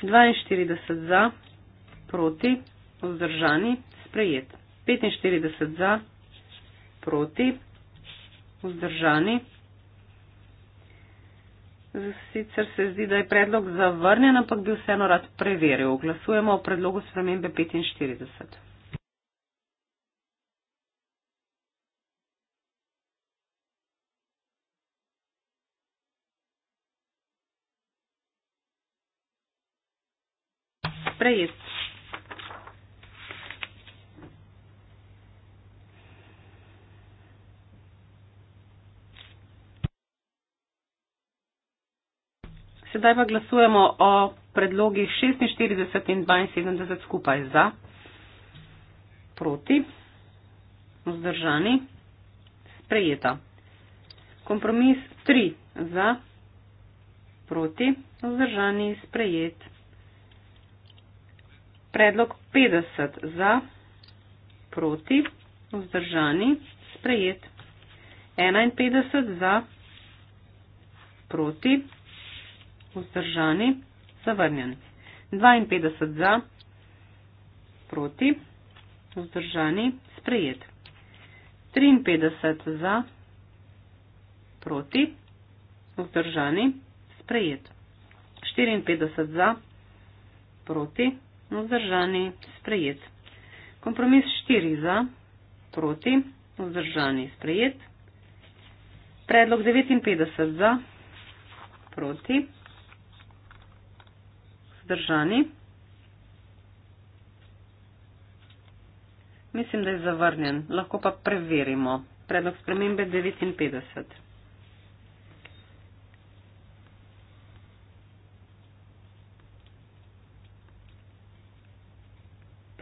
Speaker 7: 42 za, proti, vzdržani, sprejet. 45 za, proti, vzdržani. Sicer se zdi, da je predlog zavrnjen, ampak bi vseeno rad preveril. Glasujemo o predlogu spremembe 45. проезд. Sedaj pa glasujemo o predlogih 46 in 72 skupaj za, proti, vzdržani, sprejeta. Kompromis 3 za, proti, vzdržani, sprejeta. Predlog 50 za, proti, vzdržani, sprejet. 51 za, proti, vzdržani, zavrnjen. 52 za, proti, vzdržani, sprejet. 53 za, proti, vzdržani, sprejet. 54 za, proti, vzdržani vzdržani, sprejet. Kompromis 4 za, proti, vzdržani, sprejet. Predlog 59 za, proti, vzdržani. Mislim, da je zavrnjen, lahko pa preverimo. Predlog spremembe 59.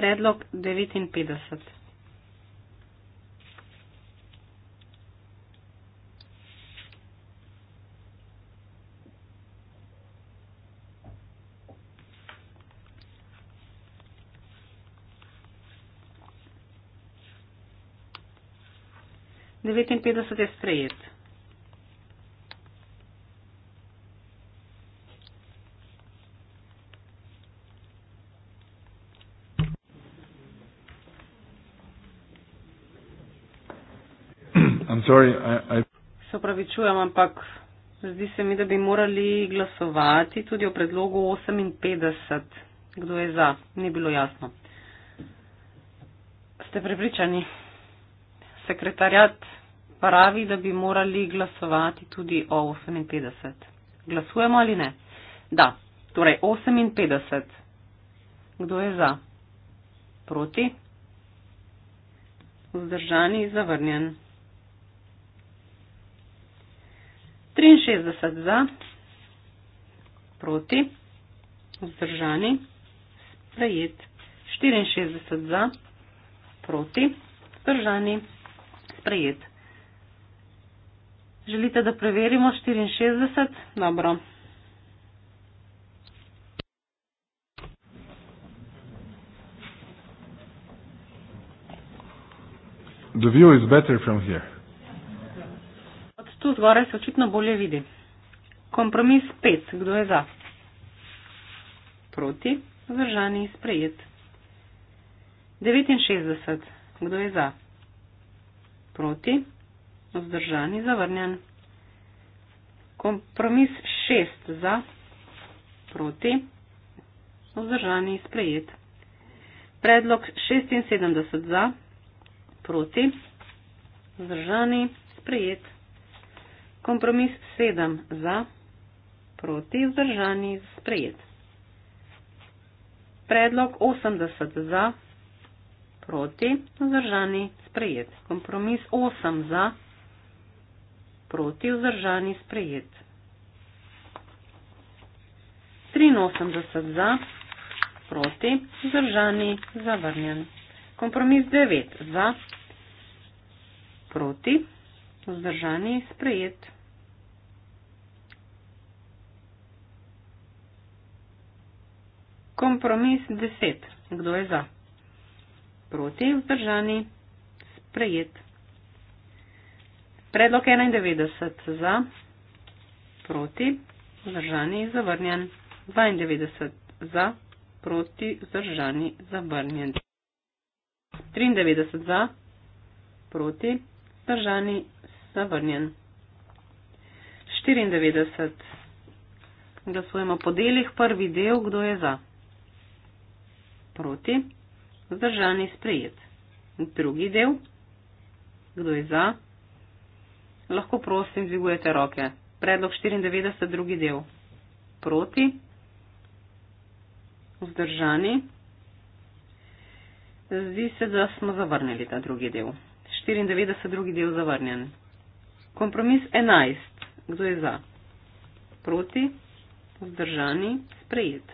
Speaker 7: predlog 59. Devetinpetdeset je sprejet.
Speaker 1: Sorry, I, I...
Speaker 7: Se upravičujem, ampak zdi se mi, da bi morali glasovati tudi o predlogu 58. Kdo je za? Ni bilo jasno. Ste prepričani? Sekretarjat pravi, da bi morali glasovati tudi o 58. Glasujemo ali ne? Da, torej 58. Kdo je za? Proti? Vzdržani, zavrnjen. 63 za, proti, vzdržani, sprejet. 64 za, proti, vzdržani, sprejet. Želite, da preverimo 64? Dobro.
Speaker 1: The view is better from here.
Speaker 7: Tu zgoraj se očitno bolje vidi. Kompromis 5. Kdo je za? Proti. Zdržani. Sprejet. 69. Kdo je za? Proti. Zdržani. Zavrnjen. Kompromis 6. Za. Proti. Vzdržani. Sprejet. Predlog 76 za. Proti. Vzdržani. Sprejet. Kompromis 7 za, proti vzdržani sprejet. Predlog 80 za, proti vzdržani sprejet. Kompromis 8 za, proti vzdržani sprejet. 83 za, proti vzdržani zavrnjen. Kompromis 9 za, proti vzdržani sprejet vzdržani, sprejet. Kompromis 10. Kdo je za? Proti, vzdržani, sprejet. Predlog 91. Za, proti, vzdržani, zavrnjen. 92. Za, proti, vzdržani, zavrnjen. 93. Za, proti, vzdržani, zavrnjen. 94. Glasujemo po delih. Prvi del, kdo je za? Proti. Zdržani sprejet. Drugi del. Kdo je za? Lahko prosim, dvigujete roke. Predlog 94, drugi del. Proti. Vzdržani. Zdi se, da smo zavrnili ta drugi del. 94, drugi del zavrnjen. Kompromis 11. Kdo je za? Proti? Vzdržani? Sprejet.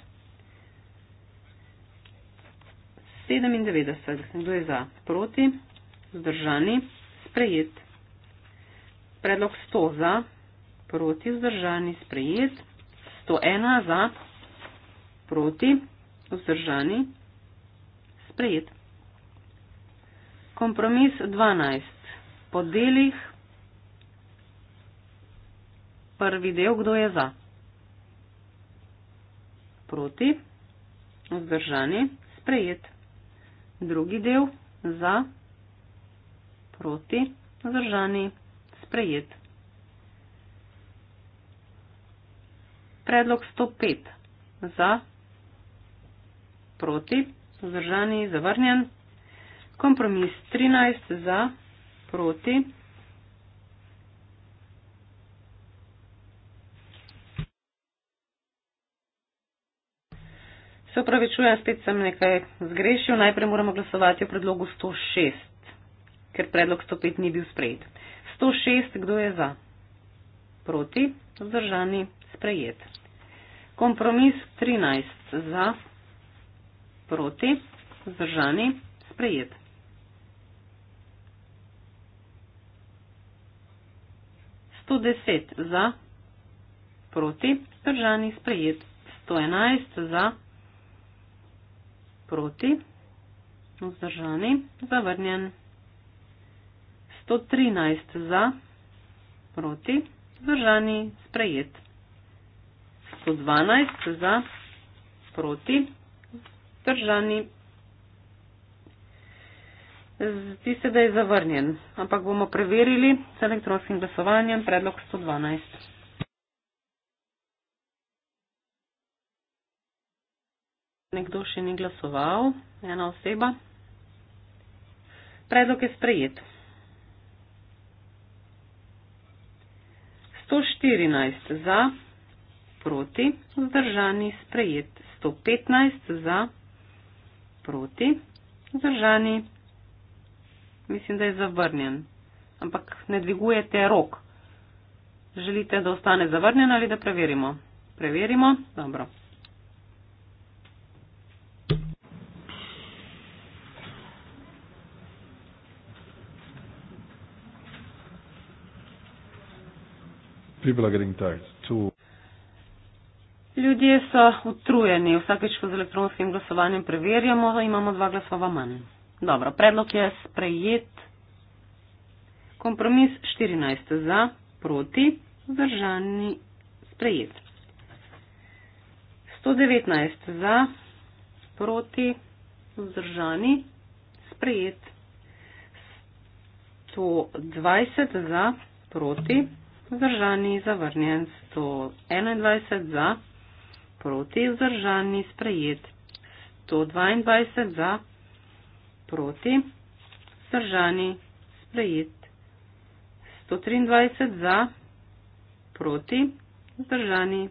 Speaker 7: 97. Kdo je za? Proti? Vzdržani? Sprejet. Predlog 100 za? Proti? Vzdržani? Sprejet. 101 za? Proti? Vzdržani? Sprejet. Kompromis 12. Po delih Prvi del, kdo je za? Proti, vzdržani, sprejet. Drugi del, za, proti, vzdržani, sprejet. Predlog 105, za, proti, vzdržani, zavrnjen. Kompromis 13, za, proti, vzdržani. Se upravičujem, spet sem nekaj zgrešil. Najprej moramo glasovati o predlogu 106, ker predlog 105 ni bil sprejet. 106, kdo je za? Proti, vzdržani, sprejet. Kompromis 13, za, proti, vzdržani, sprejet. Deset za, proti, držani, sprejet. Sto enajst za, proti, vzdržani, zavrnjen. 113 za, proti, vzdržani, sprejet. 112 za, proti, vzdržani. Zdi se, da je zavrnjen, ampak bomo preverili z elektronskim glasovanjem predlog 112. nekdo še ni glasoval, ena oseba. Predlog je sprejet. 114 za, proti, vzdržani, sprejet. 115 za, proti, vzdržani. Mislim, da je zavrnjen. Ampak ne dvigujete rok. Želite, da ostane zavrnjen ali da preverimo? Preverimo. Dobro.
Speaker 1: people are getting tired too.
Speaker 7: Ljudje so utrujeni, vsakeč, ko z elektronskim glasovanjem preverjamo, imamo dva glasova manj. Dobro, predlog je sprejet. Kompromis 14 za, proti, zdržani, sprejet. 119 za, proti, zdržani, sprejet. 120 za, proti, zdržani vzdržani, zavrnjen 121 za, proti vzdržani, sprejet 122 za, proti vzdržani, sprejet 123 za, proti vzdržani,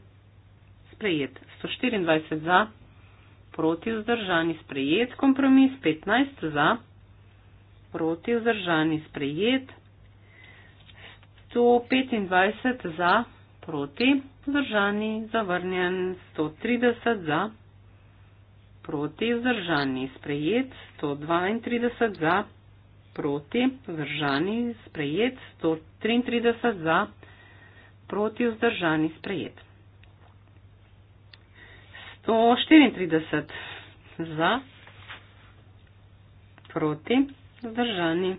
Speaker 7: sprejet 124 za, proti vzdržani, sprejet kompromis 15 za, proti vzdržani, sprejet 123 za. 125 za, proti, vzdržani, zavrnjen, 130 za, proti, vzdržani, sprejet, 132 za, proti, vzdržani, sprejet, 133 za, proti, vzdržani, sprejet. 134 za, proti, vzdržani.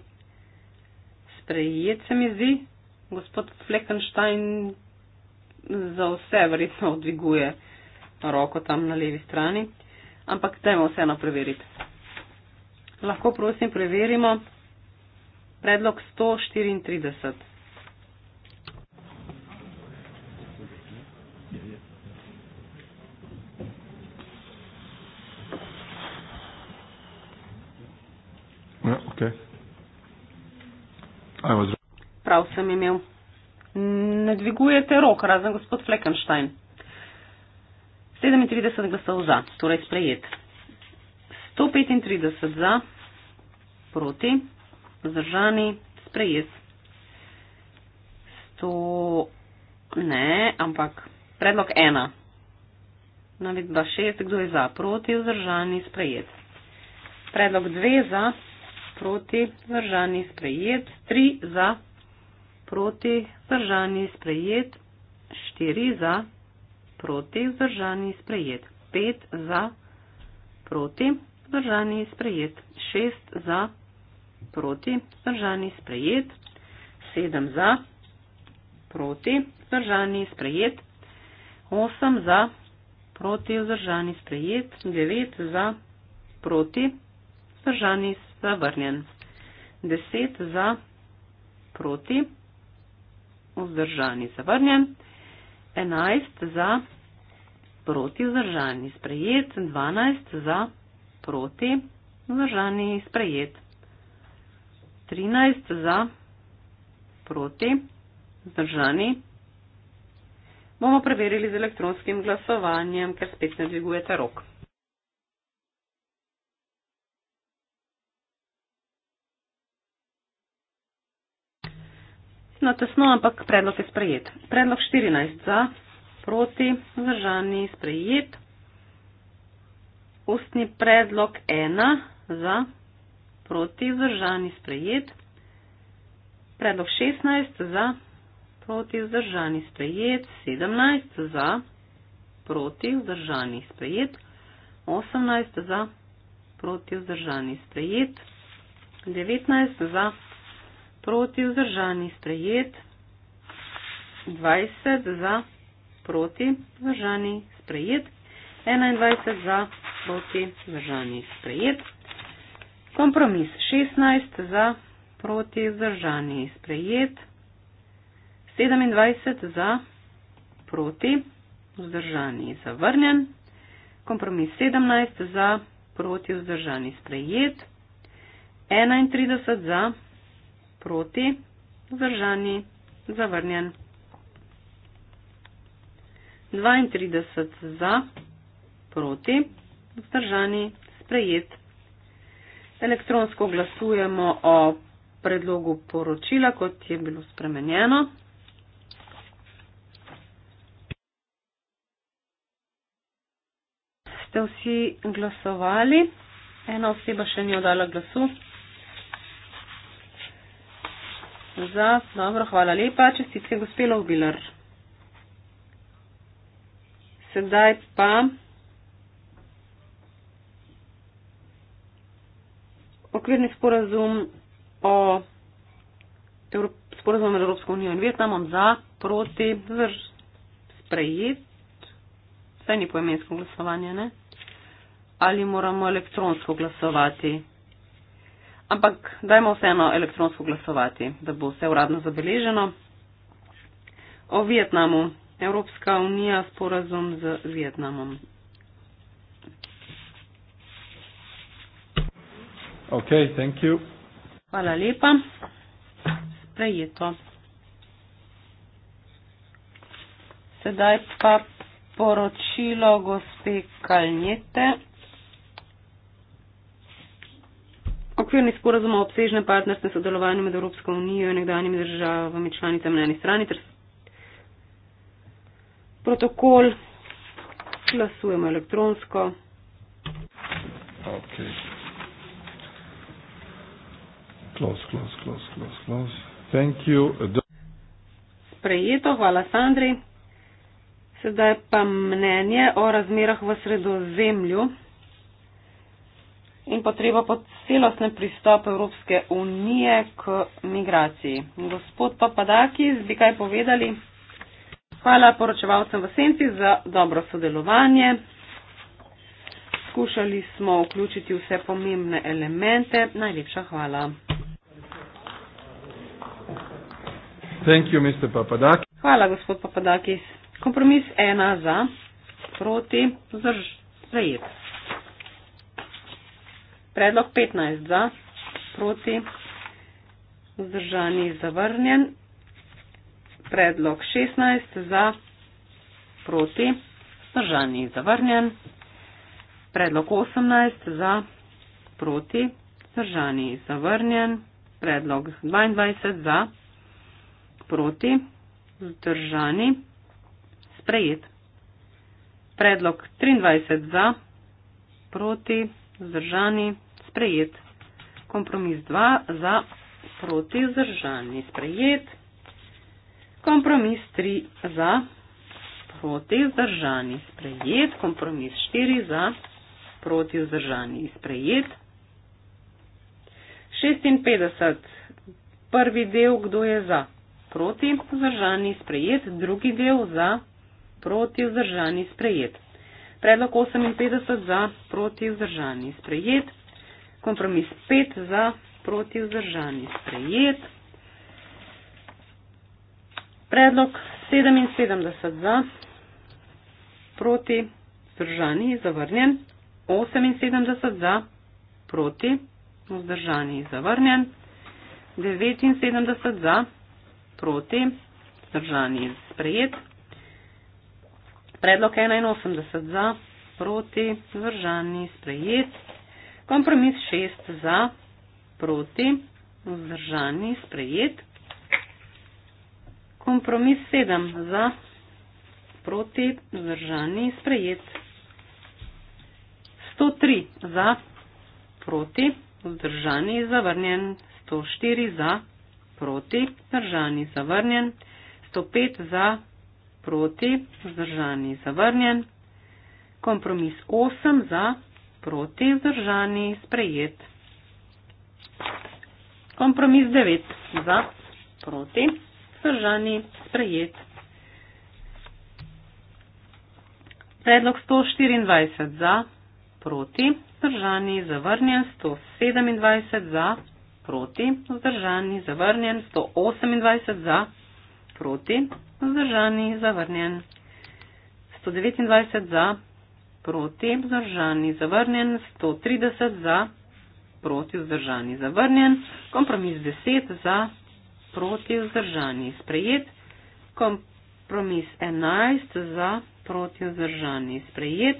Speaker 7: Sprejet se mi zdi, gospod Fleckenstein za vse verjetno odviguje roko tam na levi strani, ampak dajmo vseeno preveriti. Lahko prosim preverimo predlog 134. prav sem imel. Ne dvigujete rok, razen gospod Fleckenstein. 37 glasov za, torej sprejet. 135 za, proti, zdržani, sprejet. 100, ne, ampak predlog 1. Navedba 6, kdo je za, proti, zdržani, sprejet. Predlog 2 za, proti, zdržani, sprejet. 3 za, proti, vzdržani, sprejet, 4 za, proti, vzdržani, sprejet, 5 za, proti, vzdržani, sprejet, 6 za, proti, vzdržani, sprejet, 7 za, proti, vzdržani, sprejet, 8 za, proti, vzdržani, sprejet, 9 za, proti, vzdržani, zavrnjen, 10 za, proti, vzdržani, sprejet, vzdržani, zavrnjen, 11 za proti vzdržani, sprejet, 12 za proti vzdržani, sprejet, 13 za proti vzdržani. Bomo preverili z elektronskim glasovanjem, ker spet ne dvigujete rok. No, tesno, ampak predlog je sprejet. Predlog 14 za, proti, vzdržani, sprejet. Ustni predlog 1 za, proti, vzdržani, sprejet. Predlog 16 za, proti, vzdržani, sprejet. 17 za, proti, vzdržani, sprejet. 18 za, proti, vzdržani, sprejet. 19 za, proti, vzdržani, sprejet proti vzdržani sprejet, 20 za proti vzdržani sprejet, 21 za proti vzdržani sprejet, kompromis 16 za proti vzdržani sprejet, 27 za proti vzdržani zavrnjen, kompromis 17 za proti vzdržani sprejet, 31 za proti vzdržani sprejet, proti, vzdržani, zavrnjen. 32 za, proti, vzdržani, sprejet. Elektronsko glasujemo o predlogu poročila, kot je bilo spremenjeno. Ste vsi glasovali? Ena oseba še ni oddala glasu. Za, dobro, hvala lepa, čestitke gospe Lovbilar. Sedaj pa. Okvirni sporazum o sporazumu med Evropsko unijo in Vietnamom za, proti, vzdrž, sprejet. Saj ni poemensko glasovanje, ne? Ali moramo elektronsko glasovati? Ampak dajmo vseeno elektronsko glasovati, da bo vse uradno zabeleženo. O Vietnamu. Evropska unija sporazum z Vietnamom.
Speaker 1: Okay, thank you.
Speaker 7: Hvala lepa. Sprejeto. Sedaj pa poročilo gospe Kalnjete. Okvirni sporozum o obsežnem partnerstvu sodelovanju med Evropsko unijo in nekdanjimi državami članicami na eni strani ter protokol. Glasujemo elektronsko.
Speaker 1: Ok. Close, close, close, close, close. Thank you. Do
Speaker 7: Sprejeto, hvala Sandri. Sedaj pa mnenje o razmerah v sredozemlju in potreba po celostnem pristopu Evropske unije k migraciji. Gospod Papadaki, bi kaj povedali? Hvala poročevalcem v Senci za dobro sodelovanje. Skušali smo vključiti vse pomembne elemente. Najlepša hvala.
Speaker 1: Thank you, Mr. Papadaki.
Speaker 7: Hvala, gospod Papadakis. Kompromis ena za, proti, zdrž, zajet. Predlog 15 za, proti, vzdržani zavrnjen. Predlog 16 za, proti, vzdržani zavrnjen. Predlog 18 za, proti, vzdržani zavrnjen. Predlog 22 za, proti, vzdržani sprejet. Predlog 23 za, proti, vzdržani zavrnjen. Zdržani, sprejet. Kompromis 2 za, proti, zdržani, sprejet. Kompromis 3 za, proti, zdržani, sprejet. Kompromis 4 za, proti, zdržani, sprejet. 56. Prvi del, kdo je za, proti, zdržani, sprejet. Drugi del za, proti, zdržani, sprejet. Predlog 58 za proti vzdržani sprejet. Kompromis 5 za proti vzdržani sprejet. Predlog 77 za proti vzdržani zavrnjen. 78 za proti vzdržani zavrnjen. 79 za proti vzdržani sprejet. Predlog 81 za, proti, vzdržani, sprejet. Kompromis 6 za, proti, vzdržani, sprejet. Kompromis 7 za, proti, vzdržani, sprejet. 103 za, proti, vzdržani, zavrnjen. 104 za, proti, vzdržani, zavrnjen. 105 za, proti, vzdržani, zavrnjen. Kompromis 8 za, proti, vzdržani, sprejet. Kompromis 9 za, proti, vzdržani, sprejet. Predlog 124 za, proti, vzdržani, zavrnjen. 127 za, proti, vzdržani, zavrnjen. 128 za, proti, vzdržani, zavrnjen. 129 za, proti, vzdržani, zavrnjen. 130 za, proti, vzdržani, zavrnjen. Kompromis 10 za, proti, vzdržani, sprejet. Kompromis 11 za, proti, vzdržani, sprejet.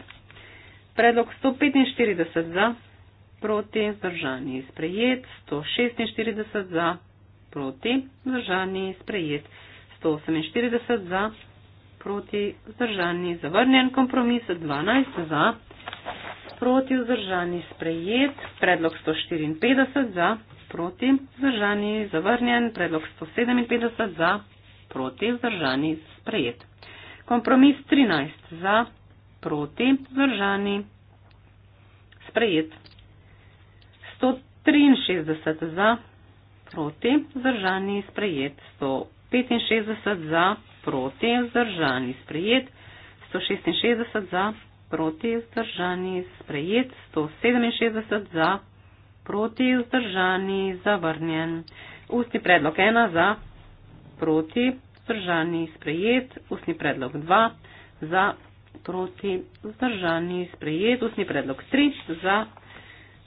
Speaker 7: Predlog 145 za, proti, vzdržani, sprejet. 146 za, proti, vzdržani, sprejet. 148 za, proti vzdržani zavrnjen, kompromis 12 za, proti vzdržani sprejet, predlog 154 za, proti vzdržani zavrnjen, predlog 157 za, proti vzdržani sprejet. Kompromis 13 za, proti vzdržani sprejet. 163 za, proti vzdržani sprejet. 100. 65 za, proti, zdržani, sprejet, 166 za, proti, zdržani, sprejet, 167 za, proti, zdržani, zavrnjen. Ustni predlog 1 za, proti, zdržani, sprejet, ustni predlog 2 za, proti, zdržani, sprejet, ustni predlog 3 za,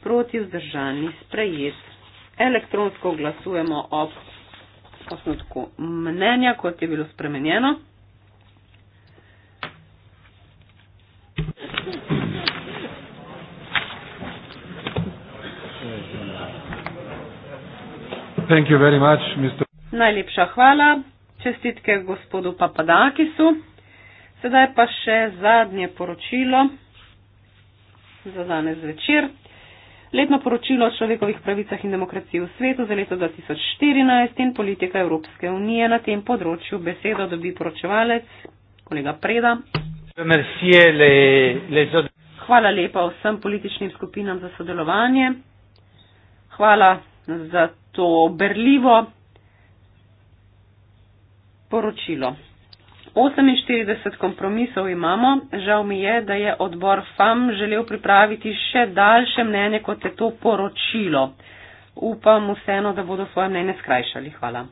Speaker 7: proti, zdržani, sprejet. Elektronsko glasujemo ob 15.30 osnutku mnenja, kot je bilo spremenjeno.
Speaker 1: Thank you very much, Mr.
Speaker 7: Najlepša hvala, čestitke gospodu Papadakisu. Sedaj pa še zadnje poročilo za danes večer letno poročilo o človekovih pravicah in demokraciji v svetu za leto 2014 in politika Evropske unije na tem področju. Besedo dobi poročevalec, kolega Preda. Hvala lepa vsem političnim skupinam za sodelovanje. Hvala za to berljivo poročilo. 48 kompromisov imamo. Žal mi je, da je odbor FAM želel pripraviti še daljše mnenje, kot je to poročilo. Upam vseeno, da bodo svoje mnenje skrajšali. Hvala.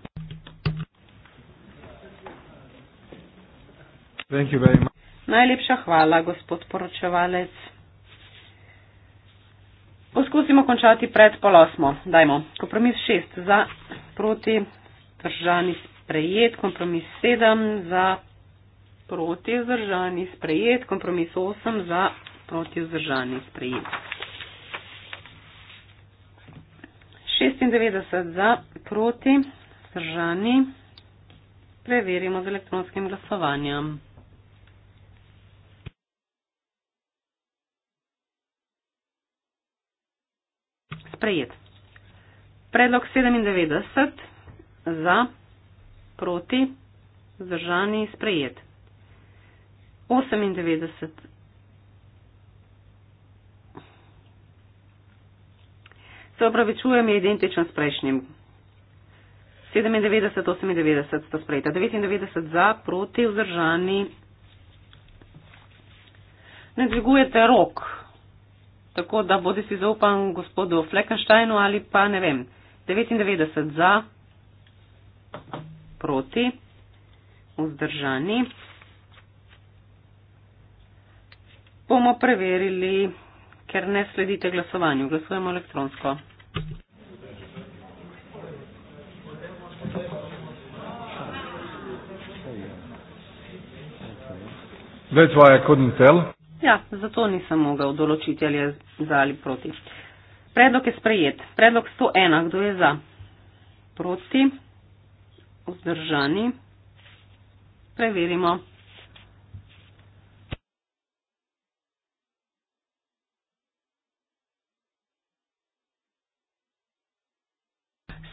Speaker 7: Najlepša hvala, gospod poročevalec. Poskusimo končati pred pol osmo. Dajmo. Kompromis šest za proti držani sprejet, kompromis sedem za proti vzdržani sprejet, kompromis 8 za proti vzdržani sprejet. 96 za proti vzdržani preverimo z elektronskim glasovanjem. Sprejet. Predlog 97 za proti vzdržani sprejet. 98. Se opravičujem, je identičen s prejšnjim. 97, 98 sta sprejeta. 99 za, proti, vzdržani. Ne dvigujete rok. Tako da bodi si zaupan gospodu Fleckensteinu ali pa ne vem. 99 za, proti, vzdržani. bomo preverili, ker ne sledite glasovanju. Glasujemo elektronsko.
Speaker 1: That's why I couldn't tell.
Speaker 7: Ja, zato nisem mogel določiti, ali je za ali proti. Predlog je sprejet. Predlog 101. Kdo je za? Proti? Vzdržani? Preverimo.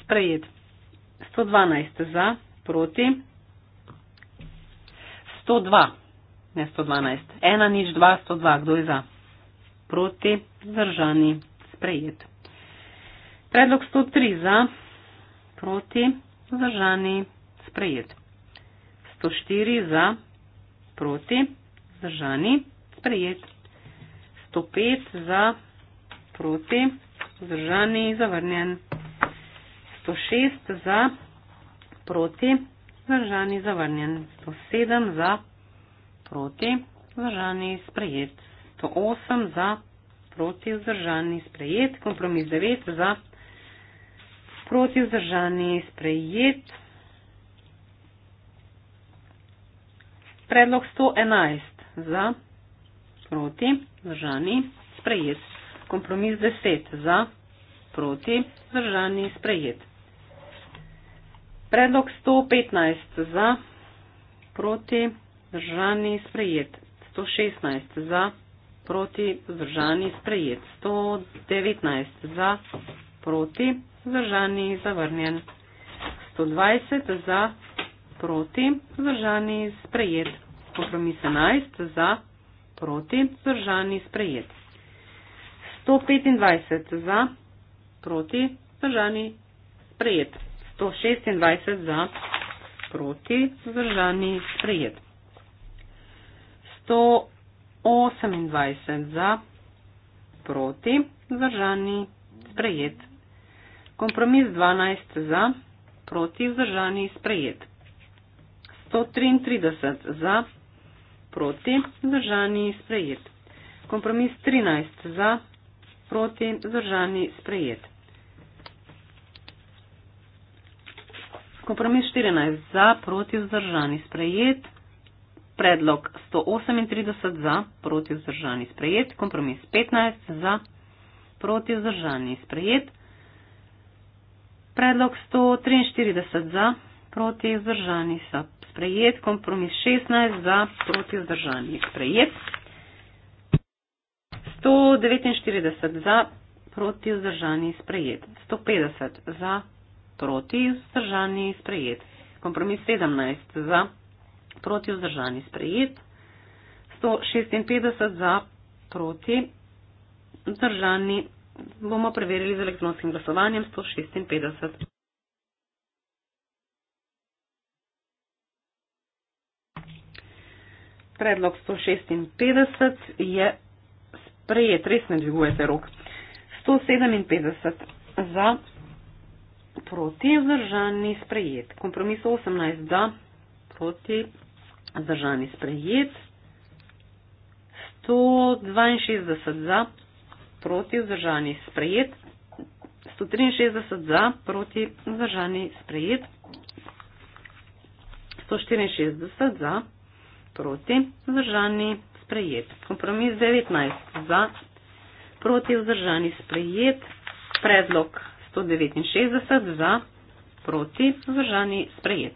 Speaker 7: sprejet. 112 za, proti. 102, ne 112. 1 nič 2, 102, kdo je za? Proti, zdržani, sprejet. Predlog 103 za, proti, zdržani, sprejet. 104 za, proti, zdržani, sprejet. 105 za, proti, zdržani, zavrnjen. 106 za, proti, zdržani, zavrnjen. 107 za, proti, zdržani, sprejet. 108 za, proti, zdržani, sprejet. Kompromis 9 za, proti, zdržani, sprejet. Predlog 111 za, proti, zdržani, sprejet. Kompromis 10 za, proti, zdržani, sprejet. Predlog 115 za, proti, držani, sprejet. 116 za, proti, držani, sprejet. 119 za, proti, držani, zavrnjen. 120 za, proti, držani, sprejet. Kompromis 11 za, proti, držani, sprejet. 125 za, proti, držani, sprejet. 126 za, proti, vzdržani, sprejet. 128 za, proti, vzdržani, sprejet. Kompromis 12 za, proti, vzdržani, sprejet. 133 za, proti, vzdržani, sprejet. Kompromis 13 za, proti, vzdržani, sprejet. kompromis 14 za, proti vzdržani sprejet, predlog 138 za, proti vzdržani sprejet, kompromis 15 za, proti vzdržani sprejet, predlog 143 za, proti vzdržani sprejet, kompromis 16 za, proti vzdržani sprejet, 149 za, proti vzdržani sprejet, 150 za, Proti vzdržani sprejet. Kompromis 17 za. Proti vzdržani sprejet. 156 za. Proti vzdržani. Bomo preverili z elektronskim glasovanjem 156. Predlog 156 je sprejet, res ne dvigujete rok. 157 za, proti, vzdržani sprejet. Kompromis 18 da, proti, vzdržani sprejet. 162 za, proti, vzdržani sprejet. 163 za, proti, vzdržani sprejet. 164 za, proti, vzdržani sprejet. Kompromis 19 za, proti, vzdržani sprejet. Predlog 169 za, proti, vzdržani, sprejet.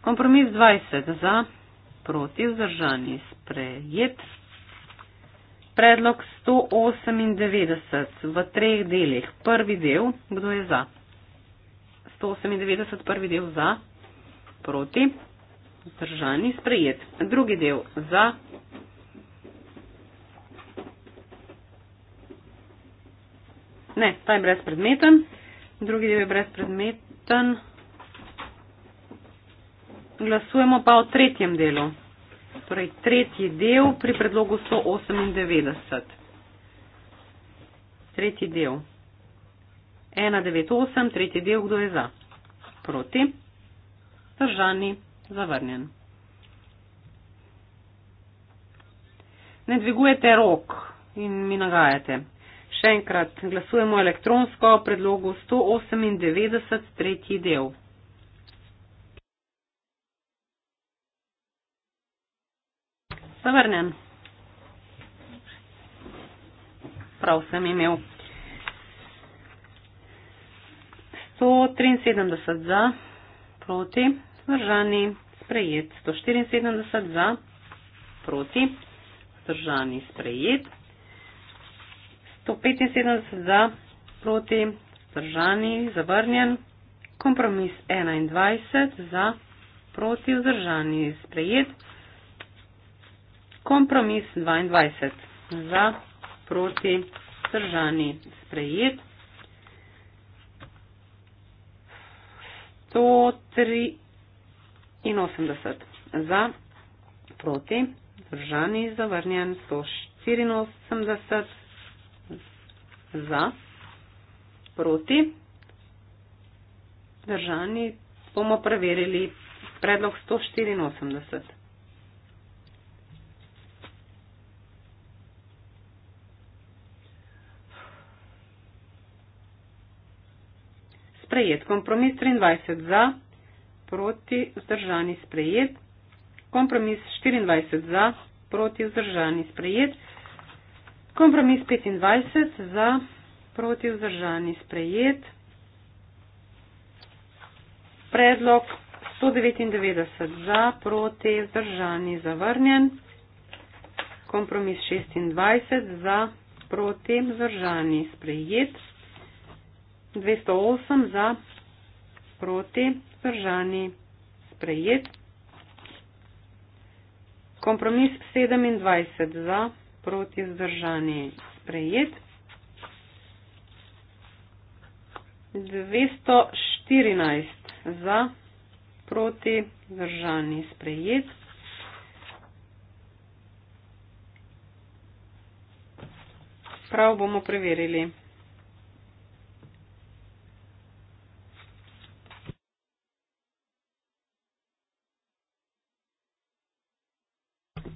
Speaker 7: Kompromis 20 za, proti, vzdržani, sprejet. Predlog 198 v treh delih. Prvi del, kdo je za? 198 prvi del za, proti, vzdržani, sprejet. Drugi del za, Ne, ta je brezpredmeten, drugi del je brezpredmeten. Glasujemo pa o tretjem delu. Torej, tretji del pri predlogu 198. Tretji del. 198, tretji del, kdo je za? Proti. Držani, zavrnjen. Ne dvigujete rok in mi nagajate še enkrat glasujemo elektronsko o predlogu 198. tretji del. Zavrnjen. Prav sem imel. 173 za, proti, zdržani, sprejet. 174 za, proti, zdržani, sprejet. 175 za, proti, vzdržani, zavrnjen. Kompromis 21 za, proti, vzdržani, sprejet. Kompromis 22 za, proti, vzdržani, sprejet. 183 za, proti, vzdržani, zavrnjen. 184 za, proti, držani, bomo preverili predlog 184. Sprejet kompromis 23 za, proti vzdržani sprejet. Kompromis 24 za, proti vzdržani sprejet. Kompromis 25 za proti vzdržani sprejet. Predlog 199 za proti vzdržani zavrnjen. Kompromis 26 za proti vzdržani sprejet. 208 za proti vzdržani sprejet. Kompromis 27 za proti vzdržani sprejet proti zdržani sprejet. 214 za proti zdržani sprejet. 12 bomo preverili.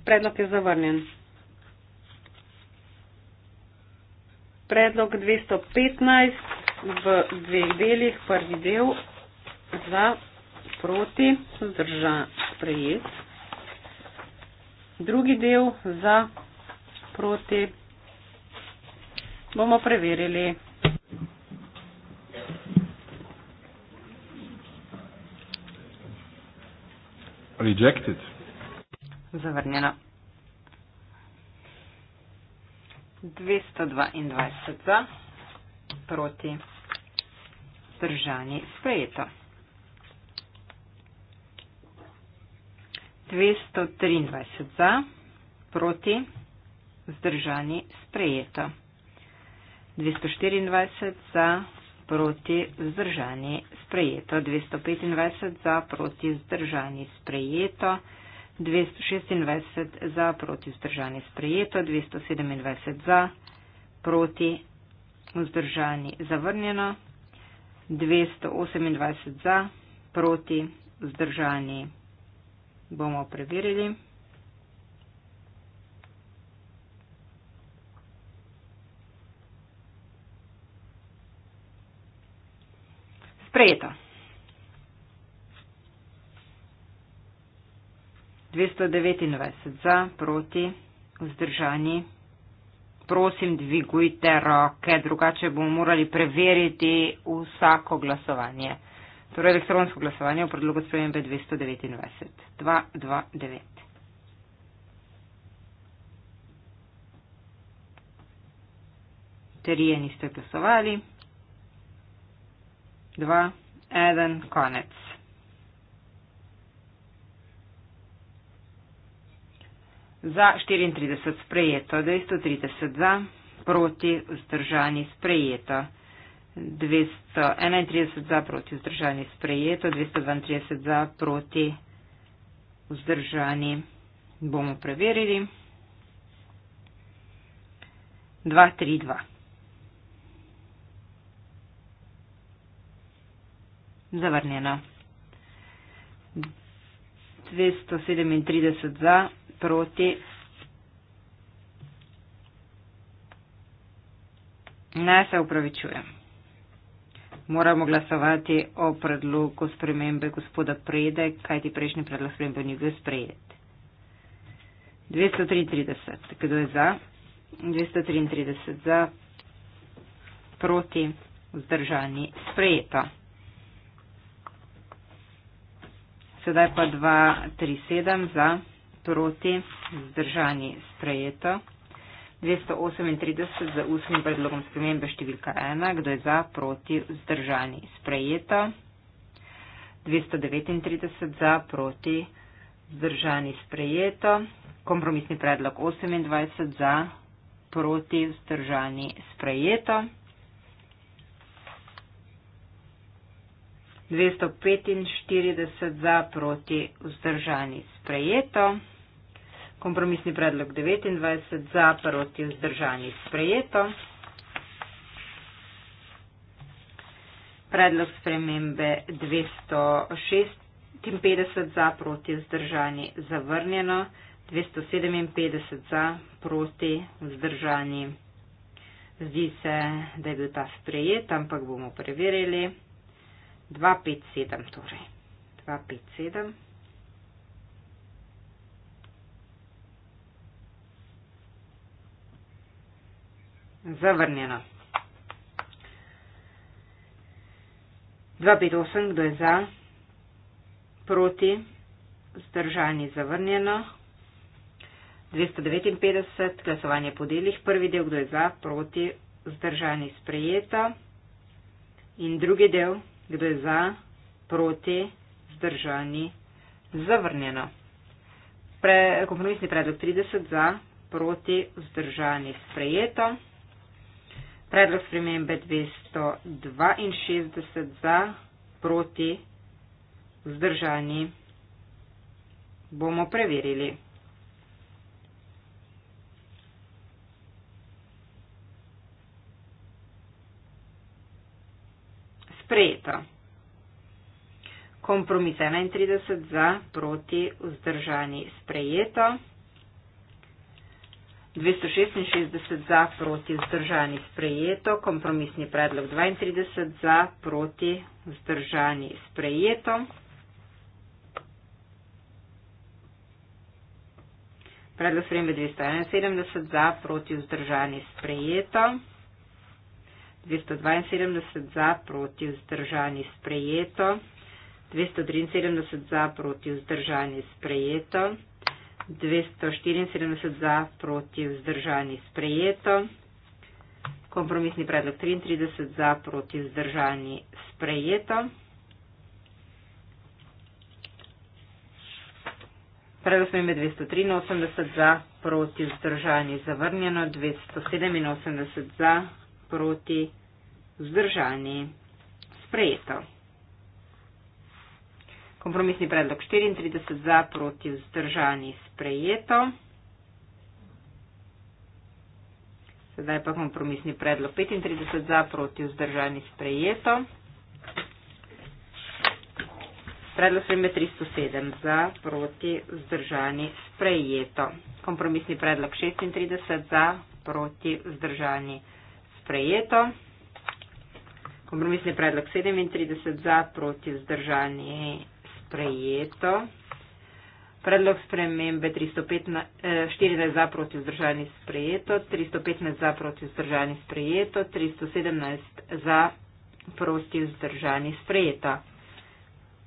Speaker 7: Predlog je zavrnjen. predlog 215 v dveh delih, prvi del za proti zdrža sprejet, drugi del za proti bomo preverili. Rejected. Zavrnjeno.
Speaker 6: 222 za, proti zdržani sprejeto. 223 za, proti zdržani sprejeto. 224 za, proti zdržani sprejeto. 225 za, proti zdržani sprejeto. 226 za, proti vzdržani sprejeto, 227 za, proti vzdržani zavrnjeno, 228 za, proti vzdržani bomo preverili. Sprejeto. 229 za, proti, vzdržani. Prosim, dvigujte roke, drugače bomo morali preveriti vsako glasovanje. Torej, elektronsko glasovanje v predlogu spremembe 229. 229. Trije niste glasovali. 2. 1. Konec. Za 34 sprejeto, 230 za, proti, vzdržani sprejeto. 231 za proti vzdržani sprejeto, 232 za proti vzdržani bomo preverili. 232. Zavrnjeno. 237 za, proti ne se upravičujem. Moramo glasovati o predlogu spremembe gospoda Prede, kaj ti prejšnji predlog spremembe ni bil sprejet. 233. Kdo je za? 233 za. Proti. Vzdržani. Sprejeto. Sedaj pa 237 za proti, vzdržani sprejeto. 238 za ustnim predlogom spremembe številka 1, kdo je za, proti, vzdržani sprejeto. 239 za, proti, vzdržani sprejeto. Kompromisni predlog 28 za, proti, vzdržani sprejeto. 245 za, proti, vzdržani sprejeto kompromisni predlog 29 za, proti vzdržani sprejeto. Predlog spremembe 256 za, proti vzdržani zavrnjeno, 257 za, proti vzdržani. Zdi se, da je bil ta sprejet, ampak bomo preverili. 257 torej. 257. Zavrnjeno. 258, kdo je za? Proti? Zdržani zavrnjeno. 259, glasovanje po delih. Prvi del, kdo je za? Proti? Zdržani sprejeta. In drugi del, kdo je za? Proti? Zdržani zavrnjeno. Pre, kompromisni predlog 30 za, proti, vzdržani sprejeto. Predlog spremembe 262 za, proti, vzdržani. Bomo preverili. Sprejeto. Kompromis 31 za, proti, vzdržani. Sprejeto. 266 za, proti vzdržani sprejeto, kompromisni predlog 32 za, proti vzdržani sprejeto. Predlog spremembe 271 za, proti vzdržani sprejeto. 272 za, proti vzdržani sprejeto. 273 za, proti vzdržani sprejeto. 274 za, proti vzdržani sprejeto. Kompromisni predlog 33 za, proti vzdržani sprejeto. Predlog smo imeli 283 za, proti vzdržani zavrnjeno, 287 za, proti vzdržani sprejeto. Kompromisni predlog 34 za, proti vzdržani sprejeto. Sedaj pa kompromisni predlog 35 za, proti vzdržani sprejeto. Predlog spremembe 307 za, proti vzdržani sprejeto. Kompromisni predlog 36 za, proti vzdržani sprejeto. Kompromisni predlog 37 za, proti vzdržani sprejeto prejeto. Predlog spremembe 314 eh, za proti vzdržani sprejeto, 315 za proti vzdržani sprejeto, 317 za proti vzdržani sprejeto.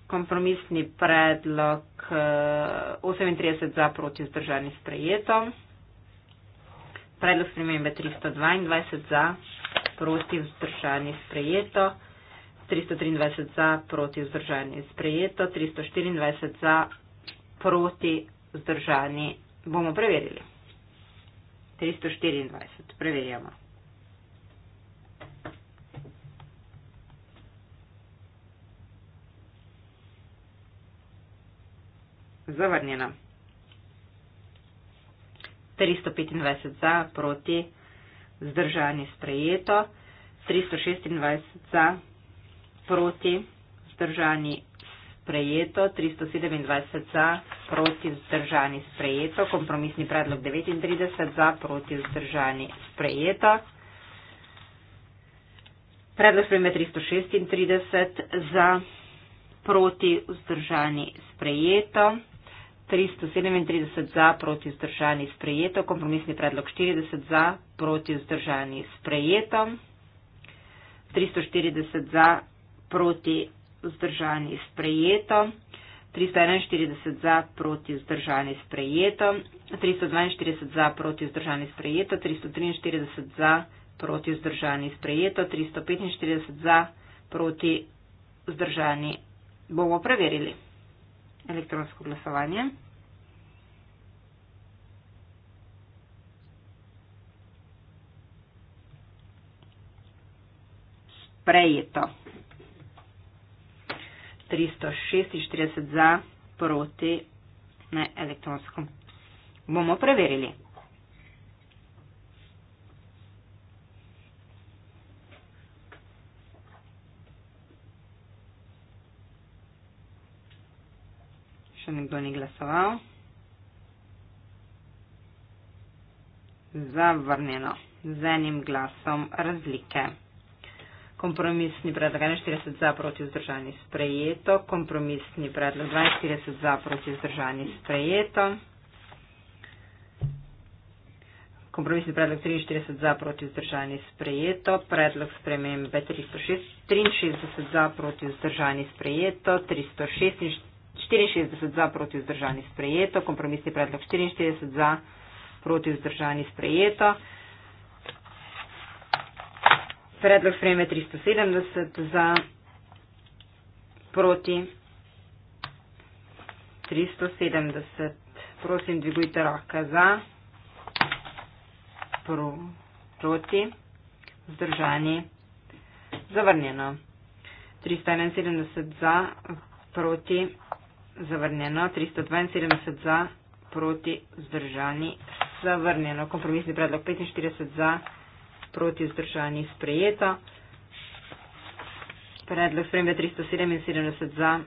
Speaker 6: Kompromisni predlog 38 eh, za proti vzdržani sprejeto, predlog spremembe 322 za proti vzdržani sprejeto, 323 za, proti vzdržani sprejeto, 324 za, proti vzdržani bomo preverili. 324, preverjamo. Zavrnjeno. 325 za, proti, zdržani sprejeto, 326 za proti, vzdržani sprejeto, 327 za, proti, vzdržani sprejeto, kompromisni predlog 39 za, proti, vzdržani sprejeto. Predlog sprejme 336 za, proti, vzdržani sprejeto. 337 za, proti vzdržani sprejeto, kompromisni predlog 40 za, proti vzdržani sprejeto, 340 za, proti vzdržani sprejeto, 341 za proti vzdržani sprejeto, 342 za proti vzdržani sprejeto, 343 za proti vzdržani sprejeto, 345 za proti vzdržani. Bomo preverili elektronsko glasovanje. Sprejeto. 346 za, proti na elektronskem. Bomo preverili. Še nekdo ni glasoval. Zavrnjeno. Z enim glasom razlike kompromisni predlog 41 za proti vzdržani sprejeto, kompromisni predlog 42 za proti vzdržani sprejeto, kompromisni predlog 43 za proti vzdržani sprejeto, predlog spremembe 363 za proti vzdržani sprejeto, 364 za proti vzdržani sprejeto, kompromisni predlog 44 za proti vzdržani sprejeto predlog sprejme 370 za, proti 370. Prosim, dvigujte roke za, pro, proti, vzdržani, zavrnjeno. 371 za, proti, zavrnjeno. 372 za, proti, vzdržani, zavrnjeno. Kompromisni predlog 45 za proti vzdržani sprejeta. Predlog spremembe 377 za,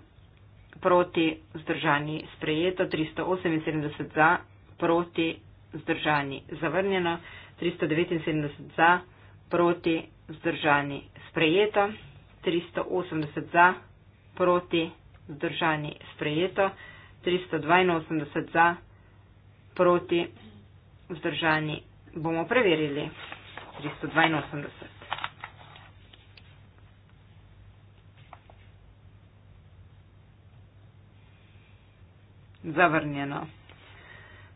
Speaker 6: proti vzdržani sprejeta, 378 za, proti vzdržani zavrnjeno, 379 za, proti vzdržani sprejeta, 380 za, proti vzdržani sprejeta, 382 za, proti vzdržani bomo preverili. 382. Zavrnjeno.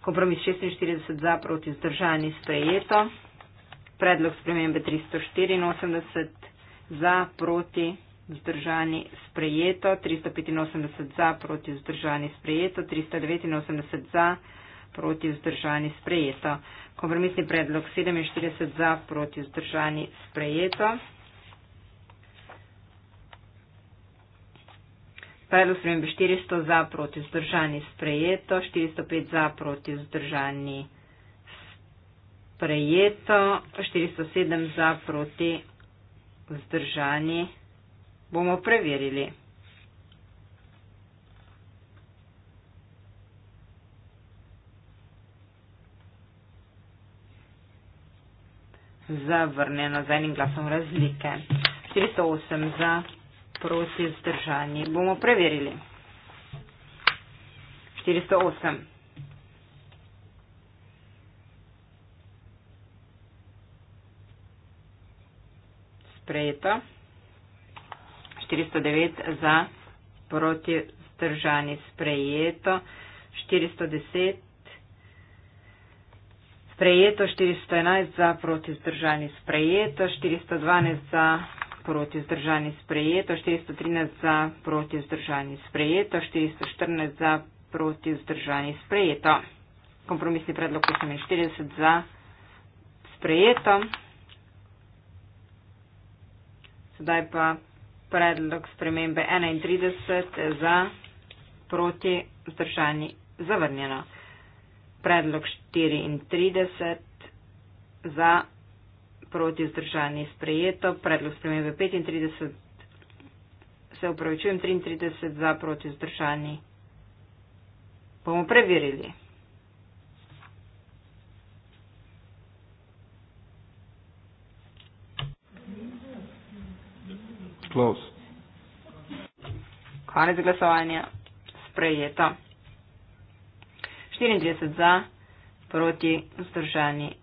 Speaker 6: Kompromis 46 za proti zdržani sprejeto. Predlog spremembe 384 za proti zdržani sprejeto. 385 za proti zdržani sprejeto. 389 za proti vzdržani sprejeto. Kompromisni predlog 47 za proti vzdržani sprejeto. Predlog spremembe 400 za proti vzdržani sprejeto, 405 za proti vzdržani sprejeto, 407 za proti vzdržani bomo preverili. zavrnjeno z enim glasom razlike. 408 za, proti zdržanji. Bomo preverili. 408. Sprejeto. 409 za, proti zdržanji. Sprejeto. 410 sprejeto, 411 za, proti zdržani sprejeto, 412 za, proti zdržani sprejeto, 413 za, proti zdržani sprejeto, 414 za, proti zdržani sprejeto. Kompromisni predlog 48 za sprejeto. Sedaj pa predlog spremembe 31 za, proti zdržani zavrnjeno predlog 34 za proti vzdržanje sprejeto, predlog spremembe 35, se upravičujem 33 za proti vzdržanje. Bomo preverili.
Speaker 1: Close. Konec
Speaker 6: glasovanja. Sprejeto. 34 za, proti vzdržani.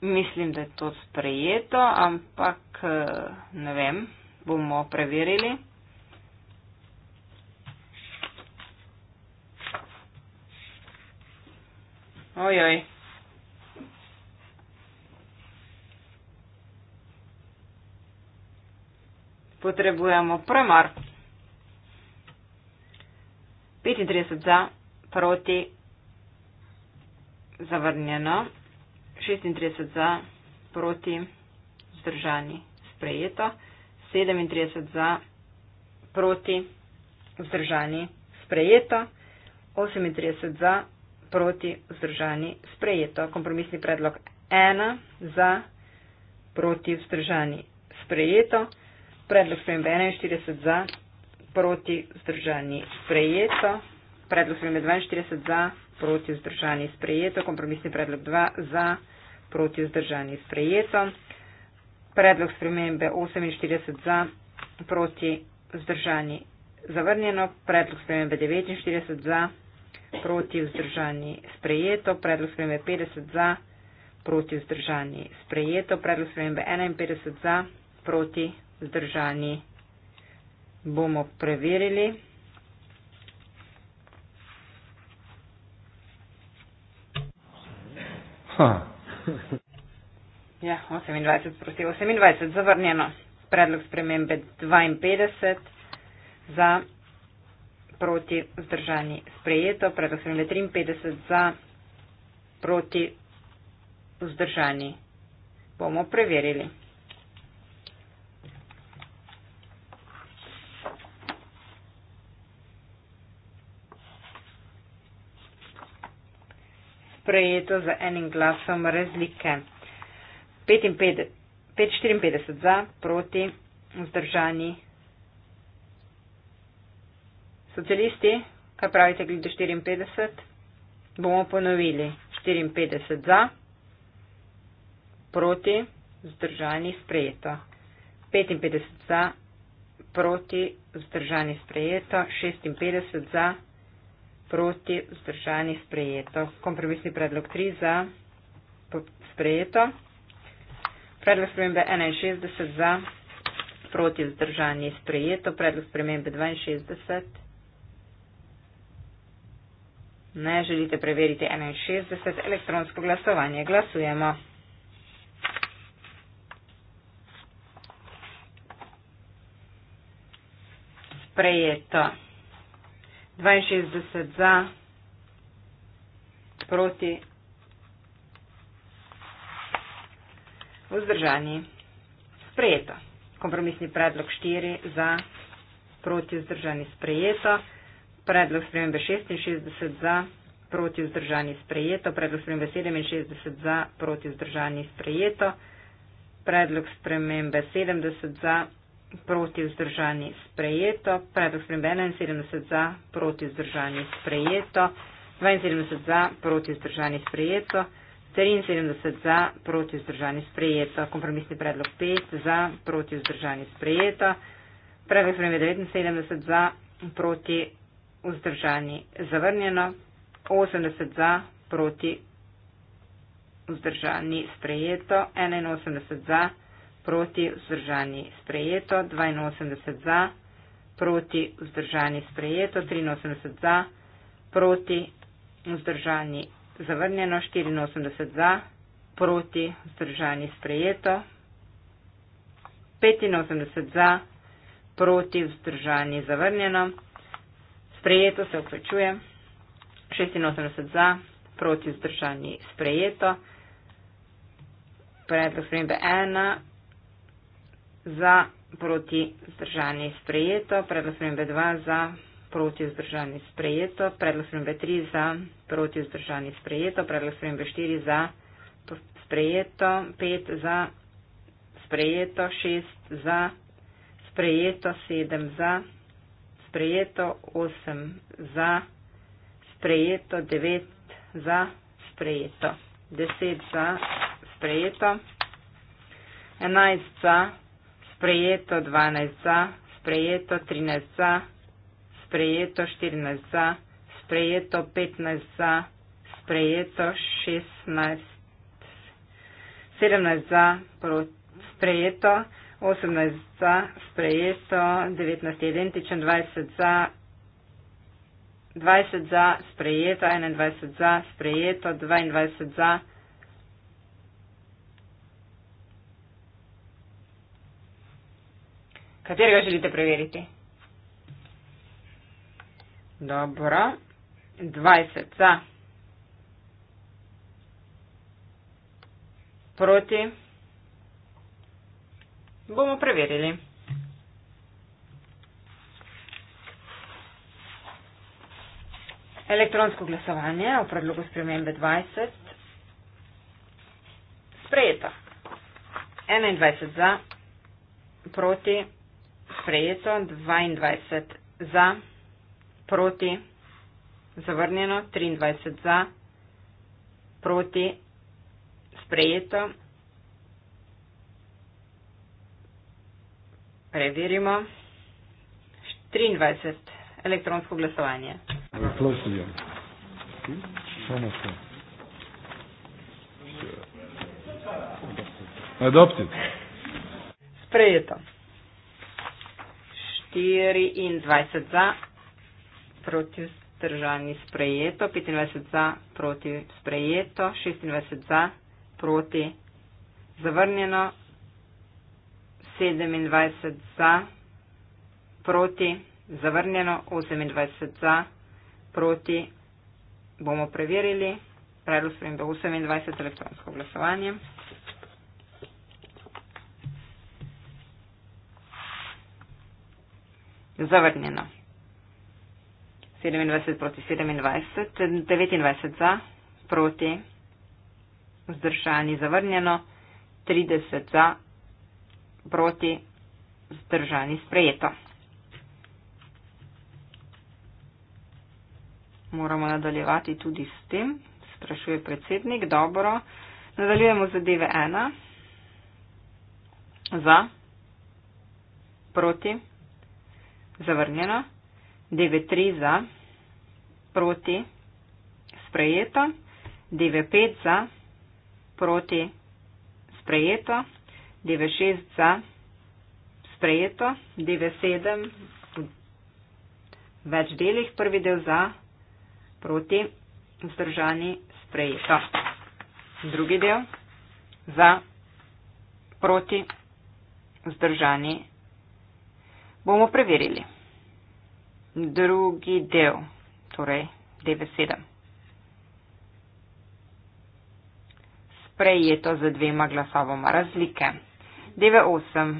Speaker 6: Mislim, da je to sprejeto, ampak ne vem, bomo preverili. Ojoj. Potrebujemo premar. 35 za, proti, zavrnjeno, 36 za, proti, vzdržani, sprejeto, 37 za, proti, vzdržani, sprejeto, 38 za, proti, vzdržani, sprejeto. Kompromisni predlog 1 za, proti, vzdržani, sprejeto. Predlog spremembe 41 za, proti vzdržani sprejeto, predlog sprejme 42 za, proti vzdržani sprejeto, kompromisni predlog 2 za, proti vzdržani sprejeto, predlog spremembe 48 za, proti vzdržani zavrnjeno, predlog spremembe 49 za, proti vzdržani sprejeto, predlog spremembe 50 za, proti vzdržani sprejeto, predlog spremembe 51 za, proti vzdržani sprejeto bomo preverili. Ja, 28 proti 28, zavrnjeno. Predlog spremembe 52 za proti vzdržani sprejeto, predlog spremembe 53 za proti vzdržani. Bomo preverili. sprejeto z enim glasom razlike. 554 za, proti, vzdržani. Socialisti, kaj pravite glede 54? Bomo ponovili. 54 za, proti, vzdržani, sprejeto. 55 za, proti, vzdržani, sprejeto. 56 za, proti vzdržani sprejeto. Kompromisni predlog 3 za sprejeto. Predlog spremembe 61 za proti vzdržani sprejeto. Predlog spremembe 62. Ne želite preveriti 61. Elektronsko glasovanje. Glasujemo. Sprejeto. 62 za, proti, vzdržani, sprejeto. Kompromisni predlog 4 za, proti, vzdržani, sprejeto. Predlog spremembe 66 za, proti, vzdržani, sprejeto. Predlog spremembe 67 za, proti, vzdržani, sprejeto. Predlog spremembe 70 za, proti, vzdržani, sprejeto proti vzdržani sprejeto, predlog sprem 71 za, proti vzdržani sprejeto, 72 za, proti vzdržani sprejeto, 73 za, proti vzdržani sprejeto, kompromisni predlog 5 za, proti vzdržani sprejeto, predlog sprem 79 za, proti vzdržani zavrnjeno, 80 za, proti vzdržani sprejeto, 81 za, proti vzdržani sprejeto proti vzdržani sprejeto, 82 za, proti vzdržani sprejeto, 83 za, proti vzdržani zavrnjeno, 84 za, proti vzdržani sprejeto, 85 za, proti vzdržani zavrnjeno, sprejeto se upečuje, 86 za, proti vzdržani sprejeto, predlog spremembe 1, za proti zdržanje sprejeto, predlog spremembe 2 za proti zdržanje sprejeto, predlog spremembe 3 za proti zdržanje sprejeto, predlog spremembe 4 za sprejeto, 5 za sprejeto, 6 za sprejeto, 7 za sprejeto, 8 za sprejeto, 9 za sprejeto, 10 za sprejeto, 11 za sprejeto sprejeto 12 za, sprejeto 13 za, sprejeto 14 za, sprejeto 15 za, sprejeto 16, 17 za, sprejeto 18 za, sprejeto 19 identičen, 20 za. 20 za, sprejeto 21 za, sprejeto 22 za. Katerega želite preveriti? Dobro. 20 za. Proti. Bomo preverili. Elektronsko glasovanje o predlogu spremembe 20. Sprejeto. 21 za. Proti sprejeto 22 za, proti, zavrnjeno 23 za, proti, sprejeto. Preverimo 23 elektronsko glasovanje. Adopted. Sprejeto. 24 za, proti vzdržani sprejeto, 25 za, proti sprejeto, 26 za, proti zavrnjeno, 27 za, proti zavrnjeno, 28 za, proti bomo preverili. Predlog sprememba 28 elektronsko glasovanje. Zavrnjeno. 27 proti 27, 29 za, proti, vzdržani zavrnjeno, 30 za, proti, vzdržani sprejeto. Moramo nadaljevati tudi s tem, sprašuje predsednik. Dobro, nadaljujemo zadeve 1. Za, proti, zavrnjeno, 9-3 za, proti, sprejeto, 9-5 za, proti, sprejeto, 9-6 za, sprejeto, 9-7 v več delih, prvi del za, proti, vzdržani, sprejeto. Drugi del za, proti, vzdržani. Bomo preverili drugi del, torej 9.7. Sprejeto z dvema glasovoma razlike. 9.8.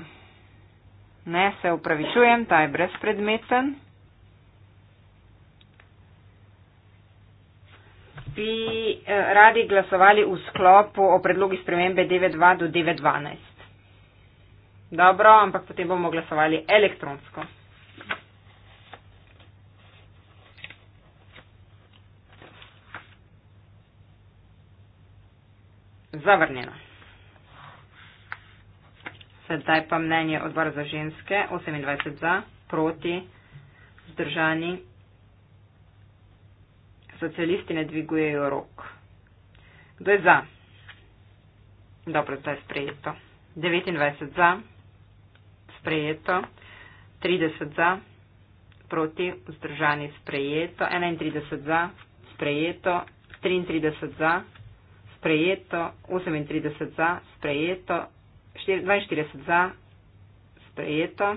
Speaker 6: Ne, se upravičujem, ta je brezpredmeten. Bi eh, radi glasovali v sklopu o predlogi spremembe 9.2 do 9.12. Dobro, ampak potem bomo glasovali elektronsko. zavrnjeno. Sedaj pa mnenje odbora za ženske, 28 za, proti, zdržani, socialisti ne dvigujejo rok. Kdo je za? Dobro, zdaj je sprejeto. 29 za, sprejeto, 30 za, proti, zdržani, sprejeto, 31 za, sprejeto, 33 za, sprejeto, 38 za, sprejeto, 42 za, sprejeto,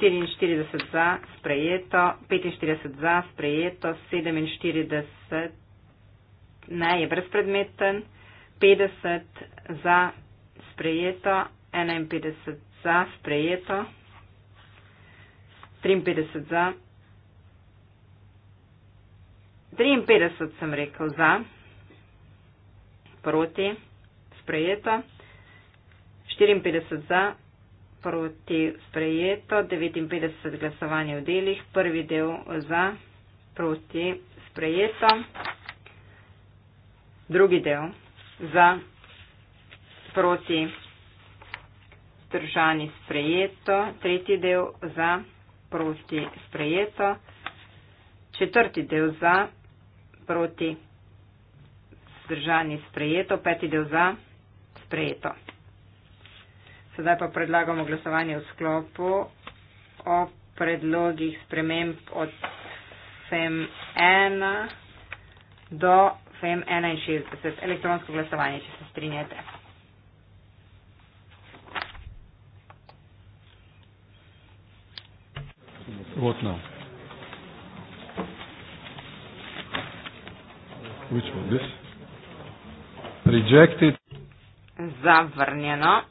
Speaker 6: 44 za, sprejeto, 45 za, sprejeto, 47, ne, je brezpredmeten, 50 za, sprejeto, 51 za, sprejeto, 53 za, 53 sem rekel za proti, sprejeto. 54 za, proti, sprejeto. 59 glasovanje v delih, prvi del za, proti, sprejeto. Drugi del za, proti, držani, sprejeto. Tretji del za, proti, sprejeto. Četrti del za, proti, sprejeto vzdržani sprejeto, peti del za sprejeto. Sedaj pa predlagamo glasovanje v sklopu o predlogih sprememb od FEM 1 do FEM 61. Elektronsko glasovanje, če se strinjate.
Speaker 1: Votno. Which one? This? Rejected.
Speaker 6: Zavrnjeno.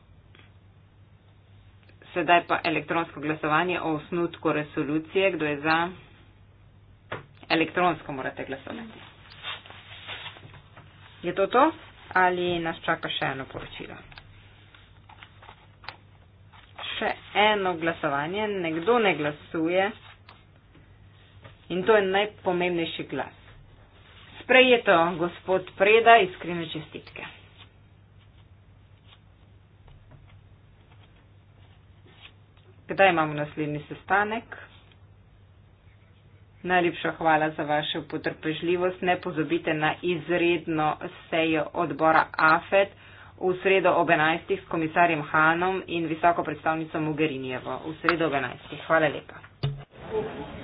Speaker 6: Sedaj pa elektronsko glasovanje o osnutku resolucije. Kdo je za? Elektronsko morate glasovati. Je to to? Ali nas čaka še eno poročilo? Še eno glasovanje. Nekdo ne glasuje. In to je najpomembnejši glas. Sprejeto, gospod Preda, iskrene čestitke. Kdaj imamo naslednji sestanek? Najlepša hvala za vašo potrpežljivost. Ne pozabite na izredno sejo odbora AFED v sredo ob 11. s komisarjem Hanom in visoko predstavnico Mogherinijevo. V sredo ob 11. Hvala lepa. Uh -huh.